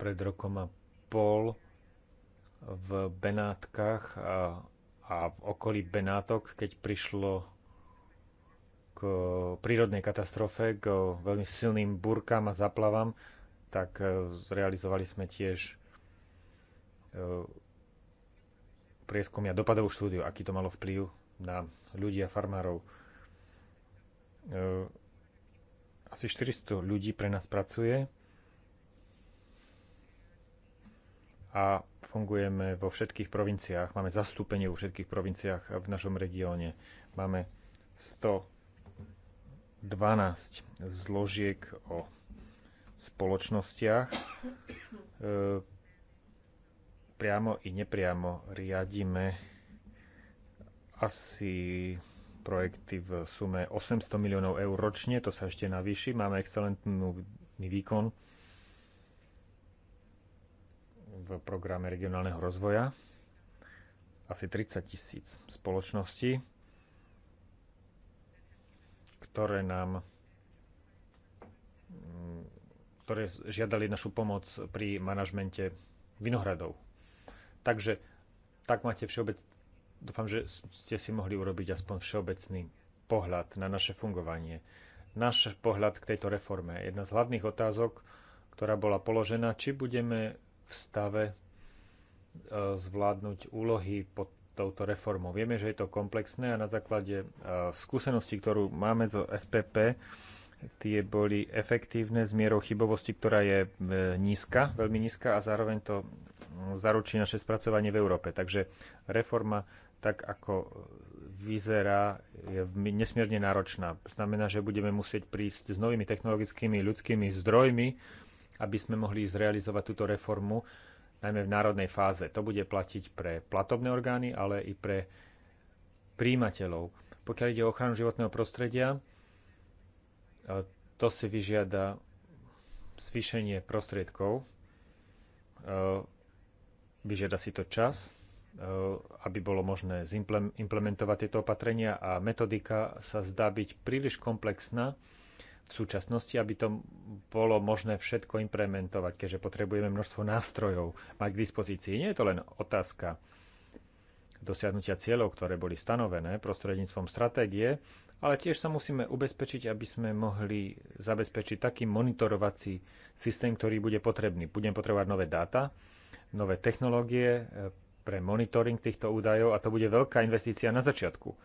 pred rokom a pol v Benátkach a, a v okolí Benátok, keď prišlo k prírodnej katastrofe, k veľmi silným burkám a zaplavám, tak e, zrealizovali sme tiež e, prieskumy a dopadovú štúdiu, aký to malo vplyv na ľudí a farmárov. E, asi 400 ľudí pre nás pracuje a fungujeme vo všetkých provinciách. Máme zastúpenie vo všetkých provinciách v našom regióne. Máme 112 zložiek o spoločnostiach e, priamo i nepriamo riadíme asi projekty v sume 800 miliónov eur ročne, to sa ešte navýši, máme excelentný výkon v programe regionálneho rozvoja, asi 30 tisíc spoločností, ktoré nám ktoré žiadali našu pomoc pri manažmente vinohradov. Takže tak máte všeobec... Dúfam, že ste si mohli urobiť aspoň všeobecný pohľad na naše fungovanie. Náš pohľad k tejto reforme. Jedna z hlavných otázok, ktorá bola položená, či budeme v stave e, zvládnuť úlohy pod touto reformou. Vieme, že je to komplexné a na základe e, skúsenosti, ktorú máme zo SPP, tie boli efektívne s mierou chybovosti, ktorá je e, nízka, veľmi nízka a zároveň to zaručí naše spracovanie v Európe. Takže reforma, tak ako vyzerá, je nesmierne náročná. Znamená, že budeme musieť prísť s novými technologickými ľudskými zdrojmi, aby sme mohli zrealizovať túto reformu, najmä v národnej fáze. To bude platiť pre platobné orgány, ale i pre príjimateľov. Pokiaľ ide o ochranu životného prostredia, e, to si vyžiada zvýšenie prostriedkov e, Vyžiada si to čas, e, aby bolo možné implementovať tieto opatrenia a metodika sa zdá byť príliš komplexná v súčasnosti, aby to bolo možné všetko implementovať, keďže potrebujeme množstvo nástrojov mať k dispozícii. Nie je to len otázka dosiahnutia cieľov, ktoré boli stanovené prostredníctvom stratégie, ale tiež sa musíme ubezpečiť, aby sme mohli zabezpečiť taký monitorovací systém, ktorý bude potrebný. Budem potrebovať nové dáta, nové technológie e, pre monitoring týchto údajov a to bude veľká investícia na začiatku. E,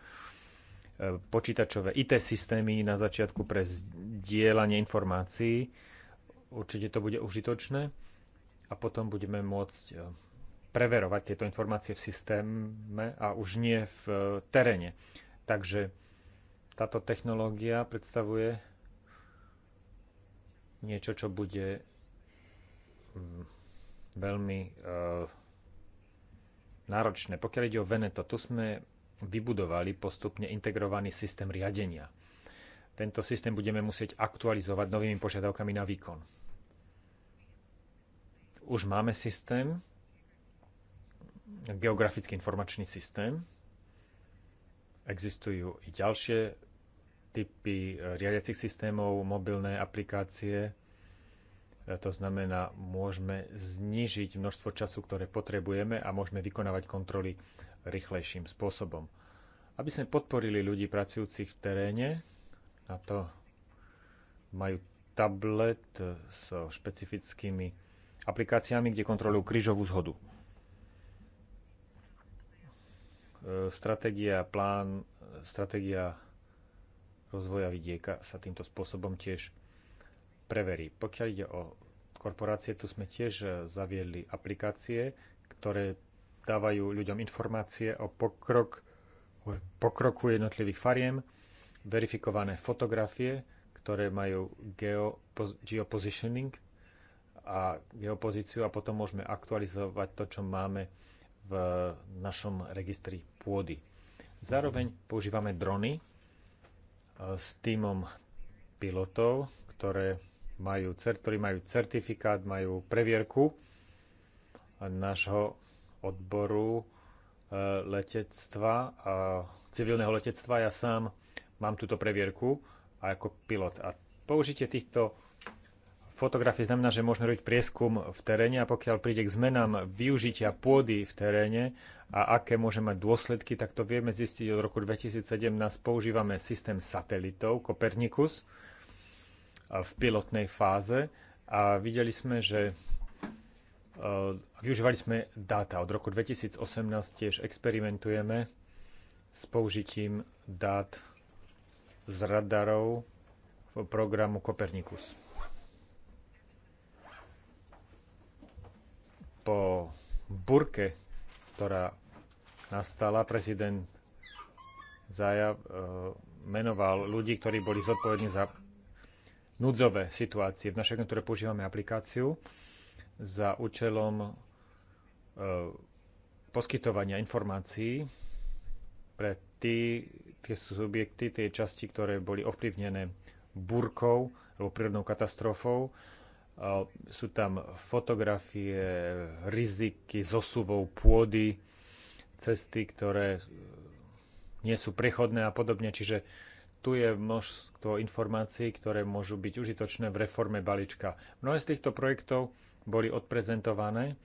počítačové IT systémy na začiatku pre zdieľanie informácií, určite to bude užitočné a potom budeme môcť e, preverovať tieto informácie v systéme a už nie v teréne. Takže táto technológia predstavuje niečo, čo bude mm, veľmi e, náročné. Pokiaľ ide o Veneto, tu sme vybudovali postupne integrovaný systém riadenia. Tento systém budeme musieť aktualizovať novými požiadavkami na výkon. Už máme systém, geografický informačný systém. Existujú i ďalšie typy eh, riadiacich systémov, mobilné aplikácie, E, to znamená, môžeme znižiť množstvo času, ktoré potrebujeme a môžeme vykonávať kontroly rýchlejším spôsobom. Aby sme podporili ľudí pracujúcich v teréne, na to majú tablet e, so špecifickými aplikáciami, kde kontrolujú krížovú zhodu. E, stratégia, plán, stratégia rozvoja vidieka sa týmto spôsobom tiež preverí. Pokiaľ ide o korporácie, tu sme tiež e, zaviedli aplikácie, ktoré dávajú ľuďom informácie o pokrok, pokroku jednotlivých fariem, verifikované fotografie, ktoré majú geopositioning a geopozíciu a potom môžeme aktualizovať to, čo máme v e, našom registri pôdy. Zároveň používame drony e, s týmom pilotov, ktoré majú, ktorí majú certifikát, majú previerku nášho odboru e, letectva, civilného letectva. Ja sám mám túto previerku ako pilot. A použitie týchto fotografie znamená, že môžeme robiť prieskum v teréne a pokiaľ príde k zmenám využitia pôdy v teréne a aké môže mať dôsledky, tak to vieme zistiť od roku 2017. Používame systém satelitov Copernicus, v pilotnej fáze a videli sme, že e, využívali sme dáta. Od roku 2018 tiež experimentujeme s použitím dát z radarov v programu Copernicus. Po burke, ktorá nastala, prezident Zaja e, menoval ľudí, ktorí boli zodpovední za núdzové situácie. V našej agentúre používame aplikáciu za účelom e, poskytovania informácií pre tí, tie subjekty, tie časti, ktoré boli ovplyvnené búrkou alebo prírodnou katastrofou. E, sú tam fotografie, riziky zosuvov pôdy, cesty, ktoré nie sú prechodné a podobne. Čiže tu je množstvo informácií, ktoré môžu byť užitočné v reforme balíčka. Mnohé z týchto projektov boli odprezentované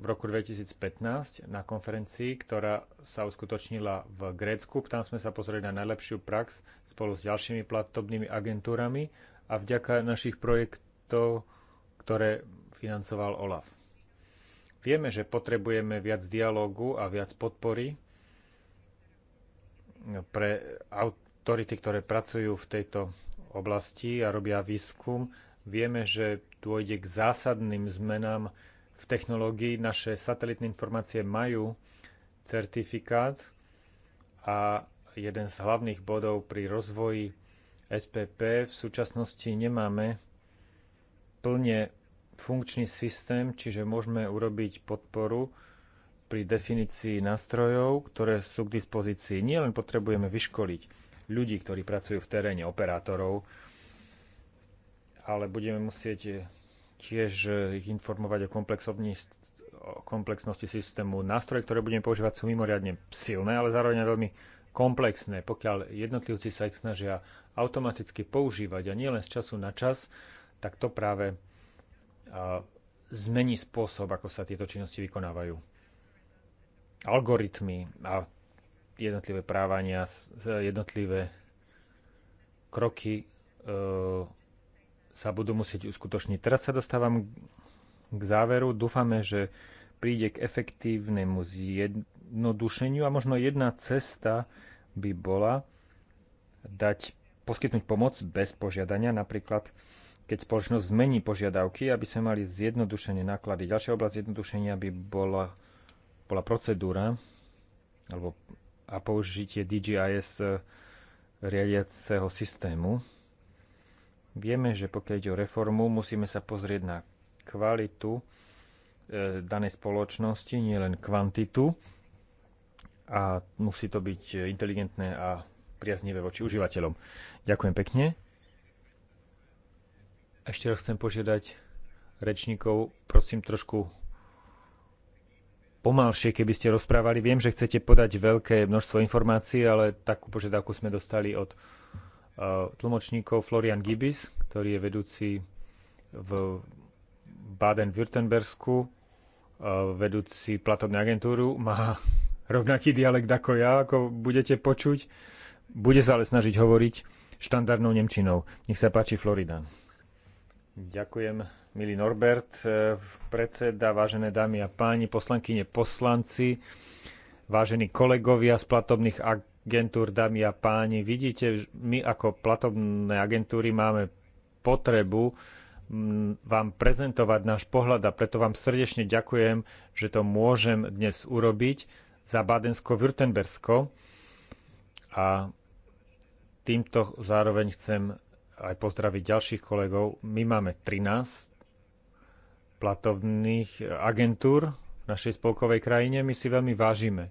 v roku 2015 na konferencii, ktorá sa uskutočnila v Grécku. Tam sme sa pozreli na najlepšiu prax spolu s ďalšími platobnými agentúrami a vďaka našich projektov, ktoré financoval OLAF. Vieme, že potrebujeme viac dialógu a viac podpory pre aut- autority, ktoré pracujú v tejto oblasti a robia výskum, vieme, že dôjde k zásadným zmenám v technológii. Naše satelitné informácie majú certifikát a jeden z hlavných bodov pri rozvoji SPP v súčasnosti nemáme plne funkčný systém, čiže môžeme urobiť podporu pri definícii nástrojov, ktoré sú k dispozícii. Nielen potrebujeme vyškoliť ľudí, ktorí pracujú v teréne, operátorov, ale budeme musieť tiež ich informovať o, o komplexnosti systému. Nástroje, ktoré budeme používať, sú mimoriadne silné, ale zároveň veľmi komplexné. Pokiaľ jednotlivci sa ich snažia automaticky používať a nielen z času na čas, tak to práve zmení spôsob, ako sa tieto činnosti vykonávajú. Algoritmy a jednotlivé právania, jednotlivé kroky e, sa budú musieť uskutočniť. Teraz sa dostávam k záveru. Dúfame, že príde k efektívnemu zjednodušeniu a možno jedna cesta by bola dať, poskytnúť pomoc bez požiadania, napríklad keď spoločnosť zmení požiadavky, aby sme mali zjednodušené náklady. Ďalšia oblasť zjednodušenia by bola, bola procedúra alebo a použitie DGIS e, riadiaceho systému. Vieme, že pokiaľ ide o reformu, musíme sa pozrieť na kvalitu e, danej spoločnosti, nielen kvantitu. A musí to byť inteligentné a priaznivé voči užívateľom. Ďakujem pekne. Ešte raz chcem požiadať rečníkov, prosím trošku pomalšie, keby ste rozprávali. Viem, že chcete podať veľké množstvo informácií, ale takú požiadavku sme dostali od eh, tlmočníkov Florian Gibis, ktorý je vedúci v Baden-Württembersku, eh, vedúci platobnej agentúru, má rovnaký dialekt ako ja, ako budete počuť. Bude sa ale snažiť hovoriť štandardnou Nemčinou. Nech sa páči Floridan. Ďakujem, milý Norbert, e, predseda, vážené dámy a páni, poslankyne, poslanci, vážení kolegovia z platobných agentúr, dámy a páni. Vidíte, my ako platobné agentúry máme potrebu vám prezentovať náš pohľad a preto vám srdečne ďakujem, že to môžem dnes urobiť za Bádensko-Württembersko a týmto zároveň chcem aj pozdraviť ďalších kolegov. My máme 13 platovných agentúr v našej spolkovej krajine. My si veľmi vážime,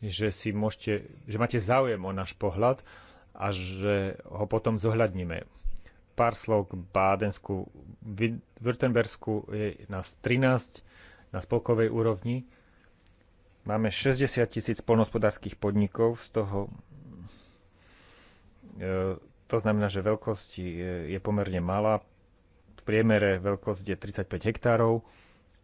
že, si môžete, že máte záujem o náš pohľad a že ho potom zohľadníme. Pár slov k Bádensku. V Württembersku je nás 13 na spolkovej úrovni. Máme 60 tisíc polnospodárských podnikov, z toho e, to znamená, že veľkosť je pomerne malá. V priemere veľkosť je 35 hektárov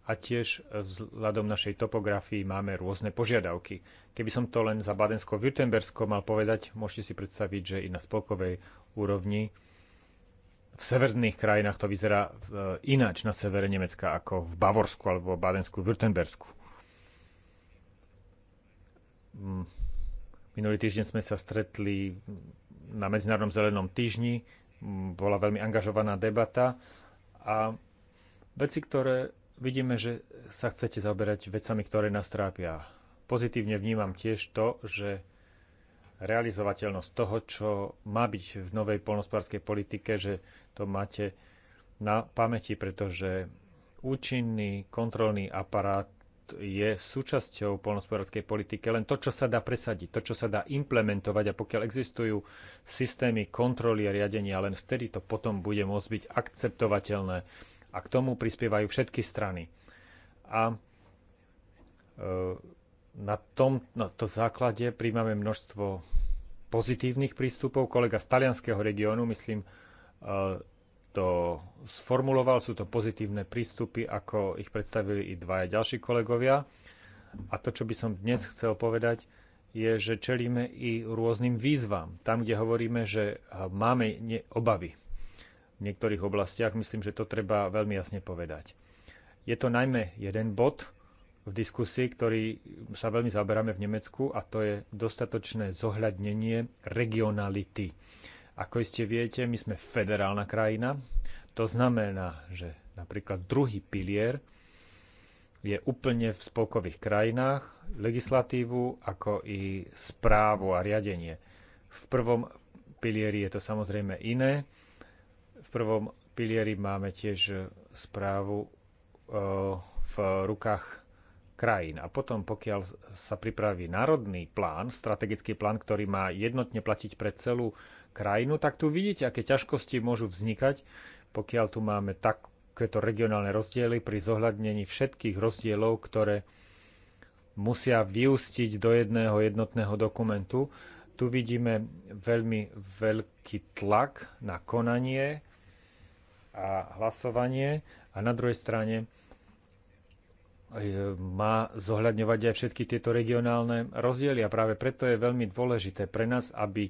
a tiež vzhľadom našej topografii máme rôzne požiadavky. Keby som to len za Badensko-Württembersko mal povedať, môžete si predstaviť, že i na spolkovej úrovni v severných krajinách to vyzerá e, ináč na severe Nemecka ako v Bavorsku alebo Badensku-Württembersku. Mm. Minulý týždeň sme sa stretli na Medzinárodnom zelenom týždni bola veľmi angažovaná debata a veci, ktoré vidíme, že sa chcete zaoberať vecami, ktoré nás trápia. Pozitívne vnímam tiež to, že realizovateľnosť toho, čo má byť v novej polnospodárskej politike, že to máte na pamäti, pretože účinný kontrolný aparát je súčasťou polnospodárskej politiky len to, čo sa dá presadiť, to, čo sa dá implementovať a pokiaľ existujú systémy kontroly a riadenia, len vtedy to potom bude môcť byť akceptovateľné a k tomu prispievajú všetky strany. A e, na, tom, na to základe príjmame množstvo pozitívnych prístupov. Kolega z talianského regiónu, myslím, e, to sformuloval. Sú to pozitívne prístupy, ako ich predstavili i dvaja ďalší kolegovia. A to, čo by som dnes chcel povedať, je, že čelíme i rôznym výzvam. Tam, kde hovoríme, že eh, máme obavy v niektorých oblastiach, myslím, že to treba veľmi jasne povedať. Je to najmä jeden bod v diskusii, ktorý sa veľmi zaberáme v Nemecku a to je dostatočné zohľadnenie regionality. Ako iste viete, my sme federálna krajina. To znamená, že napríklad druhý pilier je úplne v spolkových krajinách legislatívu, ako i správu a riadenie. V prvom pilieri je to samozrejme iné. V prvom pilieri máme tiež správu e, v rukách krajín. A potom, pokiaľ sa pripraví národný plán, strategický plán, ktorý má jednotne platiť pre celú krajinu, tak tu vidíte, aké ťažkosti môžu vznikať, pokiaľ tu máme takéto regionálne rozdiely pri zohľadnení všetkých rozdielov, ktoré musia vyústiť do jedného jednotného dokumentu. Tu vidíme veľmi veľký tlak na konanie a hlasovanie a na druhej strane e, má zohľadňovať aj všetky tieto regionálne rozdiely a práve preto je veľmi dôležité pre nás, aby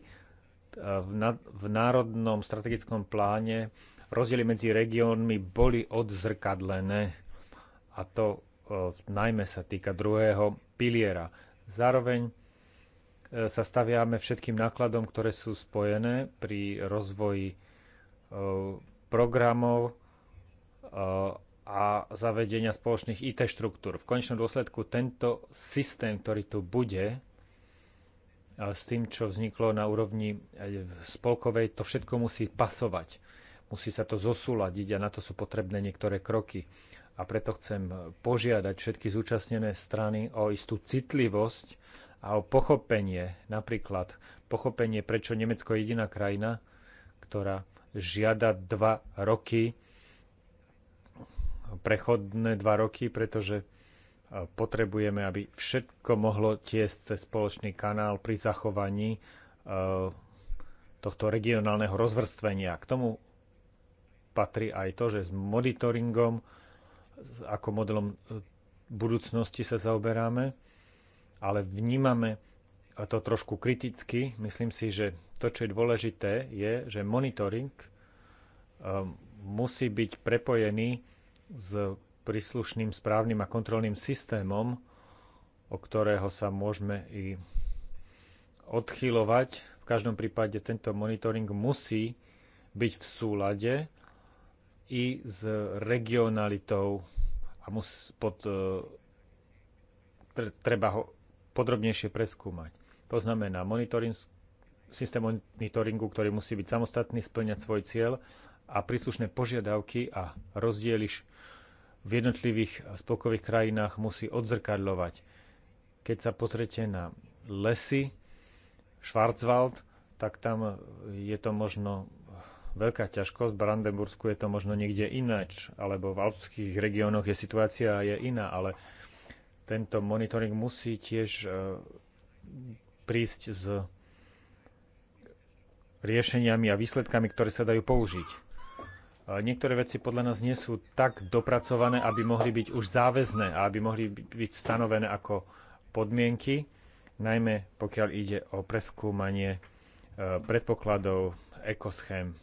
v národnom strategickom pláne rozdiely medzi regiónmi boli odzrkadlené a to e, najmä sa týka druhého piliera. Zároveň e, sa staviame všetkým nákladom, ktoré sú spojené pri rozvoji e, programov a zavedenia spoločných IT štruktúr. V konečnom dôsledku tento systém, ktorý tu bude, s tým, čo vzniklo na úrovni e, spolkovej, to všetko musí pasovať. Musí sa to zosúľadiť a na to sú potrebné niektoré kroky. A preto chcem e, požiadať všetky zúčastnené strany o istú citlivosť a o pochopenie, napríklad pochopenie, prečo Nemecko je jediná krajina, ktorá žiada dva roky, prechodné dva roky, pretože potrebujeme, aby všetko mohlo tiesť cez spoločný kanál pri zachovaní e, tohto regionálneho rozvrstvenia. K tomu patrí aj to, že s monitoringom ako modelom e, budúcnosti sa zaoberáme, ale vnímame to trošku kriticky. Myslím si, že to, čo je dôležité, je, že monitoring e, musí byť prepojený s príslušným správnym a kontrolným systémom, o ktorého sa môžeme i odchylovať. V každom prípade tento monitoring musí byť v súlade i s regionalitou a mus, pod, e, treba ho podrobnejšie preskúmať. To znamená monitoring, systém monitoringu, ktorý musí byť samostatný, splňať svoj cieľ a príslušné požiadavky a rozdieliš v jednotlivých spolkových krajinách musí odzrkadľovať. Keď sa pozriete na lesy, Schwarzwald, tak tam je to možno veľká ťažkosť, v Brandenbursku je to možno niekde ináč, alebo v alpských regiónoch je situácia je iná, ale tento monitoring musí tiež e, prísť s riešeniami a výsledkami, ktoré sa dajú použiť Niektoré veci podľa nás nie sú tak dopracované, aby mohli byť už záväzné a aby mohli byť stanovené ako podmienky, najmä pokiaľ ide o preskúmanie e, predpokladov ekoschém.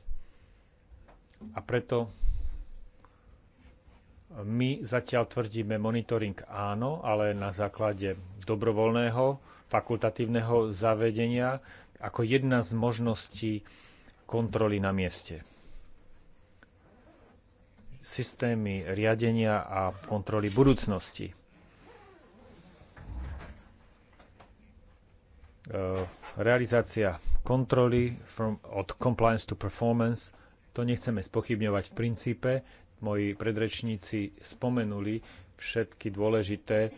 A preto my zatiaľ tvrdíme monitoring áno, ale na základe dobrovoľného, fakultatívneho zavedenia ako jedna z možností kontroly na mieste systémy riadenia a kontroly budúcnosti. E, realizácia kontroly from, od compliance to performance, to nechceme spochybňovať v princípe. Moji predrečníci spomenuli všetky dôležité e,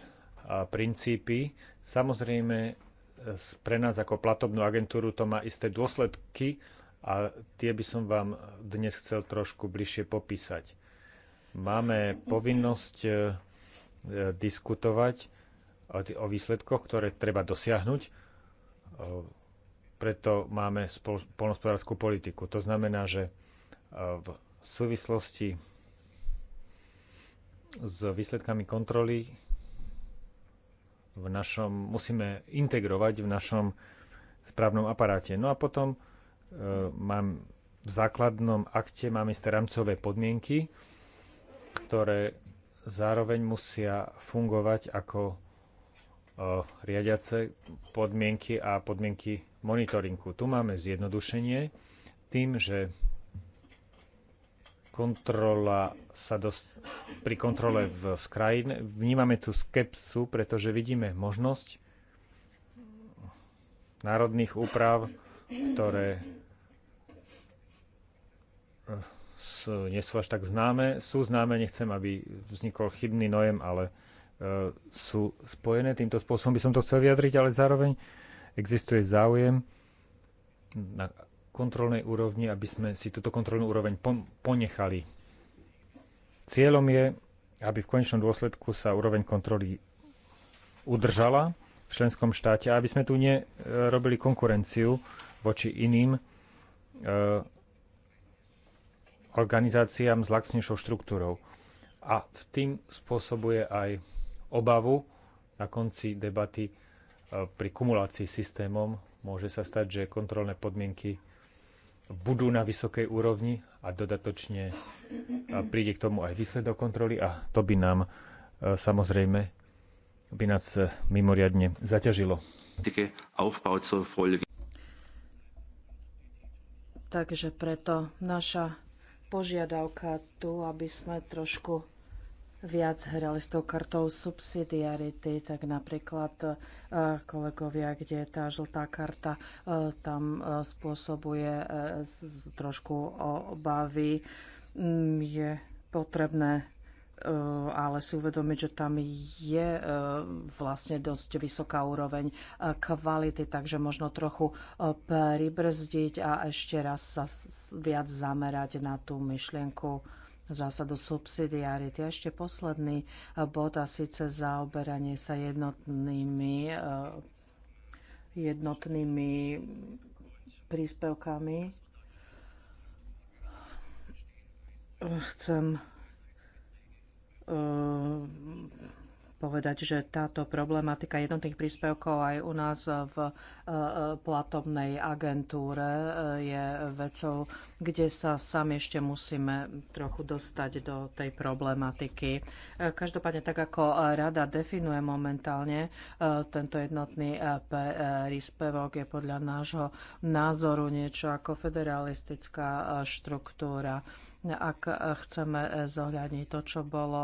princípy. Samozrejme, e, pre nás ako platobnú agentúru to má isté dôsledky a tie by som vám dnes chcel trošku bližšie popísať. Máme povinnosť e, diskutovať o výsledkoch, ktoré treba dosiahnuť. E, preto máme polnospodárskú politiku. To znamená, že e, v súvislosti s výsledkami kontroly v našom, musíme integrovať v našom správnom aparáte. No a potom e, mám v základnom akte máme isté rámcové podmienky, ktoré zároveň musia fungovať ako e, riadiace podmienky a podmienky monitoringu. Tu máme zjednodušenie tým, že kontrola sa dosť, pri kontrole v skrajin. vnímame tú skepsu, pretože vidíme možnosť národných úprav, ktoré e, nie sú až tak známe. Sú známe, nechcem, aby vznikol chybný nojem, ale e, sú spojené. Týmto spôsobom by som to chcel vyjadriť, ale zároveň existuje záujem na kontrolnej úrovni, aby sme si túto kontrolnú úroveň ponechali. Cieľom je, aby v konečnom dôsledku sa úroveň kontroly udržala v členskom štáte, aby sme tu nerobili konkurenciu voči iným e, organizáciám s laxnejšou štruktúrou. A v tým spôsobuje aj obavu na konci debaty e, pri kumulácii systémom. Môže sa stať, že kontrolné podmienky budú na vysokej úrovni a dodatočne e, príde k tomu aj výsledok kontroly a to by nám e, samozrejme by nás mimoriadne zaťažilo. Takže preto naša požiadavka tu, aby sme trošku viac hrali s tou kartou subsidiarity, tak napríklad e, kolegovia, kde je tá žltá karta, e, tam e, spôsobuje trošku obavy. Mm, je potrebné Eh, ale si uvedomiť, že tam je eh, vlastne dosť vysoká úroveň eh, kvality, takže možno trochu pribrzdiť a ešte raz sa viac zamerať na tú myšlienku zásadu subsidiarity. A ešte posledný bod a síce zaoberanie sa jednotnými jednotnými príspevkami. Chcem Eh, povedať, že táto problematika jednotných príspevkov aj u nás v eh, eh, platobnej agentúre je vecou kde sa sami ešte musíme trochu dostať do tej problematiky. E, každopádne, tak ako rada definuje momentálne e, tento jednotný e, príspevok, je podľa nášho názoru niečo ako federalistická štruktúra ak chceme zohľadniť to, čo bolo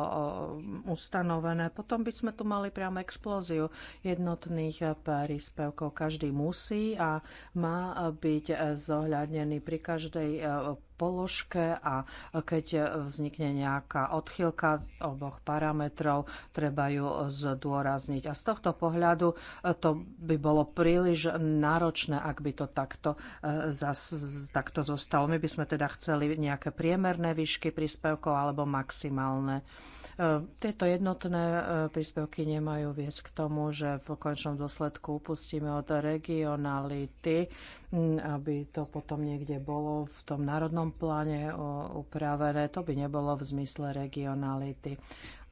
ustanovené. Potom by sme tu mali priam explóziu jednotných príspevkov. Každý musí a má byť zohľadnený pri každej Eh, položke a keď vznikne nejaká odchýlka oboch parametrov, treba ju zdôrazniť. A z tohto pohľadu eh, to by bolo príliš náročné, ak by to takto, eh, zas, takto zostalo. My by sme teda chceli nejaké priemerné výšky príspevkov alebo maximálne. E, tieto jednotné e, príspevky nemajú viesť k tomu, že v končnom dôsledku upustíme od regionality, aby to potom niekde bolo v tom národnom pláne e, upravené. To by nebolo v zmysle regionality.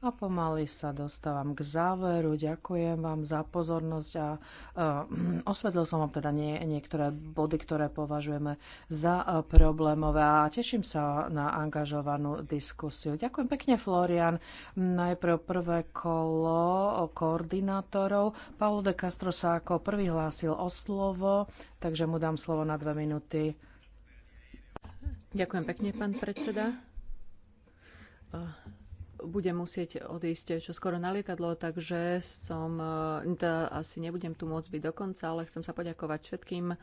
A pomaly sa dostávam k záveru. Ďakujem vám za pozornosť a uh, osvetlil som vám teda nie, niektoré body, ktoré považujeme za uh, problémové a teším sa na angažovanú diskusiu. Ďakujem pekne, Florian. Najprv prvé kolo koordinátorov. Paolo de Castro sa ako prvý hlásil o slovo, takže mu dám slovo na dve minúty. Ďakujem pekne, pán predseda. Uh budem musieť odísť čo skoro na lietadlo, takže som, e, teda asi nebudem tu môcť byť dokonca, ale chcem sa poďakovať všetkým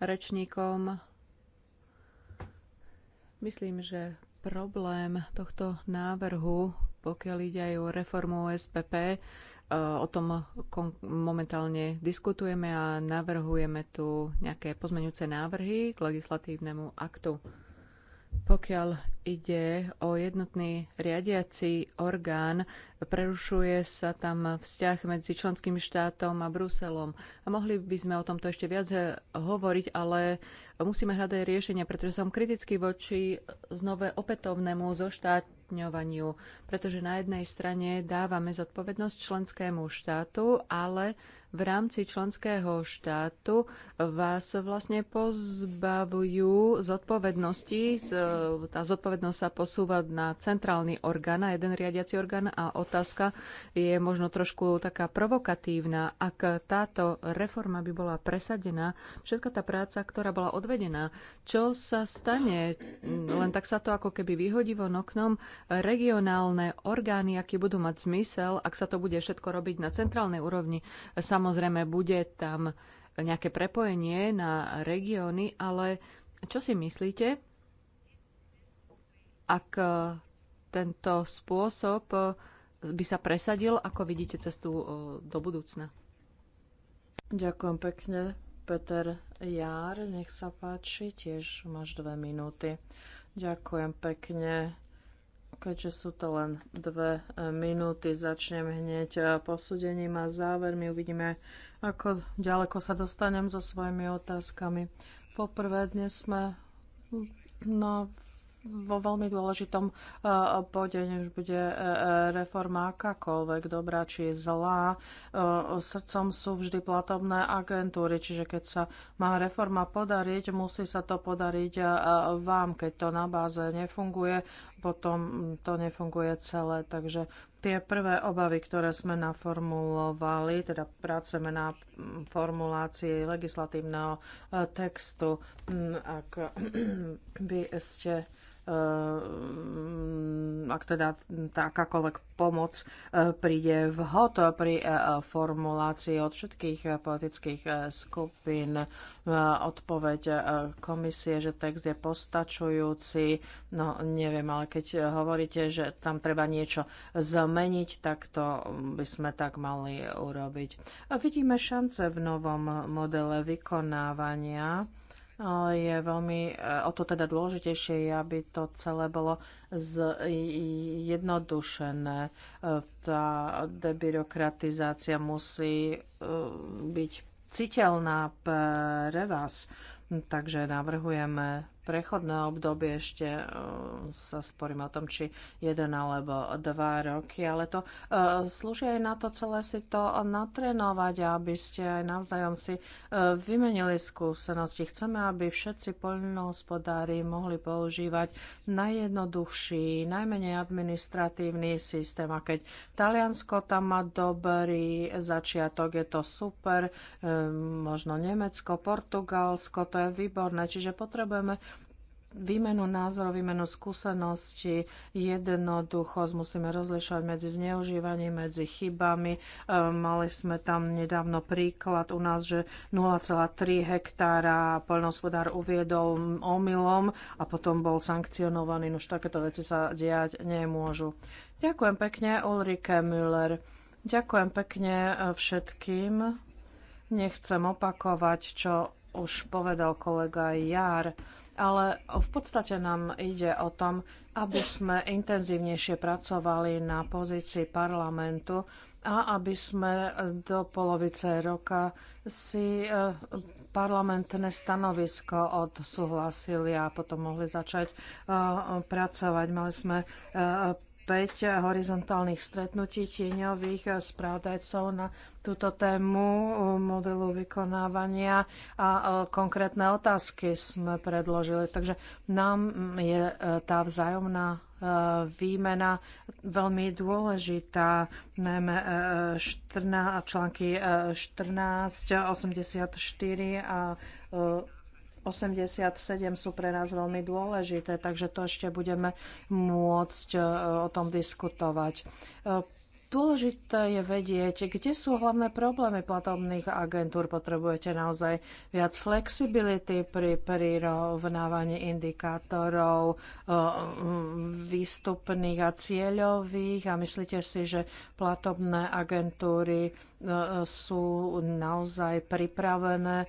rečníkom. Myslím, že problém tohto návrhu, pokiaľ ide aj o reformu SPP, e, o tom momentálne diskutujeme a navrhujeme tu nejaké pozmeňujúce návrhy k legislatívnemu aktu. Pokiaľ ide o jednotný riadiaci orgán, prerušuje sa tam vzťah medzi členským štátom a Bruselom. A mohli by sme o tomto ešte viac eh, hovoriť, ale musíme hľadať riešenia, pretože som kritický voči znove opätovnému zoštátňovaniu, pretože na jednej strane dávame zodpovednosť členskému štátu, ale v rámci členského štátu vás vlastne pozbavujú zodpovednosti. Tá zodpovednosť sa posúva na centrálny orgán, na jeden riadiaci orgán a otázka je možno trošku taká provokatívna. Ak táto reforma by bola presadená, všetka tá práca, ktorá bola odvedená, čo sa stane? Len tak sa to ako keby vyhodí von oknom regionálne orgány, aký budú mať zmysel, ak sa to bude všetko robiť na centrálnej úrovni. Sam Samozrejme, bude tam nejaké prepojenie na regióny, ale čo si myslíte, ak tento spôsob by sa presadil, ako vidíte cestu e, do budúcna? Ďakujem pekne. Peter Jár, nech sa páči, tiež máš dve minúty. Ďakujem pekne. Keďže sú to len dve e, minúty, začnem hneď e, posúdením a závermi. Uvidíme, ako ďaleko sa dostanem so svojimi otázkami. Poprvé dnes sme na vo veľmi dôležitom eh, bode, než bude eh, eh, reforma akákoľvek dobrá či zlá. Srdcom sú vždy platobné agentúry, čiže keď sa má reforma podariť, musí sa to podariť vám. Keď to na báze nefunguje, potom to nefunguje celé. Takže tie prvé obavy, ktoré sme naformulovali, teda pracujeme na formulácii legislatívneho textu, mm, ak by ste Ehm, ak teda takákoľvek pomoc e, príde vhod pri e, formulácii od všetkých politických e, skupín. Odpoveď komisie, že text je postačujúci, no neviem, ale keď hovoríte, že tam treba niečo zmeniť, tak to by sme tak mali urobiť. Vidíme šance v novom modele vykonávania je veľmi e, o to teda dôležitejšie, aby to celé bolo zjednodušené. E, tá debirokratizácia musí e, byť citeľná pre vás. Hm, takže navrhujeme prechodné obdobie ešte e, sa sporím o tom, či jeden alebo dva roky, ale to e, slúži aj na to celé si to natrénovať, aby ste aj navzájom si e, vymenili skúsenosti. Chceme, aby všetci poľnohospodári mohli používať najjednoduchší, najmenej administratívny systém. A keď Taliansko tam má dobrý začiatok, je to super, možno Nemecko, Portugalsko, to je výborné. Čiže potrebujeme výmenu názorov, výmenu skúseností. Jednoducho musíme rozlišovať medzi zneužívaním, medzi chybami. E, mali sme tam nedávno príklad u nás, že 0,3 hektára poľnohospodár uviedol omylom a potom bol sankcionovaný. Už takéto veci sa diať nemôžu. Ďakujem pekne Ulrike Müller. Ďakujem pekne e, všetkým. Nechcem opakovať, čo už povedal kolega Jar ale v podstate nám ide o tom, aby sme intenzívnejšie pracovali na pozícii parlamentu a aby sme do polovice roka si e, parlamentné stanovisko odsúhlasili a potom mohli začať e, pracovať. Mali sme e, 5 horizontálnych stretnutí tieňových správdajcov na túto tému e, modelu vykonávania a e, konkrétne otázky sme predložili. Takže nám je e, tá vzájomná výmena veľmi dôležitá, najmä 14, články 14, 84 a 87 sú pre nás veľmi dôležité, takže to ešte budeme môcť e, o tom diskutovať. E, Dôležité je vedieť, kde sú hlavné problémy platobných agentúr. Potrebujete naozaj viac flexibility pri prirovnávaní indikátorov eh, výstupných a cieľových a myslíte si, že platobné agentúry eh, sú naozaj pripravené eh,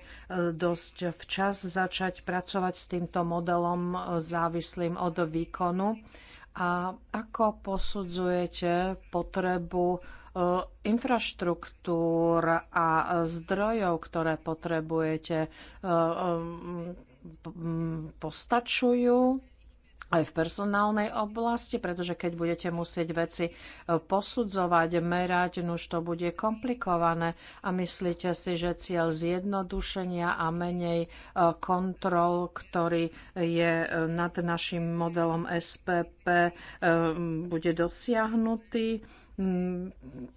dosť včas začať pracovať s týmto modelom závislým od výkonu. A ako posudzujete potrebu e, infraštruktúr a zdrojov, ktoré potrebujete, e, e, postačujú? aj v personálnej oblasti, pretože keď budete musieť veci e, posudzovať, merať, už to bude komplikované a myslíte si, že cieľ zjednodušenia a menej e, kontrol, ktorý je e, nad našim modelom SPP, bude dosiahnutý v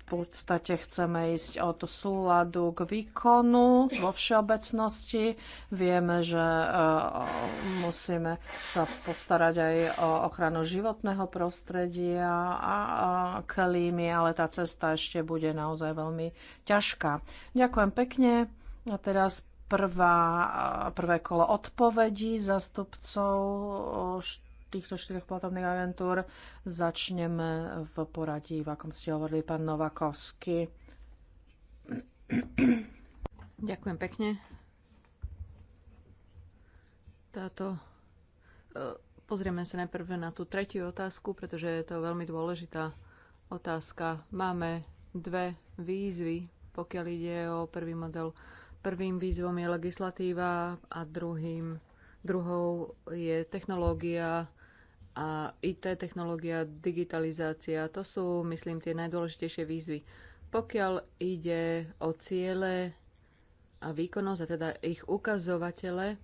podstate chceme ísť od súladu k výkonu vo všeobecnosti. Vieme, že e, musíme sa postarať aj o ochranu životného prostredia a klímy, ale tá cesta ešte bude naozaj veľmi ťažká. Ďakujem pekne. A teraz prvá, e, prvé kolo odpovedí zastupcov týchto štyroch platobných agentúr. Začneme v poradí, v akom ste hovorili, pán Novakovský. Ďakujem pekne. Táto... E, pozrieme sa najprv na tú tretiu otázku, pretože je to veľmi dôležitá otázka. Máme dve výzvy, pokiaľ ide o prvý model. Prvým výzvom je legislatíva a druhým, druhou je technológia a IT technológia, digitalizácia, to sú, myslím, tie najdôležitejšie výzvy. Pokiaľ ide o ciele a výkonnosť, a teda ich ukazovatele,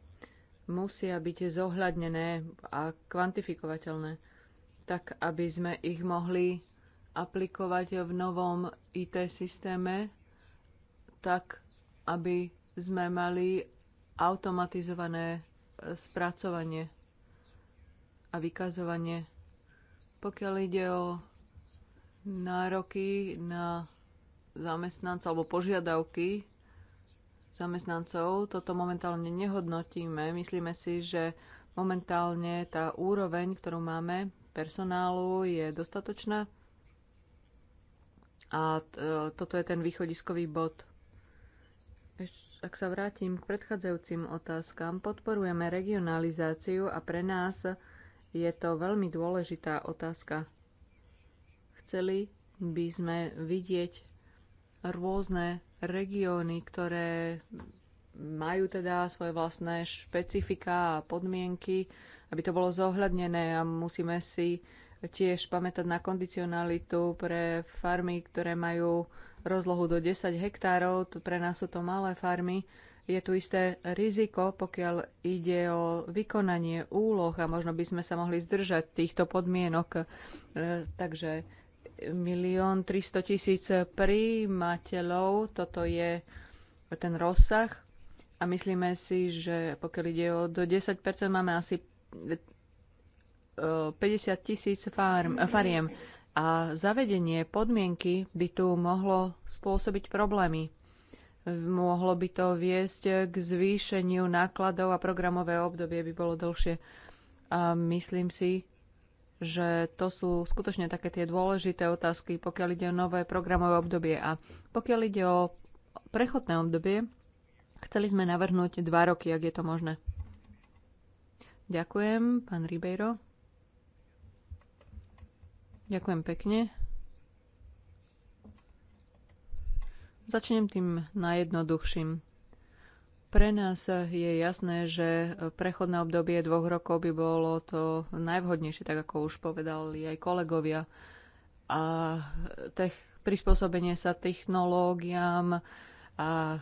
musia byť zohľadnené a kvantifikovateľné, tak aby sme ich mohli aplikovať v novom IT systéme, tak aby sme mali automatizované e, spracovanie a vykazovanie. Pokiaľ ide o nároky na zamestnanca alebo požiadavky zamestnancov, toto momentálne nehodnotíme. Myslíme si, že momentálne tá úroveň, ktorú máme personálu, je dostatočná. A e, toto je ten východiskový bod. Ak sa vrátim k predchádzajúcim otázkam, podporujeme regionalizáciu a pre nás je to veľmi dôležitá otázka. Chceli by sme vidieť rôzne regióny, ktoré majú teda svoje vlastné špecifika a podmienky, aby to bolo zohľadnené a musíme si tiež pamätať na kondicionalitu pre farmy, ktoré majú rozlohu do 10 hektárov. Pre nás sú to malé farmy je tu isté riziko, pokiaľ ide o vykonanie úloh a možno by sme sa mohli zdržať týchto podmienok. E, takže milión 300 tisíc príjimateľov, toto je ten rozsah a myslíme si, že pokiaľ ide o do 10%, máme asi 50 e, tisíc fariem a zavedenie podmienky by tu mohlo spôsobiť problémy Mohlo by to viesť k zvýšeniu nákladov a programové obdobie by bolo dlhšie. A myslím si, že to sú skutočne také tie dôležité otázky, pokiaľ ide o nové programové obdobie. A pokiaľ ide o prechodné obdobie, chceli sme navrhnúť dva roky, ak je to možné. Ďakujem, pán Ribeiro. Ďakujem pekne. Začnem tým najjednoduchším. Pre nás je jasné, že prechodné obdobie dvoch rokov by bolo to najvhodnejšie, tak ako už povedali aj kolegovia. A tech, prispôsobenie sa technológiám a e,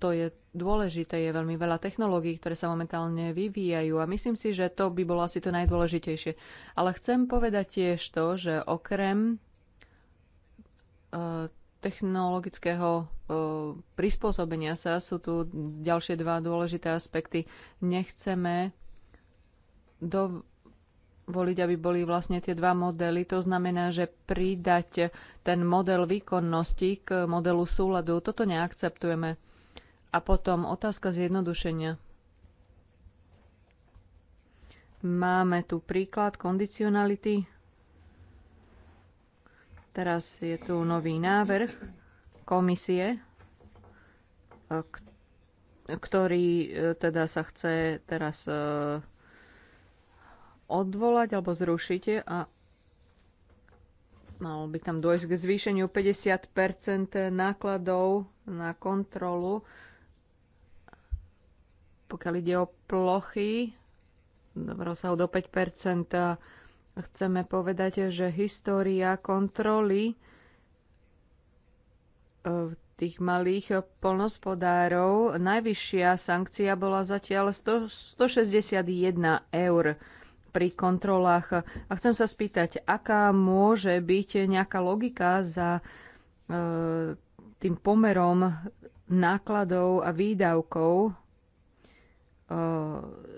to je dôležité, je veľmi veľa technológií, ktoré sa momentálne vyvíjajú a myslím si, že to by bolo asi to najdôležitejšie. Ale chcem povedať tiež to, že okrem e, technologického e, prispôsobenia sa sú tu ďalšie dva dôležité aspekty. Nechceme dovoliť, aby boli vlastne tie dva modely. To znamená, že pridať ten model výkonnosti k modelu súladu, toto neakceptujeme. A potom otázka zjednodušenia. Máme tu príklad kondicionality Teraz je tu nový návrh komisie, e, ktorý e, teda sa chce teraz e, odvolať alebo zrušiť a mal by tam dojsť k zvýšeniu 50 nákladov na kontrolu, pokiaľ ide o plochy v rozsahu do 5 Chceme povedať, že história kontroly e, tých malých polnospodárov najvyššia sankcia bola zatiaľ 100, 161 eur pri kontrolách. A chcem sa spýtať, aká môže byť nejaká logika za e, tým pomerom nákladov a výdavkov Eh,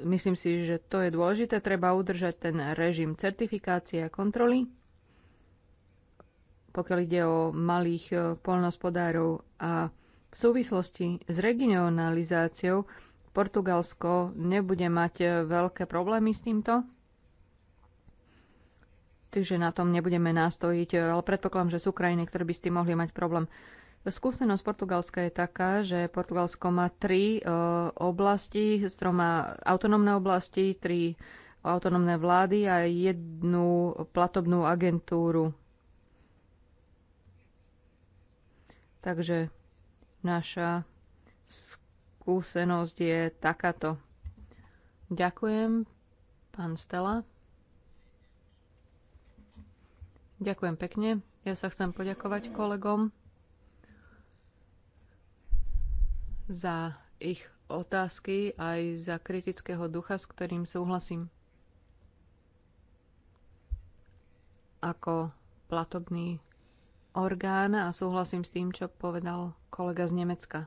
myslím si, že to je dôležité. Treba udržať ten režim certifikácie a kontroly, pokiaľ ide o malých eh, polnospodárov a v súvislosti s regionalizáciou Portugalsko nebude mať eh, veľké problémy s týmto. Takže na tom nebudeme nástojiť, ale predpokladám, že sú krajiny, ktoré by s tým mohli mať problém. Skúsenosť Portugalska je taká, že Portugalsko má tri e, oblasti, s troma autonómne oblasti, tri autonómne vlády a jednu platobnú agentúru. Takže naša skúsenosť je takáto. Ďakujem, pán Stela. Ďakujem pekne. Ja sa chcem poďakovať kolegom za ich otázky aj za kritického ducha, s ktorým súhlasím. Ako platobný orgán a súhlasím s tým, čo povedal kolega z Nemecka.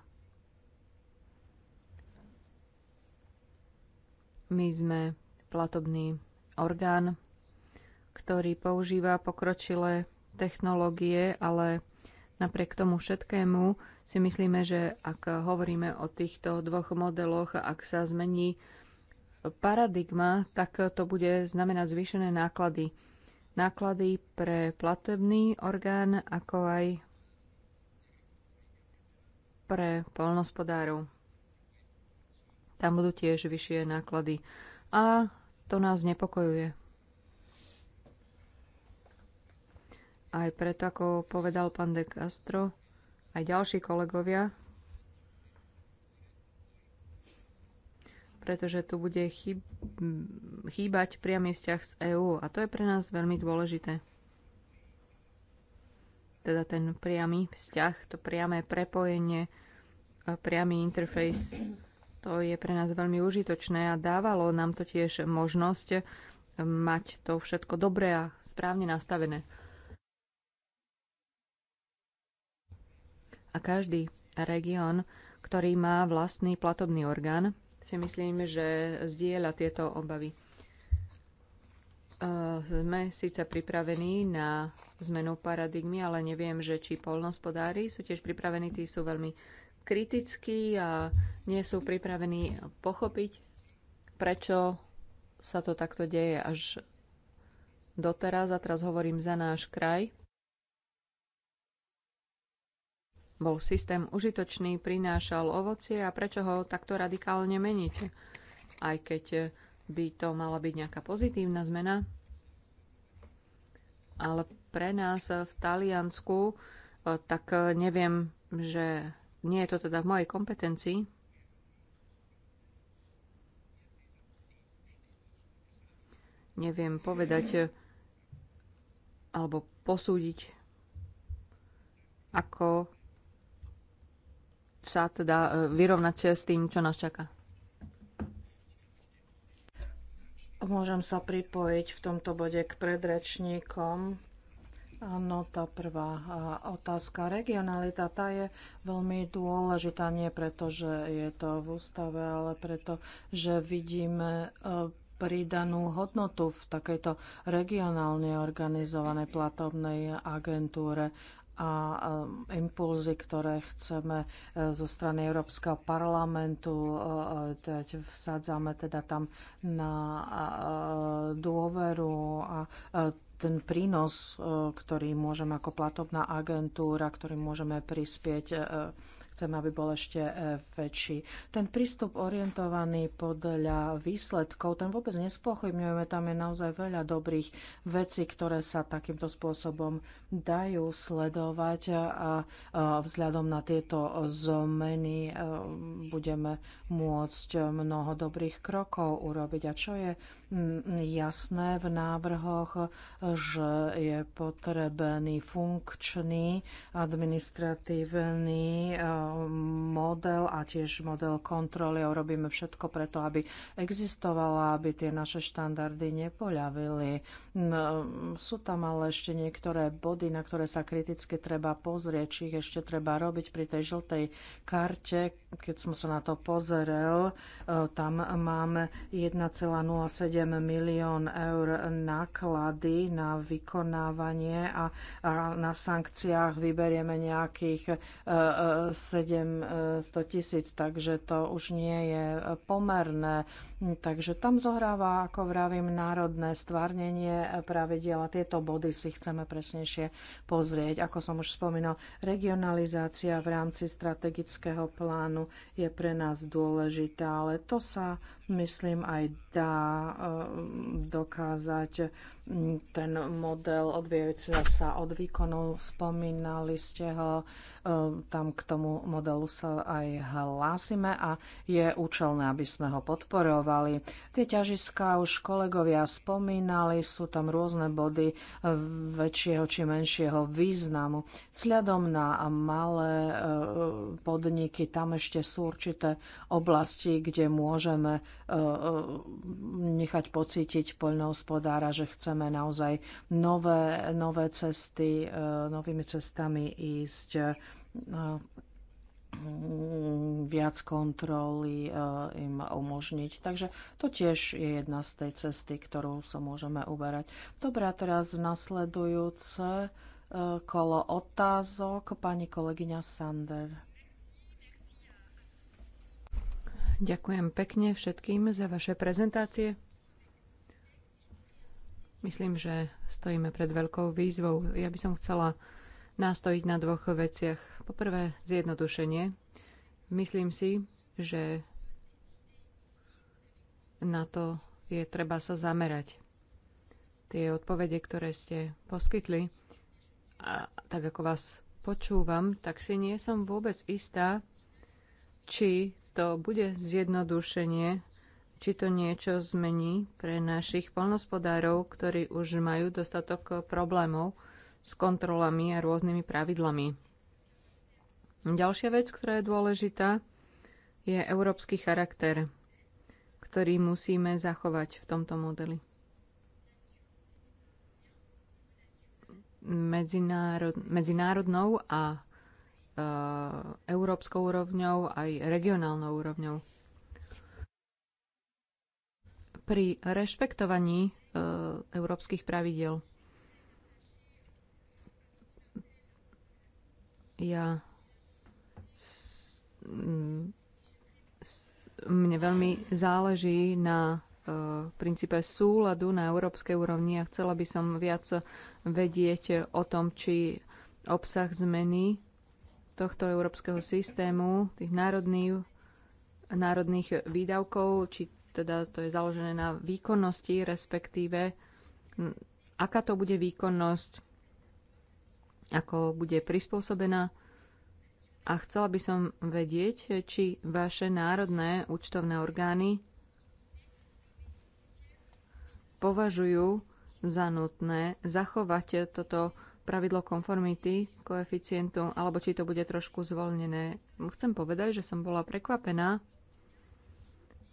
My sme platobný orgán, ktorý používa pokročilé technológie, ale napriek tomu všetkému si myslíme, že ak hovoríme o týchto dvoch modeloch, ak sa zmení paradigma, tak to bude znamenať zvýšené náklady. Náklady pre platebný orgán, ako aj pre polnospodárov. Tam budú tiež vyššie náklady. A to nás nepokojuje. Aj preto, ako povedal pán De Castro, aj ďalší kolegovia, pretože tu bude chýbať priamy vzťah s EÚ a to je pre nás veľmi dôležité. Teda ten priamy vzťah, to priame prepojenie, priamy interfejs, to je pre nás veľmi užitočné a dávalo nám to tiež možnosť e, mať to všetko dobré a správne nastavené. a každý región, ktorý má vlastný platobný orgán, si myslím, že zdieľa tieto obavy. Eh, sme síce pripravení na zmenu paradigmy, ale neviem, že či polnospodári sú tiež pripravení, tí sú veľmi kritickí a nie sú pripravení pochopiť, prečo sa to takto deje až doteraz, a teraz hovorím za náš kraj, Bol systém užitočný, prinášal ovocie a prečo ho takto radikálne meniť? Aj keď by to mala byť nejaká pozitívna zmena, ale pre nás v Taliansku, e, tak neviem, že nie je to teda v mojej kompetencii. Neviem povedať e, alebo posúdiť, ako sa teda e, vyrovnať s tým, čo nás čaká. Môžem sa pripojiť v tomto bode k predrečníkom. Áno, tá prvá otázka. Regionalita tá je veľmi dôležitá, nie preto, že je to v ústave, ale preto, že vidíme e, pridanú hodnotu v takejto regionálne organizovanej platobnej agentúre a eh, impulzy, ktoré chceme eh, zo strany Európskeho parlamentu, teď eh, vsádzame teda tam na dôveru a ten prínos, ktorý môžeme ako platobná agentúra, ktorým môžeme prispieť Chcem, aby bol ešte e, väčší. Ten prístup orientovaný podľa výsledkov, ten vôbec nespochybňujeme. Tam je naozaj veľa dobrých vecí, ktoré sa takýmto spôsobom dajú sledovať a vzhľadom na tieto zmeny e, budeme môcť mnoho dobrých krokov urobiť. A čo je jasné v návrhoch, že je potrebný funkčný administratívny e, model a tiež model kontroly. Robíme všetko preto, aby existovala, aby tie naše štandardy nepoľavili. Sú tam ale ešte niektoré body, na ktoré sa kriticky treba pozrieť, či ich ešte treba robiť pri tej žltej karte, keď som sa na to pozrel, e, tam máme 1,07 milión eur náklady na vykonávanie a, na sankciách vyberieme nejakých 700 e, e, tisíc, takže to už nie je pomerné. Takže tam zohráva, ako vravím, národné stvárnenie pravidel a tieto body si chceme presnejšie pozrieť. Ako som už spomínal, regionalizácia v rámci strategického plánu je pre nás dôležitá, ale to sa myslím, aj dá eh, dokázať mm, ten model odvíjajúci sa od výkonu. Spomínali ste ho, eh, tam k tomu modelu sa aj hlásime a je účelné, aby sme ho podporovali. Tie ťažiská už kolegovia spomínali, sú tam rôzne body eh, väčšieho či menšieho významu. Sľadom na malé podniky, tam ešte sú určité oblasti, kde môžeme E, e, nechať pocítiť poľnohospodára, že chceme naozaj nové, nové cesty, e, novými cestami ísť viac kontroly im umožniť. Takže to tiež je jedna z tej cesty, ktorú sa môžeme uberať. Dobre, a teraz nasledujúce kolo otázok. Pani kolegyňa Sander. Ďakujem pekne všetkým za vaše prezentácie. Myslím, že stojíme pred veľkou výzvou. Ja by som chcela nástojiť na dvoch veciach. Poprvé, zjednodušenie. Myslím si, že na to je treba sa zamerať. Tie odpovede, ktoré ste poskytli, a tak ako vás počúvam, tak si nie som vôbec istá, či to bude zjednodušenie, či to niečo zmení pre našich polnospodárov, ktorí už majú dostatok problémov s kontrolami a rôznymi pravidlami. Ďalšia vec, ktorá je dôležitá, je európsky charakter, ktorý musíme zachovať v tomto modeli. Medzinárod, medzinárodnou a E, európskou úrovňou, aj regionálnou úrovňou. Pri rešpektovaní e, európskych pravidel ja mne veľmi záleží na v e, princípe súladu na európskej úrovni a chcela by som viac vedieť o tom, či obsah zmeny tohto európskeho systému, tých národných, národných výdavkov, či teda to je založené na výkonnosti, respektíve aká to bude výkonnosť, ako bude prispôsobená. A chcela by som vedieť, či vaše národné účtovné orgány považujú za nutné zachovať toto pravidlo konformity koeficientu, alebo či to bude trošku zvolnené. Chcem povedať, že som bola prekvapená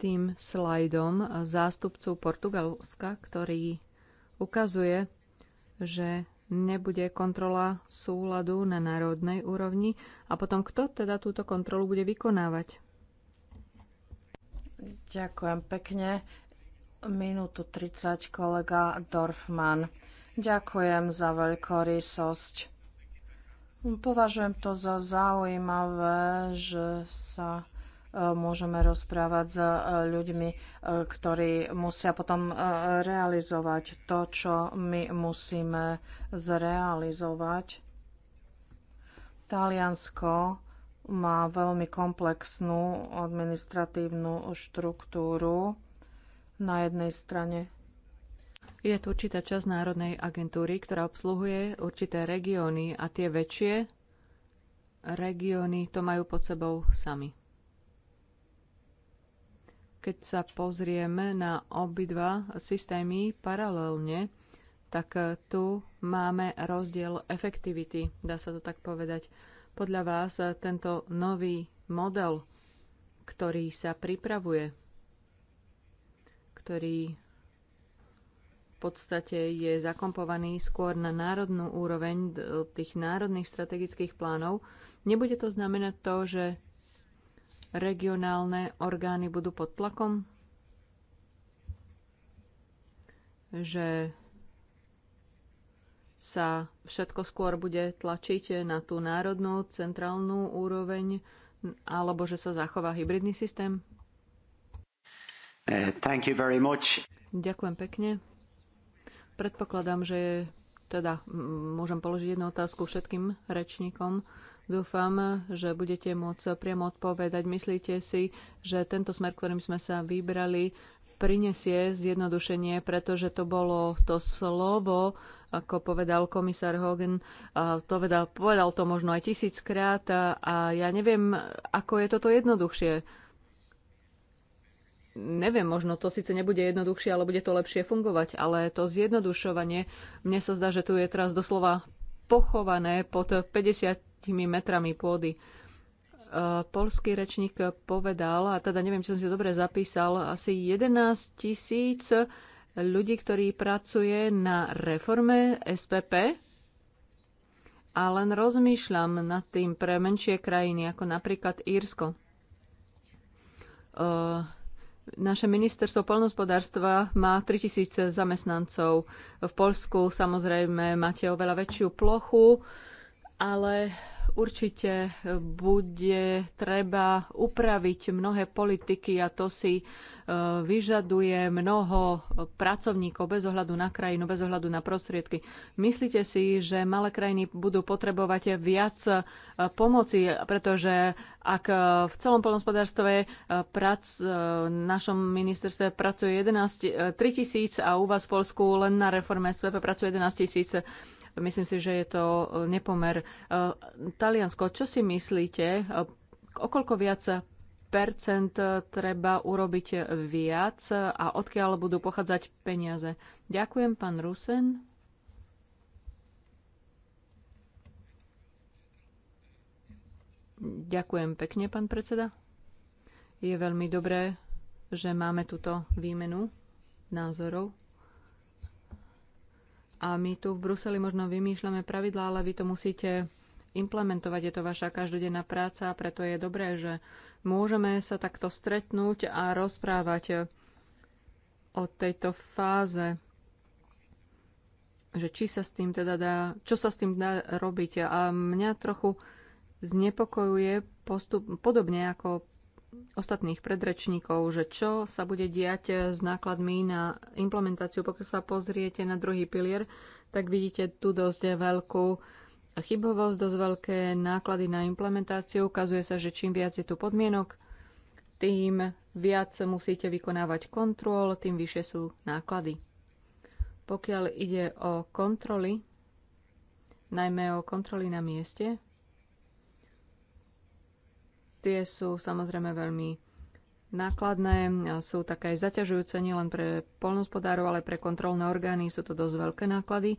tým slajdom zástupcu Portugalska, ktorý ukazuje, že nebude kontrola súladu na národnej úrovni a potom kto teda túto kontrolu bude vykonávať? Ďakujem pekne. Minútu 30 kolega Dorfman. Ďakujem za veľkorysosť. Považujem to za zaujímavé, že sa e, môžeme rozprávať s e, ľuďmi, e, ktorí musia potom realizovať to, čo my musíme zrealizovať. Taliansko má veľmi komplexnú administratívnu štruktúru. Na jednej strane je tu určitá časť Národnej agentúry, ktorá obsluhuje určité regióny a tie väčšie regióny to majú pod sebou sami. Keď sa pozrieme na obidva systémy paralelne, tak tu máme rozdiel efektivity, dá sa to tak povedať. Podľa vás tento nový model, ktorý sa pripravuje, ktorý podstate je zakompovaný skôr na národnú úroveň do tých národných strategických plánov, nebude to znamenať to, že regionálne orgány budú pod tlakom? Že sa všetko skôr bude tlačiť na tú národnú, centrálnu úroveň, alebo že sa zachová hybridný systém? Eh, thank you very much. Ďakujem pekne. Predpokladám, že teda môžem položiť jednu otázku všetkým rečníkom. Dúfam, že budete môcť priamo odpovedať. Myslíte si, že tento smer, ktorým sme sa vybrali, prinesie zjednodušenie, pretože to bolo to slovo, ako povedal komisár Hogan, to vedal, povedal to možno aj tisíckrát a, a ja neviem, ako je toto jednoduchšie neviem, možno to síce nebude jednoduchšie, ale bude to lepšie fungovať, ale to zjednodušovanie, mne sa zdá, že tu je teraz doslova pochované pod 50 metrami pôdy. E, polský rečník povedal, a teda neviem, či som si to dobre zapísal, asi 11 tisíc ľudí, ktorí pracuje na reforme SPP, a len rozmýšľam nad tým pre menšie krajiny, ako napríklad Írsko. E, naše ministerstvo poľnohospodárstva má 3000 zamestnancov. V Polsku samozrejme máte oveľa väčšiu plochu ale určite bude treba upraviť mnohé politiky a to si e, vyžaduje mnoho pracovníkov bez ohľadu na krajinu, bez ohľadu na prostriedky. Myslíte si, že malé krajiny budú potrebovať viac e, pomoci, pretože ak e, v celom polnospodárstve prac, v našom ministerstve pracuje 11, 3 tisíc a u vás v Polsku len na reforme SVP pracuje 11 tisíc Myslím si, že je to e, nepomer. E, Taliansko, čo si myslíte, e, okoľko viac percent treba urobiť viac a odkiaľ budú pochádzať peniaze. Ďakujem, pán Rusen. Ďakujem pekne, pán predseda. Je veľmi dobré, že máme túto výmenu názorov. A my tu v Bruseli možno vymýšľame pravidlá, ale vy to musíte implementovať. Je to vaša každodenná práca a preto je dobré, že môžeme sa takto stretnúť a rozprávať o tejto fáze že či sa s tým teda dá, čo sa s tým dá robiť. A mňa trochu znepokojuje postup, podobne ako ostatných predrečníkov, že čo sa bude diať eh, s nákladmi na implementáciu. Pokiaľ sa pozriete na druhý pilier, tak vidíte tu dosť veľkú chybovosť, dosť veľké náklady na implementáciu. Ukazuje sa, že čím viac je tu podmienok, tým viac musíte vykonávať kontrol, tým vyššie sú náklady. Pokiaľ ide o kontroly, najmä o kontroly na mieste, Tie sú samozrejme veľmi nákladné, sú také aj zaťažujúce nielen pre polnospodárov, ale pre kontrolné orgány sú to dosť veľké náklady.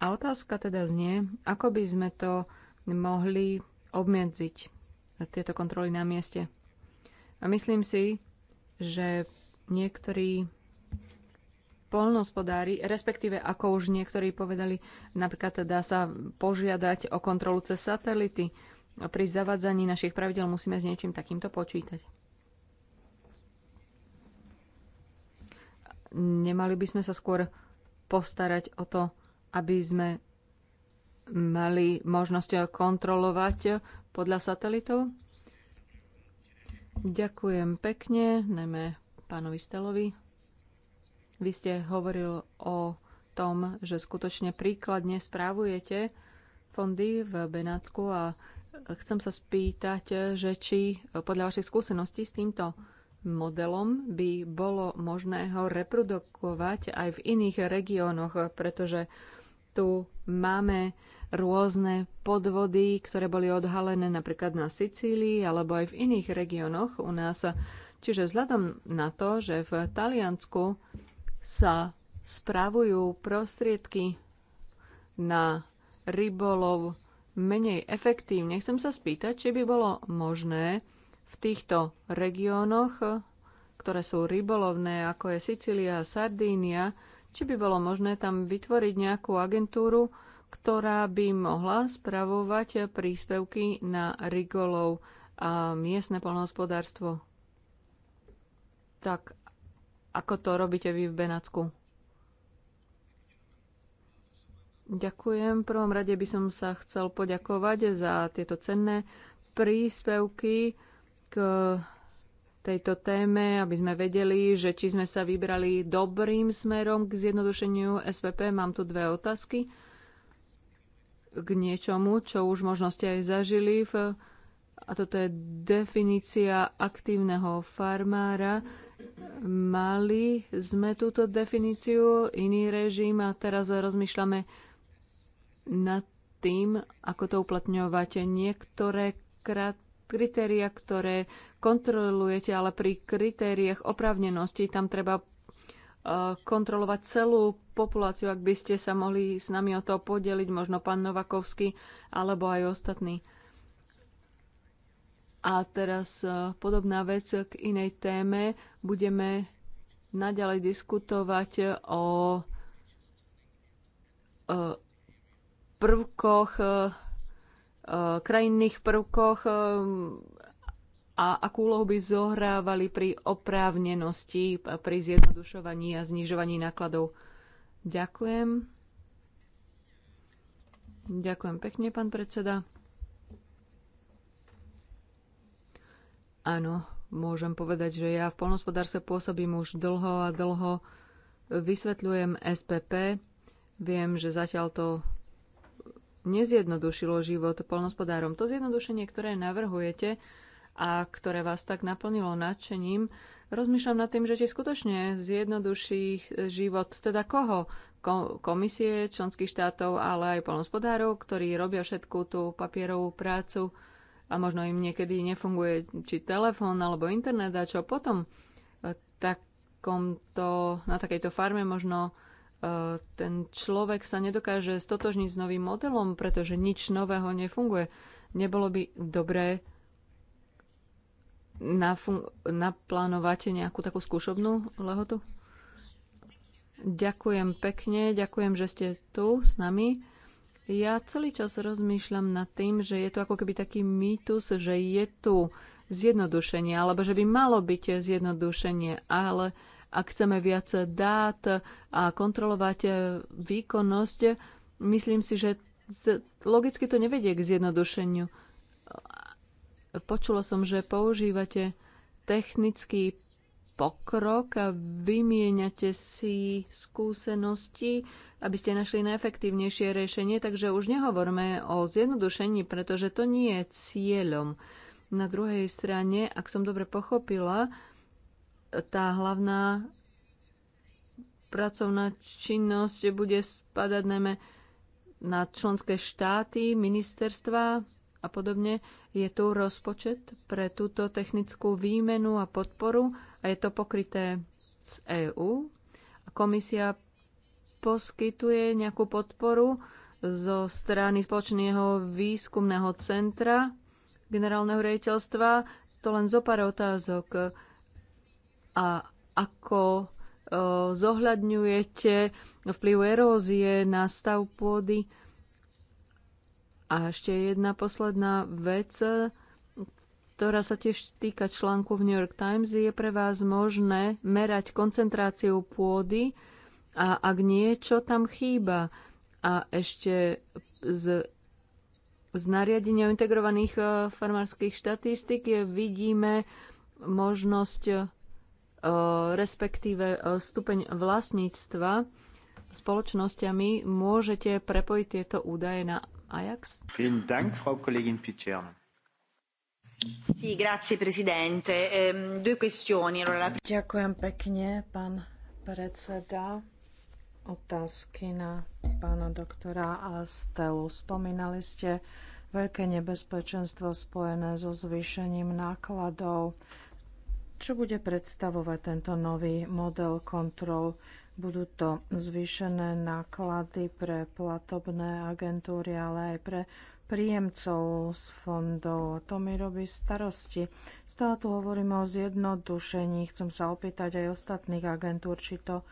A otázka teda znie, ako by sme to mohli obmedziť, tieto kontroly na mieste. A myslím si, že niektorí polnospodári, respektíve ako už niektorí povedali, napríklad dá sa požiadať o kontrolu cez satelity, pri zavadzaní našich pravidel musíme s niečím takýmto počítať. Nemali by sme sa skôr postarať o to, aby sme mali možnosť kontrolovať podľa satelitov? Ďakujem pekne, najmä pánovi Stelovi. Vy ste hovoril o tom, že skutočne príkladne správujete fondy v Benátsku a Chcem sa spýtať, že či podľa vašej skúsenosti s týmto modelom by bolo možné ho reprodukovať aj v iných regiónoch, pretože tu máme rôzne podvody, ktoré boli odhalené napríklad na Sicílii alebo aj v iných regiónoch u nás. Čiže vzhľadom na to, že v Taliansku sa spravujú prostriedky na rybolov menej efektívne. Chcem sa spýtať, či by bolo možné v týchto regiónoch, eh, ktoré sú rybolovné, ako je Sicília a Sardínia, či by bolo možné tam vytvoriť nejakú agentúru, ktorá by mohla spravovať príspevky na rigolov a miestne polnohospodárstvo. Tak, ako to robíte vy v Benacku? Ďakujem. V prvom rade by som sa chcel poďakovať za tieto cenné príspevky k tejto téme, aby sme vedeli, že či sme sa vybrali dobrým smerom k zjednodušeniu SPP. Mám tu dve otázky k niečomu, čo už možno ste aj zažili. V, a toto je definícia aktívneho farmára. Mali sme túto definíciu, iný režim a teraz rozmýšľame, nad tým, ako to uplatňovate. Niektoré krát kritéria, ktoré kontrolujete, ale pri kritériách opravnenosti tam treba uh, kontrolovať celú populáciu, ak by ste sa mohli s nami o to podeliť, možno pán Novakovský alebo aj ostatní. A teraz uh, podobná vec k inej téme. Budeme naďalej diskutovať uh, o prvkoch, e, e, krajinných prvkoch e, a akú úlohu by zohrávali pri oprávnenosti, pri zjednodušovaní a znižovaní nákladov. Ďakujem. Ďakujem pekne, pán predseda. Áno, môžem povedať, že ja v polnospodárstve pôsobím už dlho a dlho vysvetľujem SPP. Viem, že zatiaľ to nezjednodušilo život polnospodárom. To zjednodušenie, ktoré navrhujete a ktoré vás tak naplnilo nadšením, rozmýšľam nad tým, že či skutočne zjednoduší život, teda koho? Komisie členských štátov, ale aj polnospodárov, ktorí robia všetku tú papierovú prácu a možno im niekedy nefunguje či telefón alebo internet a čo potom takomto, na takejto farme možno E, ten človek sa nedokáže stotožniť s novým modelom, pretože nič nového nefunguje. Nebolo by dobré naplánovať nejakú takú skúšobnú lehotu? Ďakujem pekne, ďakujem, že ste tu s nami. Ja celý čas rozmýšľam nad tým, že je to ako keby taký mýtus, že je tu zjednodušenie, alebo že by malo byť zjednodušenie, ale uh, ak chceme viac dát a kontrolovať výkonnosť, myslím si, že logicky to nevedie k zjednodušeniu. Počula som, že používate technický pokrok a vymieňate si skúsenosti, aby ste našli najefektívnejšie riešenie, takže už nehovorme o zjednodušení, pretože to nie je cieľom. Na druhej strane, ak som dobre pochopila, tá hlavná pracovná činnosť bude spadať najmä na členské štáty, ministerstva a podobne. Je tu rozpočet pre túto technickú výmenu a podporu a je to pokryté z EÚ. Komisia poskytuje nejakú podporu zo strany spoločného výskumného centra generálneho rejiteľstva. To len zo pár otázok a ako e, zohľadňujete vplyv erózie na stav pôdy. A ešte jedna posledná vec, ktorá sa tiež týka článku v New York Times, je pre vás možné merať koncentráciu pôdy a ak niečo, čo tam chýba. A ešte z, z nariadenia integrovaných e, farmárskych štatistik je vidíme možnosť Eh, respektíve eh, stupeň vlastníctva spoločnosťami. Môžete prepojiť tieto údaje na Ajax? Dank, Frau Kollegin sí, grazie, ehm, Ďakujem pekne, pán predseda. Otázky na pána doktora Stelu. Spomínali ste veľké nebezpečenstvo spojené so zvýšením nákladov. Čo bude predstavovať tento nový model kontrol? Budú to zvýšené náklady pre platobné agentúry, ale aj pre príjemcov z fondov. To mi robí starosti. Stále tu hovoríme o zjednodušení. Chcem sa opýtať aj ostatných agentúr, či to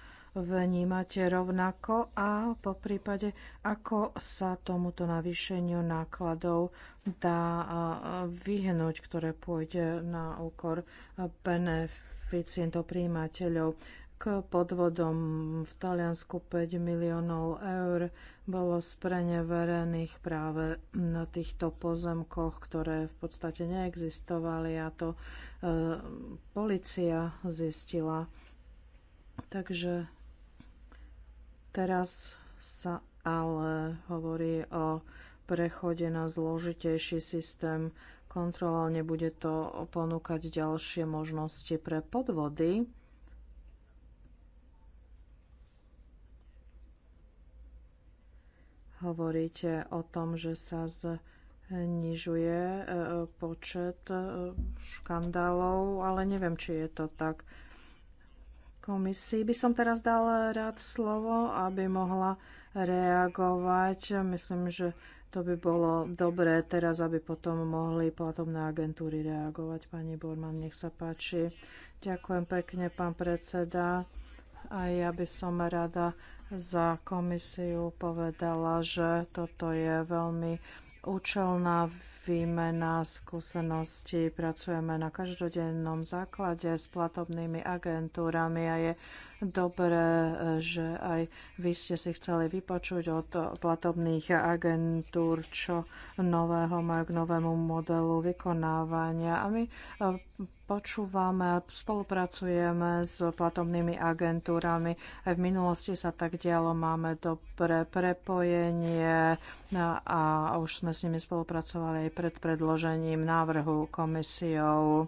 vnímať rovnako a po prípade, ako sa tomuto navýšeniu nákladov dá vyhnúť, ktoré pôjde na úkor beneficientov príjimateľov k podvodom v Taliansku 5 miliónov eur bolo spreneverených práve na týchto pozemkoch, ktoré v podstate neexistovali a to e, policia zistila. Takže Teraz sa ale hovorí o prechode na zložitejší systém kontrol. Nebude to ponúkať ďalšie možnosti pre podvody. Hovoríte o tom, že sa znižuje e, e, počet e, škandálov, ale neviem, či je to tak. Komisii by som teraz dal rád slovo, aby mohla reagovať. Myslím, že to by bolo dobré teraz, aby potom mohli platobné agentúry reagovať. Pani Borman, nech sa páči. Ďakujem pekne, pán predseda. A ja by som rada za komisiu povedala, že toto je veľmi účelná výmena skúseností, pracujeme na každodennom základe s platobnými agentúrami a je dobré, že aj vy ste si chceli vypočuť od platobných agentúr, čo nového majú k novému modelu vykonávania. A my eh, počúvame, spolupracujeme s platobnými agentúrami. Aj v minulosti sa tak dialo, máme dobré prepojenie eh, a už sme s nimi spolupracovali aj pred predložením návrhu komisiou.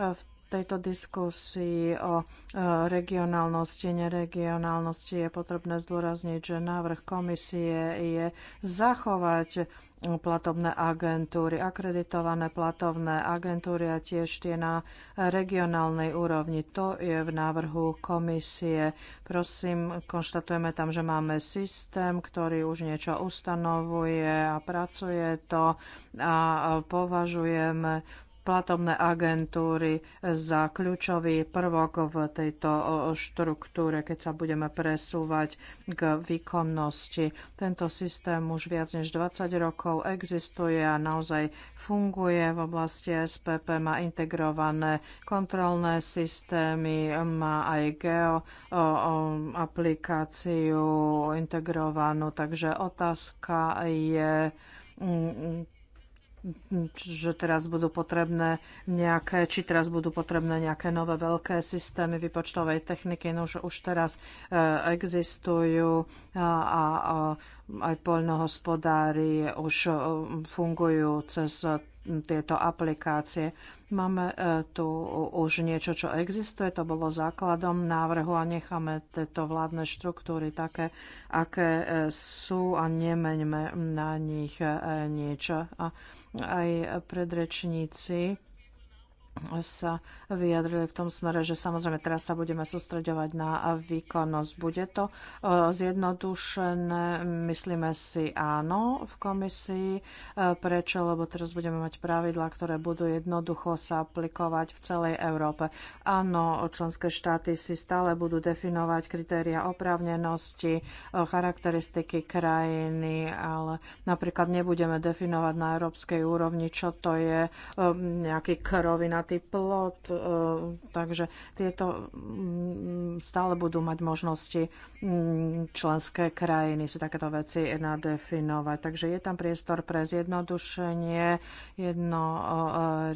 Eh, v tejto diskusii o e, regionálnosti, neregionálnosti je potrebné zdôrazniť, že návrh komisie je zachovať platobné agentúry, akreditované platobné agentúry a tiež tie na regionálnej úrovni. To je v návrhu komisie. Prosím, konštatujeme tam, že máme systém, ktorý už niečo ustanovuje a pracuje to a považujeme platobné agentúry za kľúčový prvok v tejto štruktúre, keď sa budeme presúvať k výkonnosti. Tento systém už viac než 20 rokov existuje a naozaj funguje v oblasti SPP, má integrované kontrolné systémy, má aj geo aplikáciu integrovanú, takže otázka je že teraz budú potrebné nejaké, či teraz budú potrebné nejaké nové veľké systémy výpočtovej techniky, no že už teraz e, existujú e, a, a aj poľnohospodári už e, fungujú cez tieto aplikácie. Máme e, tu už niečo, čo existuje, to bolo základom návrhu a necháme tieto vládne štruktúry také, aké e, sú a nemeňme na nich e, niečo. A aj predrečníci sa vyjadrili v tom smere, že samozrejme teraz sa budeme sústreďovať na výkonnosť. Bude to e, zjednodušené, myslíme si áno v komisii. E, prečo? Lebo teraz budeme mať pravidlá, ktoré budú jednoducho sa aplikovať v celej Európe. Áno, členské štáty si stále budú definovať kritéria oprávnenosti, e, charakteristiky krajiny, ale napríklad nebudeme definovať na európskej úrovni, čo to je nejaký krovina zlatý plot, e, takže tieto mm, stále budú mať možnosti mm, členské krajiny si takéto veci nadefinovať. Takže je tam priestor pre zjednodušenie, jedno e,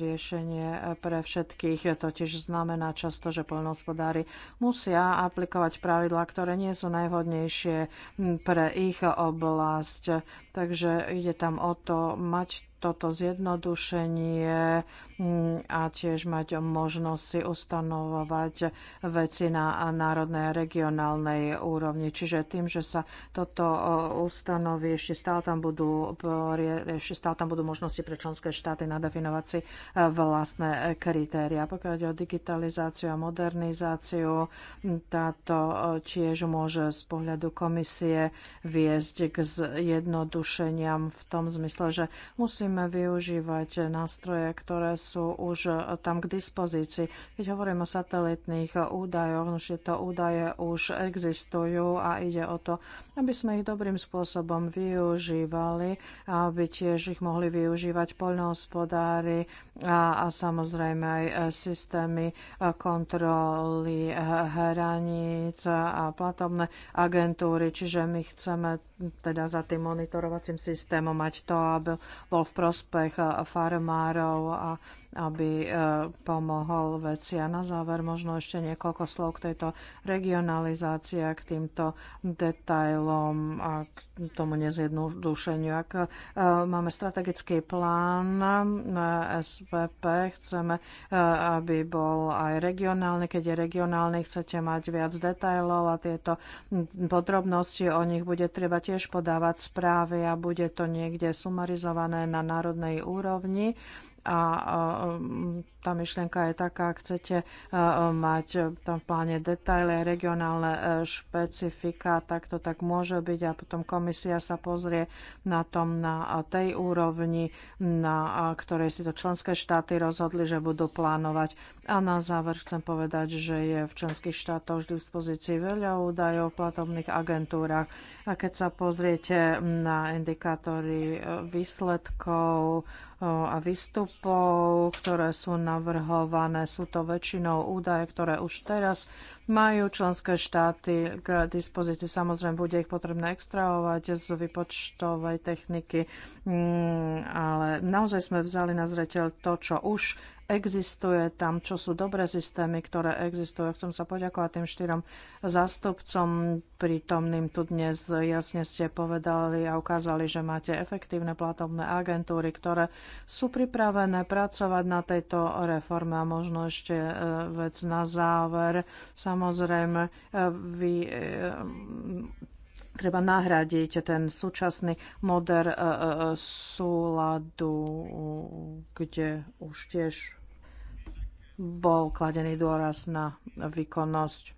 riešenie pre všetkých. Totiž znamená často, že poľnohospodári musia aplikovať pravidlá, ktoré nie sú najvhodnejšie mm, pre ich oblasť. Takže ide tam o to mať toto zjednodušenie, a tiež mať možnosť si ustanovovať veci na národnej a regionálnej úrovni. Čiže tým, že sa toto uh, ustanoví, ešte stále tam budú, ešte stále tam budú možnosti pre členské štáty nadefinovať si uh, vlastné uh, kritéria. Pokiaľ ide o digitalizáciu a modernizáciu, táto tiež môže z pohľadu komisie viesť k zjednodušeniam v tom zmysle, že musíme využívať nástroje, ktoré sú sú už e, tam k dispozícii. Keď hovorím o satelitných e, údajoch, no, že to údaje už existujú a ide o to, aby sme ich dobrým spôsobom využívali, aby tiež ich mohli využívať poľnohospodári a, a samozrejme aj e, systémy kontroly hraníc a platobné agentúry. Čiže my chceme teda za tým monitorovacím systémom mať to, aby bol v prospech farmárov a aby e, pomohol veci. A na záver možno ešte niekoľko slov k tejto regionalizácii, k týmto detailom a k tomu nezjednodušeniu. Ak e, máme strategický plán na SVP, chceme, e, aby bol aj regionálny. Keď je regionálny, chcete mať viac detailov a tieto podrobnosti, o nich bude treba tiež podávať správy a bude to niekde sumarizované na národnej úrovni a tá myšlienka je taká, ak chcete mať tam v pláne detaily, regionálne e, špecifika, tak to tak môže byť a potom komisia sa pozrie na tom na tej úrovni, na ktorej si to členské štáty rozhodli, že budú plánovať. A na záver chcem povedať, že je v členských štátoch vždy v dispozícii veľa údajov v platobných agentúrach. A keď sa pozriete na indikátory e, výsledkov, a výstupov, ktoré sú navrhované. Sú to väčšinou údaje, ktoré už teraz majú členské štáty k dispozícii. Samozrejme, bude ich potrebné extrahovať z vypočtovej techniky, mm, ale naozaj sme vzali na zreteľ to, čo už existuje tam, čo sú dobré systémy, ktoré existujú. Chcem sa poďakovať tým štyrom zástupcom prítomným tu dnes. Jasne ste povedali a ukázali, že máte efektívne platobné agentúry, ktoré sú pripravené pracovať na tejto reforme. A možno ešte e, vec na záver. Samozrejme, e, vy e, treba nahradiť ten súčasný moder súladu, kde už tiež bol kladený dôraz na výkonnosť.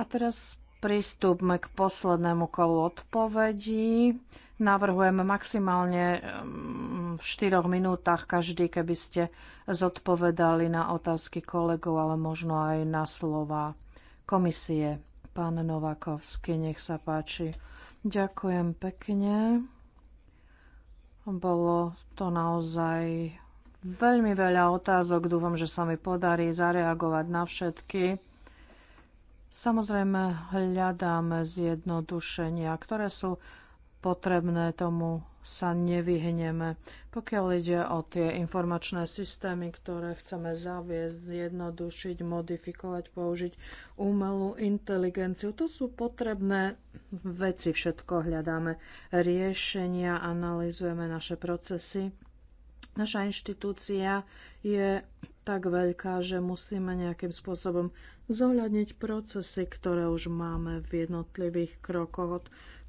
A teraz pristúpme k poslednému kolu odpovedí. Navrhujem maximálne v 4 minútach každý, keby ste zodpovedali na otázky kolegov, ale možno aj na slova komisie. Pán Novakovský, nech sa páči. Ďakujem pekne. Bolo to naozaj veľmi veľa otázok. Dúfam, že sa mi podarí zareagovať na všetky. Samozrejme, hľadáme zjednodušenia, ktoré sú potrebné, tomu sa nevyhneme. Pokiaľ ide o tie informačné systémy, ktoré chceme zaviesť, zjednodušiť, modifikovať, použiť umelú inteligenciu, to sú potrebné veci, všetko hľadáme. Riešenia, analizujeme naše procesy Naša inštitúcia je tak veľká, že musíme nejakým spôsobom zohľadniť procesy, ktoré už máme v jednotlivých krokoch od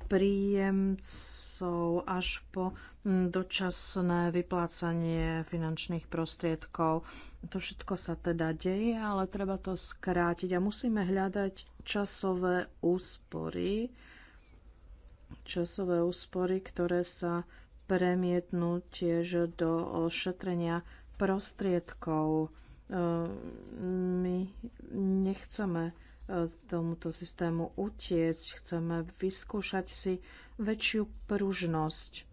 príjemcov až po mm, dočasné vyplácanie finančných prostriedkov. To všetko sa teda deje, ale treba to skrátiť a musíme hľadať časové úspory, časové úspory, ktoré sa premietnúť tiež do ošetrenia prostriedkov. E, my nechceme e, tomuto systému utiecť, chceme vyskúšať si väčšiu pružnosť.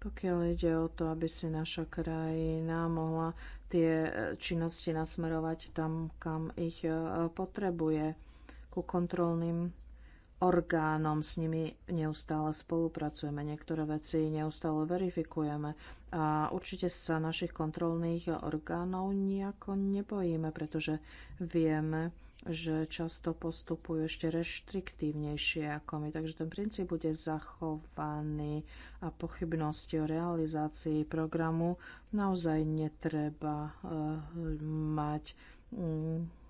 Pokiaľ ide o to, aby si naša krajina mohla tie e, činnosti nasmerovať tam, kam ich potrebuje, ku kontrolným orgánom, s nimi neustále spolupracujeme, niektoré veci neustále verifikujeme a určite sa našich kontrolných orgánov nejako nebojíme, pretože vieme, že často postupujú ešte reštriktívnejšie ako my. Takže ten princíp bude zachovaný a pochybnosti o realizácii programu naozaj netreba eh, mať mm,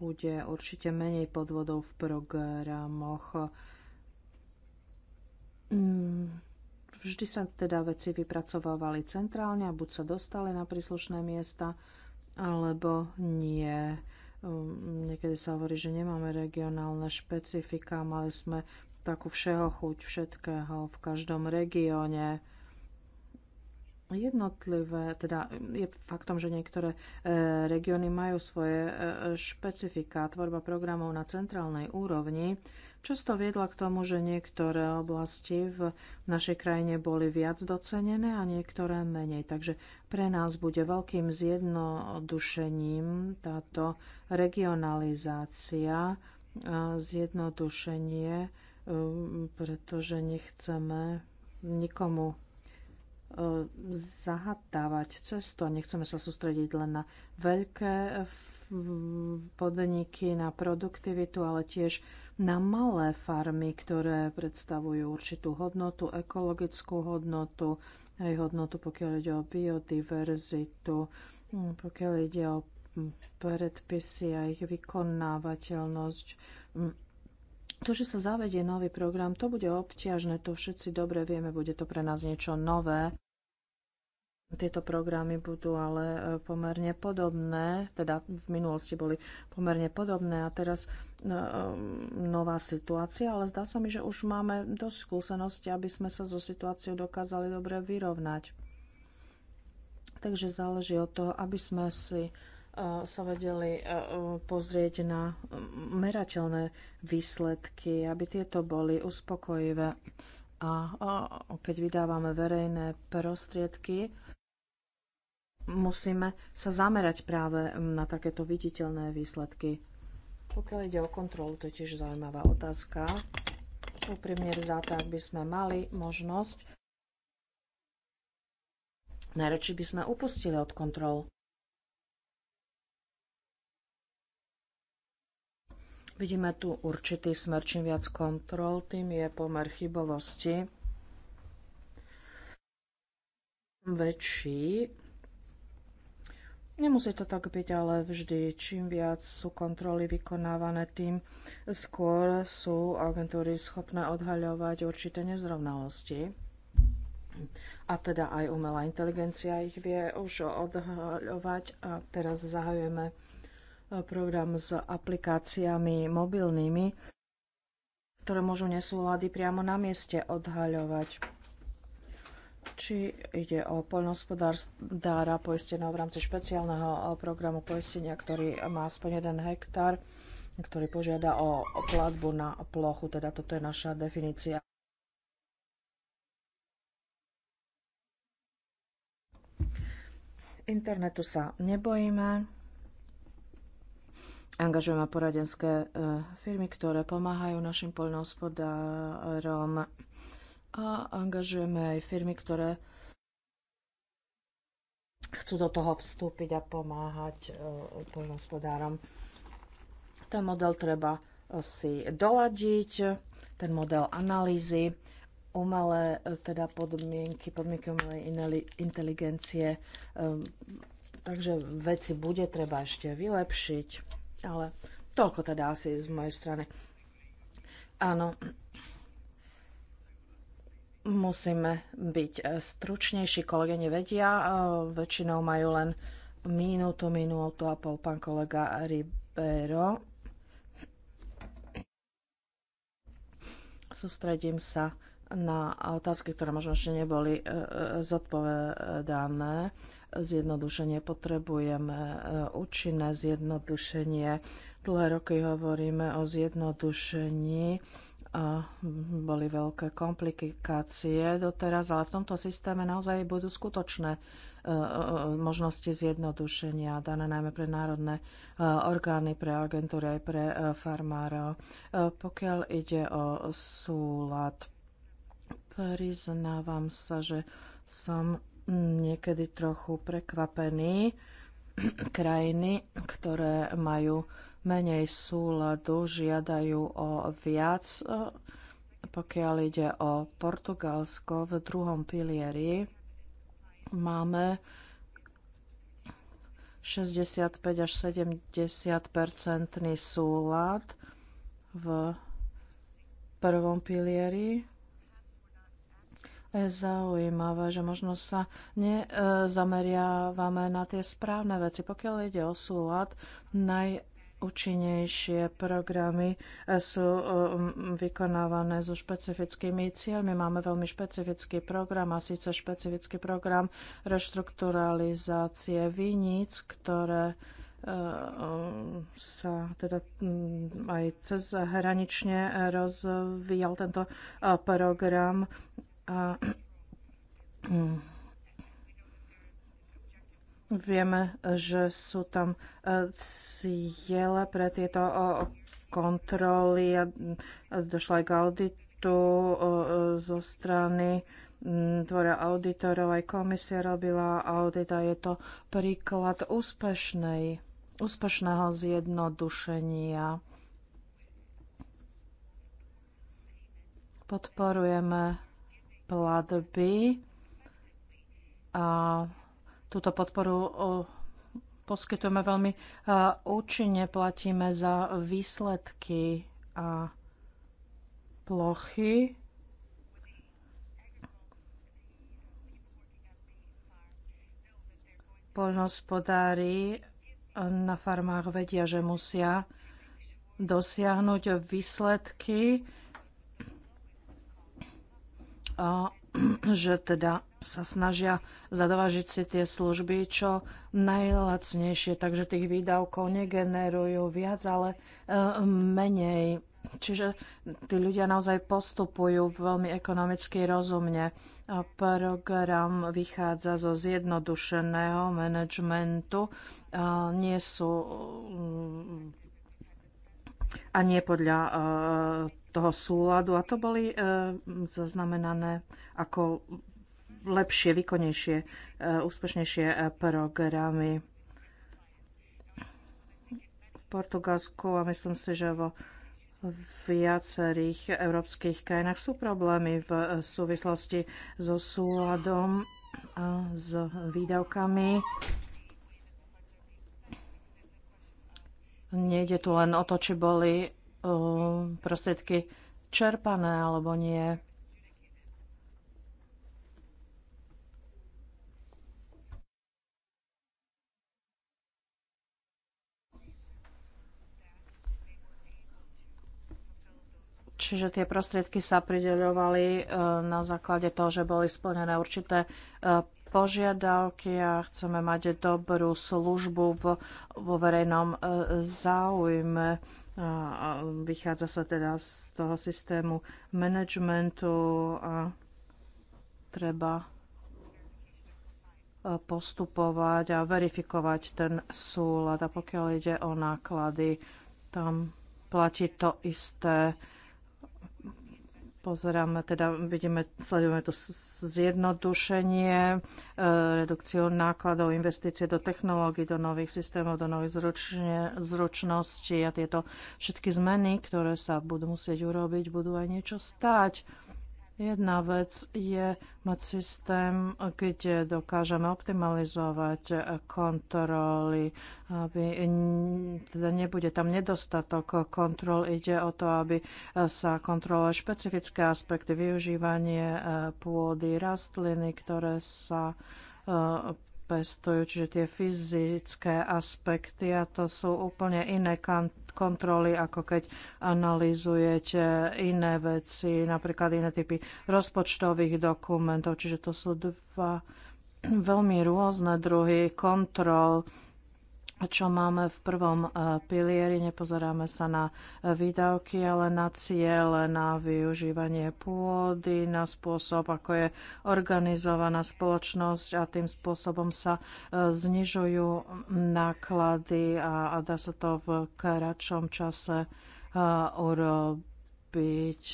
bude určite menej podvodov v programoch. Mm, vždy sa teda veci vypracovávali centrálne a buď sa dostali na príslušné miesta, alebo nie. Mm, niekedy sa hovorí, že nemáme regionálne špecifika, mali sme takú všeho chuť všetkého v každom regióne jednotlivé, teda je faktom, že niektoré e, regióny majú svoje e, špecifika. Tvorba programov na centrálnej úrovni často viedla k tomu, že niektoré oblasti v našej krajine boli viac docenené a niektoré menej. Takže pre nás bude veľkým zjednodušením táto regionalizácia, e, zjednodušenie, pretože nechceme nikomu zahatávať cestu a nechceme sa sústrediť len na veľké podniky, na produktivitu, ale tiež na malé farmy, ktoré predstavujú určitú hodnotu, ekologickú hodnotu, aj hodnotu, pokiaľ ide o biodiverzitu, mm, pokiaľ ide o predpisy a ich vykonávateľnosť, mm, to, že sa zavedie nový program, to bude obťažné, to všetci dobre vieme, bude to pre nás niečo nové. Tieto programy budú ale e, pomerne podobné, teda v minulosti boli pomerne podobné a teraz e, e, nová situácia, ale zdá sa mi, že už máme dosť skúsenosti, aby sme sa so situáciou dokázali dobre vyrovnať. Takže záleží od toho, aby sme si uh, sa vedeli e, e, pozrieť na merateľné výsledky, aby tieto boli uspokojivé. A keď vydávame verejné prostriedky, musíme sa zamerať práve na takéto viditeľné výsledky. Pokiaľ ide o kontrolu, to je tiež zaujímavá otázka. Úprimne vzáta, ak by sme mali možnosť, najradšej by sme upustili od kontrolu. Vidíme tu určitý smer, čím viac kontrol, tým je pomer chybovosti väčší. Nemusí to tak byť, ale vždy čím viac sú kontroly vykonávané, tým skôr sú agentúry schopné odhaľovať určité nezrovnalosti. A teda aj umelá inteligencia ich vie už odhaľovať. A teraz zahajujeme program s aplikáciami mobilnými, ktoré môžu nesúlady priamo na mieste odhaľovať. Či ide o poľnohospodára poisteného v rámci špeciálneho eh, programu poistenia, ktorý má aspoň 1 hektár, ktorý požiada o platbu na plochu, teda toto je naša definícia. internetu sa nebojíme. Angažujeme poradenské e, firmy, ktoré pomáhajú našim poľnohospodárom a angažujeme aj firmy, ktoré chcú do toho vstúpiť a pomáhať e, poľnohospodárom. Ten model treba si doladiť, ten model analýzy, umelé e, teda podmienky, podmienky umelej inteligencie. Takže veci bude treba ešte vylepšiť. Ale toľko teda asi z mojej strany. Áno, musíme byť e, stručnejší. Kolege nevedia, e, väčšinou majú len minútu, minútu a pol. Pán kolega Ribeiro. Sústredím sa na otázky, ktoré možno ešte neboli e, zodpovedané zjednodušenie. Potrebujeme e, účinné zjednodušenie. Dlhé roky hovoríme o zjednodušení a boli veľké komplikácie doteraz, ale v tomto systéme naozaj budú skutočné e, e, možnosti zjednodušenia, dané najmä pre národné orgány, pre agentúry aj pre farmárov. Pokiaľ ide o súlad, priznávam sa, že som niekedy trochu prekvapení. Krajiny, ktoré majú menej súladu, žiadajú o viac. E, pokiaľ ide o Portugalsko v druhom pilieri, máme 65 až 70 percentný súlad v prvom pilieri je zaujímavé, že možno sa nezameriavame na tie správne veci. Pokiaľ ide o súlad, najúčinnejšie programy eh, sú um, vykonávané so špecifickými cieľmi. Máme veľmi špecifický program a síce špecifický program reštrukturalizácie viníc, ktoré eh, um, sa teda mm, aj cez hranične eh, rozvíjal tento program a mm, vieme, že sú tam e, ciele pre tieto kontroly a došlo aj k auditu zo strany mm, dvora auditorov, aj komisia robila audit a je to príklad úspešnej, úspešného zjednodušenia. Podporujeme platby a túto podporu poskytujeme veľmi účinne, platíme za výsledky a plochy. Poľnohospodári na farmách vedia, že musia dosiahnuť výsledky že teda sa snažia zadovážiť si tie služby čo najlacnejšie, takže tých výdavkov negenerujú viac, ale e, menej. Čiže tí ľudia naozaj postupujú veľmi ekonomicky rozumne. Program vychádza zo zjednodušeného manažmentu. Nie sú mm, a nie podľa e, toho súladu a to boli e, zaznamenané ako lepšie, výkonnejšie, e, úspešnejšie e, programy v Portugalsku a myslím si, že vo viacerých európskych krajinách sú problémy v súvislosti so súladom a s výdavkami. Nejde tu len o to, či boli prostriedky čerpané alebo nie. Čiže tie prostriedky sa prideľovali e, na základe toho, že boli splnené určité e, požiadavky a chceme mať dobrú službu vo verejnom e, záujme a Vychádza sa teda z toho systému managementu a treba e, postupovať a verifikovať ten súlad. A pokiaľ ide o náklady, tam platí to isté Pozeráme, teda vidíme, sledujeme to zjednodušenie, e, redukciu nákladov, investície do technológií, do nových systémov, do nových zručne, zručností a tieto všetky zmeny, ktoré sa budú musieť urobiť, budú aj niečo stáť. Jedna vec je mať systém, kde dokážeme optimalizovať kontroly, aby teda nebude tam nedostatok kontrol. Ide o to, aby sa kontrolovali špecifické aspekty, využívanie e, pôdy, rastliny, ktoré sa e, pestujú, čiže tie fyzické aspekty a to sú úplne iné kontroly, ako keď analizujete iné veci, napríklad iné typy rozpočtových dokumentov. Čiže to sú dva veľmi rôzne druhy kontrol čo máme v prvom e, pilieri. Nepozeráme sa na e, výdavky, ale na ciele, na využívanie pôdy, na spôsob, ako je organizovaná spoločnosť a tým spôsobom sa e, znižujú náklady a, a dá sa to v kratšom čase urobiť.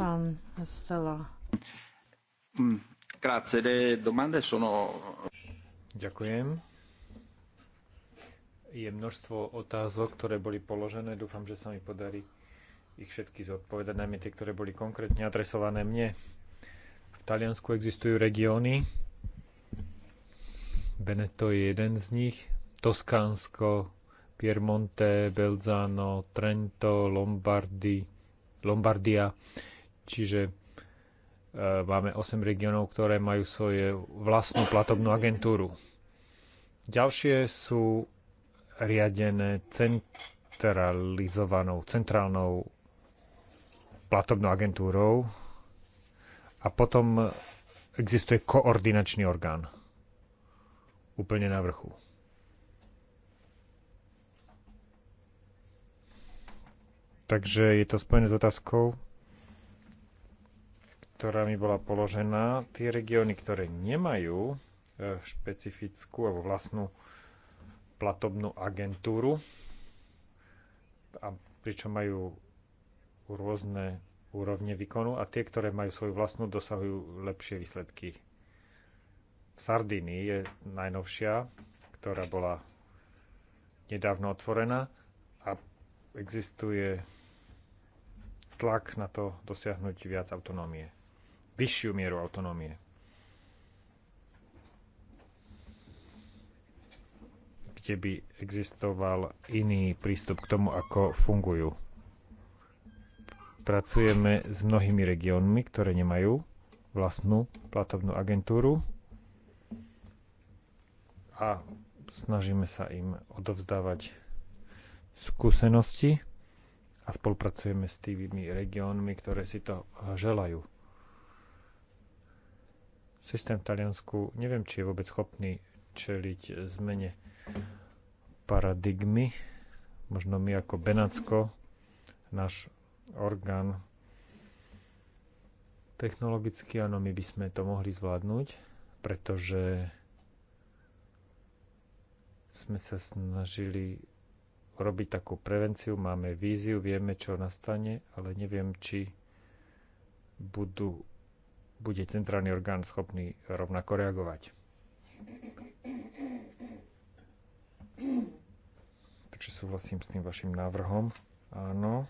Pán Stela. Mm, domande sono... Ďakujem je množstvo otázok, ktoré boli položené. Dúfam, že sa mi podarí ich všetky zodpovedať, najmä tie, ktoré boli konkrétne adresované mne. V Taliansku existujú regióny. Beneto je jeden z nich. Toskánsko, Piemonte, Belzano, Trento, Lombardy, Lombardia. Čiže e, máme 8 regiónov, ktoré majú svoje vlastnú platobnú agentúru. Ďalšie sú riadené centralizovanou, centrálnou platobnou agentúrou a potom existuje koordinačný orgán úplne na vrchu. Takže je to spojené s otázkou, ktorá mi bola položená. Tie regióny, ktoré nemajú e, špecifickú alebo vlastnú platobnú agentúru, a pričom majú rôzne úrovne výkonu a tie, ktoré majú svoju vlastnú, dosahujú lepšie výsledky. Sardiny je najnovšia, ktorá bola nedávno otvorená a existuje tlak na to dosiahnuť viac autonómie, vyššiu mieru autonómie. určite by existoval iný prístup k tomu, ako fungujú. Pracujeme s mnohými regiónmi, ktoré nemajú vlastnú platobnú agentúru a snažíme sa im odovzdávať skúsenosti a spolupracujeme s tými regiónmi, ktoré si to želajú. Systém v Taliansku neviem, či je vôbec schopný čeliť zmene paradigmy. Možno my ako Benacko, náš orgán technologicky, áno, my by sme to mohli zvládnuť, pretože sme sa snažili robiť takú prevenciu, máme víziu, vieme, čo nastane, ale neviem, či budú, bude centrálny orgán schopný rovnako reagovať. Takže súhlasím s tým vašim návrhom. Áno.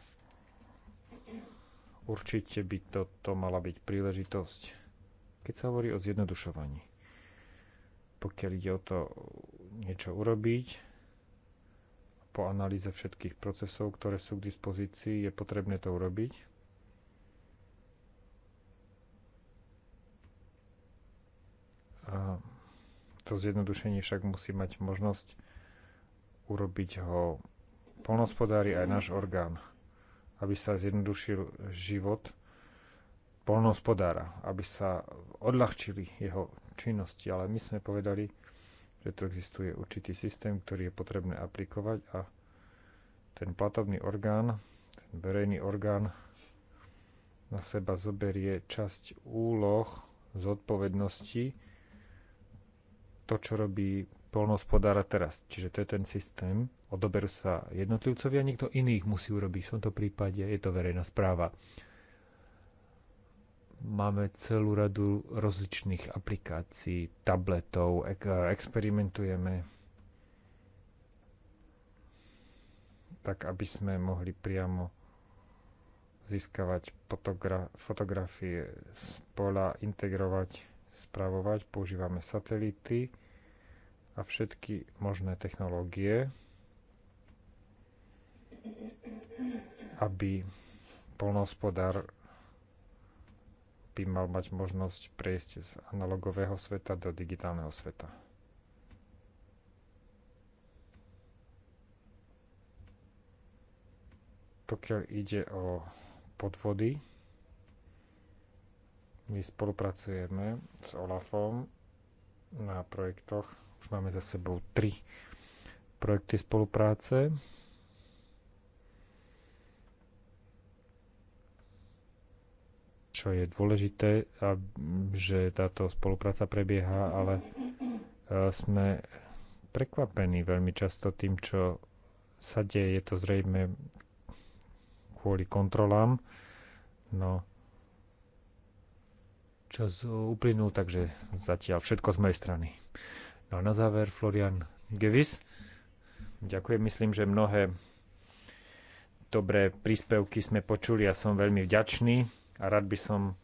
Určite by toto mala byť príležitosť, keď sa hovorí o zjednodušovaní. Pokiaľ ide o to niečo urobiť, po analýze všetkých procesov, ktoré sú k dispozícii, je potrebné to urobiť. A to zjednodušenie však musí mať možnosť urobiť ho polnospodári aj náš orgán, aby sa zjednodušil život polnospodára, aby sa odľahčili jeho činnosti. Ale my sme povedali, že tu existuje určitý systém, ktorý je potrebné aplikovať a ten platobný orgán, ten verejný orgán na seba zoberie časť úloh zodpovednosti, to, čo robí polnohospodára teraz. Čiže to je ten systém. Odoberú sa jednotlivcovia, niekto iný ich musí urobiť. V tomto prípade je to verejná správa. Máme celú radu rozličných aplikácií, tabletov, experimentujeme tak, aby sme mohli priamo získavať fotogra- fotografie z pola, integrovať, spravovať. Používame satelity, a všetky možné technológie, aby polnohospodár by mal mať možnosť prejsť z analogového sveta do digitálneho sveta. Pokiaľ ide o podvody, my spolupracujeme s OLAFom na projektoch už máme za sebou tri projekty spolupráce. Čo je dôležité, že táto spolupráca prebieha, ale e, sme prekvapení veľmi často tým, čo sa deje. Je to zrejme kvôli kontrolám, no čas uplynul, takže zatiaľ všetko z mojej strany. No a na záver Florian Gevis. Ďakujem, myslím, že mnohé dobré príspevky sme počuli a som veľmi vďačný a rád by som e,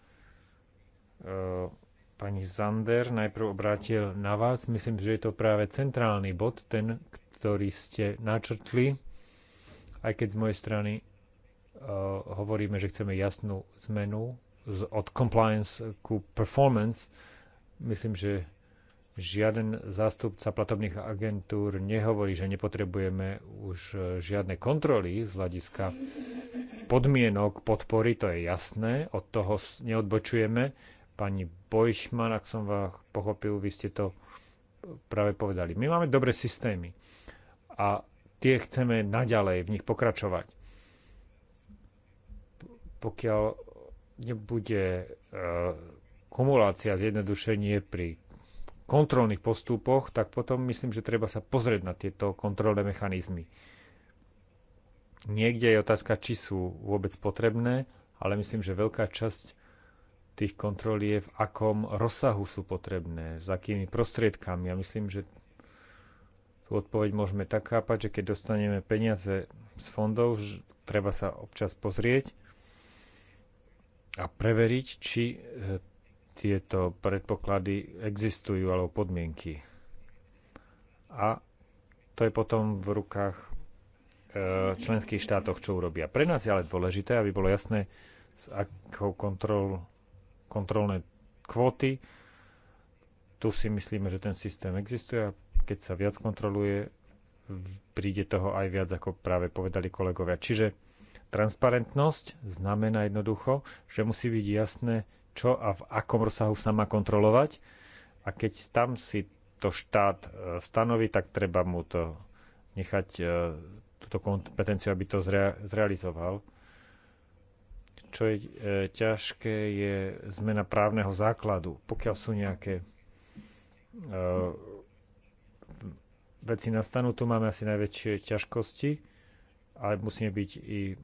pani Zander najprv obrátil na vás. Myslím, že je to práve centrálny bod, ten, ktorý ste načrtli, aj keď z mojej strany e, hovoríme, že chceme jasnú zmenu z, od compliance ku performance. Myslím, že Žiaden zástupca platobných agentúr nehovorí, že nepotrebujeme už e, žiadne kontroly z hľadiska podmienok podpory, to je jasné, od toho neodbočujeme. Pani Bojšman, ak som vás pochopil, vy ste to práve povedali. My máme dobré systémy a tie chceme naďalej v nich pokračovať. Pokiaľ nebude e, kumulácia zjednodušenie pri kontrolných postupoch, tak potom myslím, že treba sa pozrieť na tieto kontrolné mechanizmy. Niekde je otázka, či sú vôbec potrebné, ale myslím, že veľká časť tých kontrol je v akom rozsahu sú potrebné, s akými prostriedkami. Ja myslím, že tú odpoveď môžeme tak chápať, že keď dostaneme peniaze z fondov, treba sa občas pozrieť a preveriť, či e, tieto predpoklady existujú alebo podmienky. A to je potom v rukách e, členských štátoch, čo urobia. Pre nás je ale dôležité, aby bolo jasné, s akou kontrol, kontrolné kvóty. Tu si myslíme, že ten systém existuje a keď sa viac kontroluje, príde toho aj viac, ako práve povedali kolegovia. Čiže transparentnosť znamená jednoducho, že musí byť jasné, čo a v akom rozsahu sa má kontrolovať. A keď tam si to štát e, stanoví, tak treba mu to nechať e, túto kompetenciu, aby to zrealizoval. Čo je e, ťažké, je zmena právneho základu. Pokiaľ sú nejaké veci nastanú, tu máme asi najväčšie ťažkosti, ale musíme byť i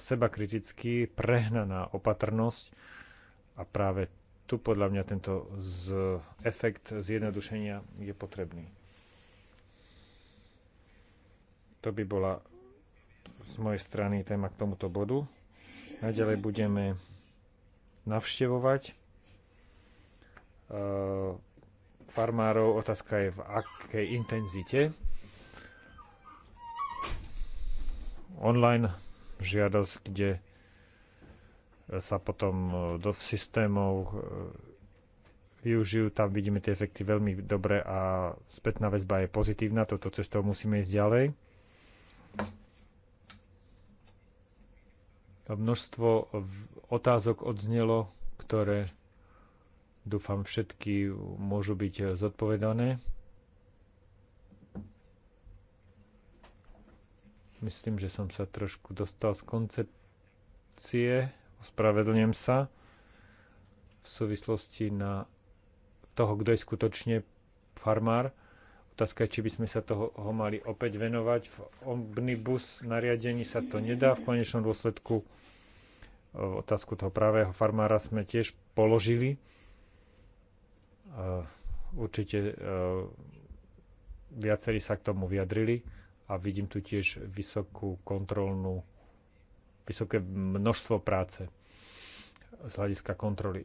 seba kritický, prehnaná opatrnosť a práve tu podľa mňa tento z, efekt zjednodušenia je potrebný. To by bola z mojej strany téma k tomuto bodu. Naďalej budeme navštevovať e, farmárov. Otázka je v akej intenzite. Online žiadosť, kde sa potom e, do systémov e, využijú. Tam vidíme tie efekty veľmi dobre a spätná väzba je pozitívna. Toto cestou musíme ísť ďalej. Množstvo otázok odznelo, ktoré dúfam všetky môžu byť zodpovedané. Myslím, že som sa trošku dostal z koncepcie Ospravedlňujem sa v súvislosti na toho, kto je skutočne farmár. Otázka je, či by sme sa toho ho mali opäť venovať. V omnibus nariadení sa to nedá. V konečnom dôsledku e, otázku toho pravého farmára sme tiež položili. E, určite e, viacerí sa k tomu vyjadrili a vidím tu tiež vysokú kontrolnú, vysoké množstvo práce z hľadiska kontroly.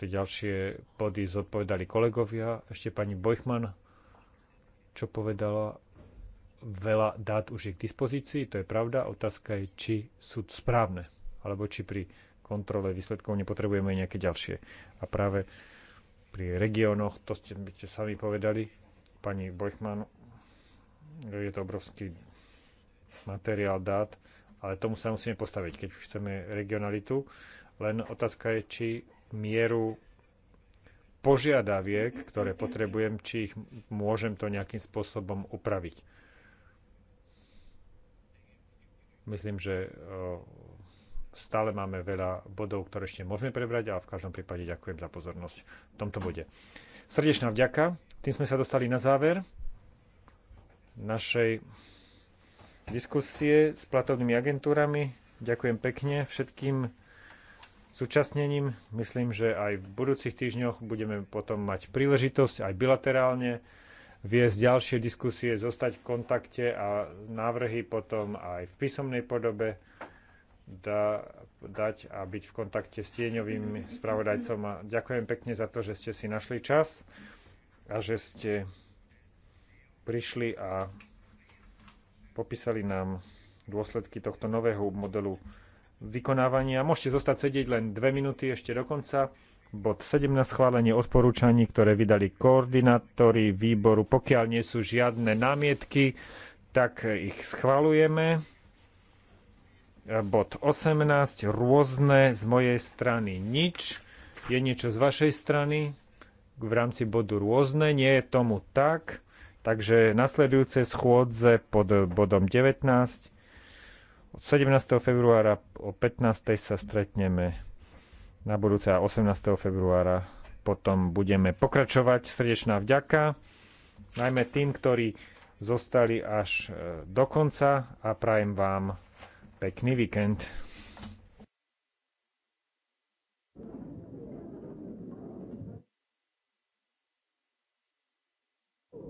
Tie ďalšie body zodpovedali kolegovia. Ešte pani Bojchman, čo povedala, veľa dát už je k dispozícii, to je pravda. Otázka je, či sú správne, alebo či pri kontrole výsledkov nepotrebujeme nejaké ďalšie. A práve pri regiónoch, to ste, ste sami povedali, pani Bojchman, je to obrovský materiál dát, ale tomu sa musíme postaviť, keď chceme regionalitu. Len otázka je, či mieru požiadaviek, ktoré potrebujem, či ich môžem to nejakým spôsobom upraviť. Myslím, že e, stále máme veľa bodov, ktoré ešte môžeme prebrať, ale v každom prípade ďakujem za pozornosť v tomto bode. Srdečná vďaka. Tým sme sa dostali na záver našej diskusie s platovnými agentúrami. Ďakujem pekne všetkým súčasnením. Myslím, že aj v budúcich týždňoch budeme potom mať príležitosť aj bilaterálne viesť ďalšie diskusie, zostať v kontakte a návrhy potom aj v písomnej podobe da, dať a byť v kontakte s tieňovým spravodajcom. A ďakujem pekne za to, že ste si našli čas a že ste prišli a popísali nám dôsledky tohto nového modelu vykonávania. Môžete zostať sedieť len dve minúty ešte do konca. Bod 17. Schválenie odporúčaní, ktoré vydali koordinátori výboru. Pokiaľ nie sú žiadne námietky, tak ich schválujeme. Bod 18. Rôzne z mojej strany nič. Je niečo z vašej strany v rámci bodu rôzne? Nie je tomu tak. Takže nasledujúce schôdze pod bodom 19 od 17. februára o 15. sa stretneme na budúce a 18. februára potom budeme pokračovať. Srdečná vďaka najmä tým, ktorí zostali až e, do konca a prajem vám pekný víkend.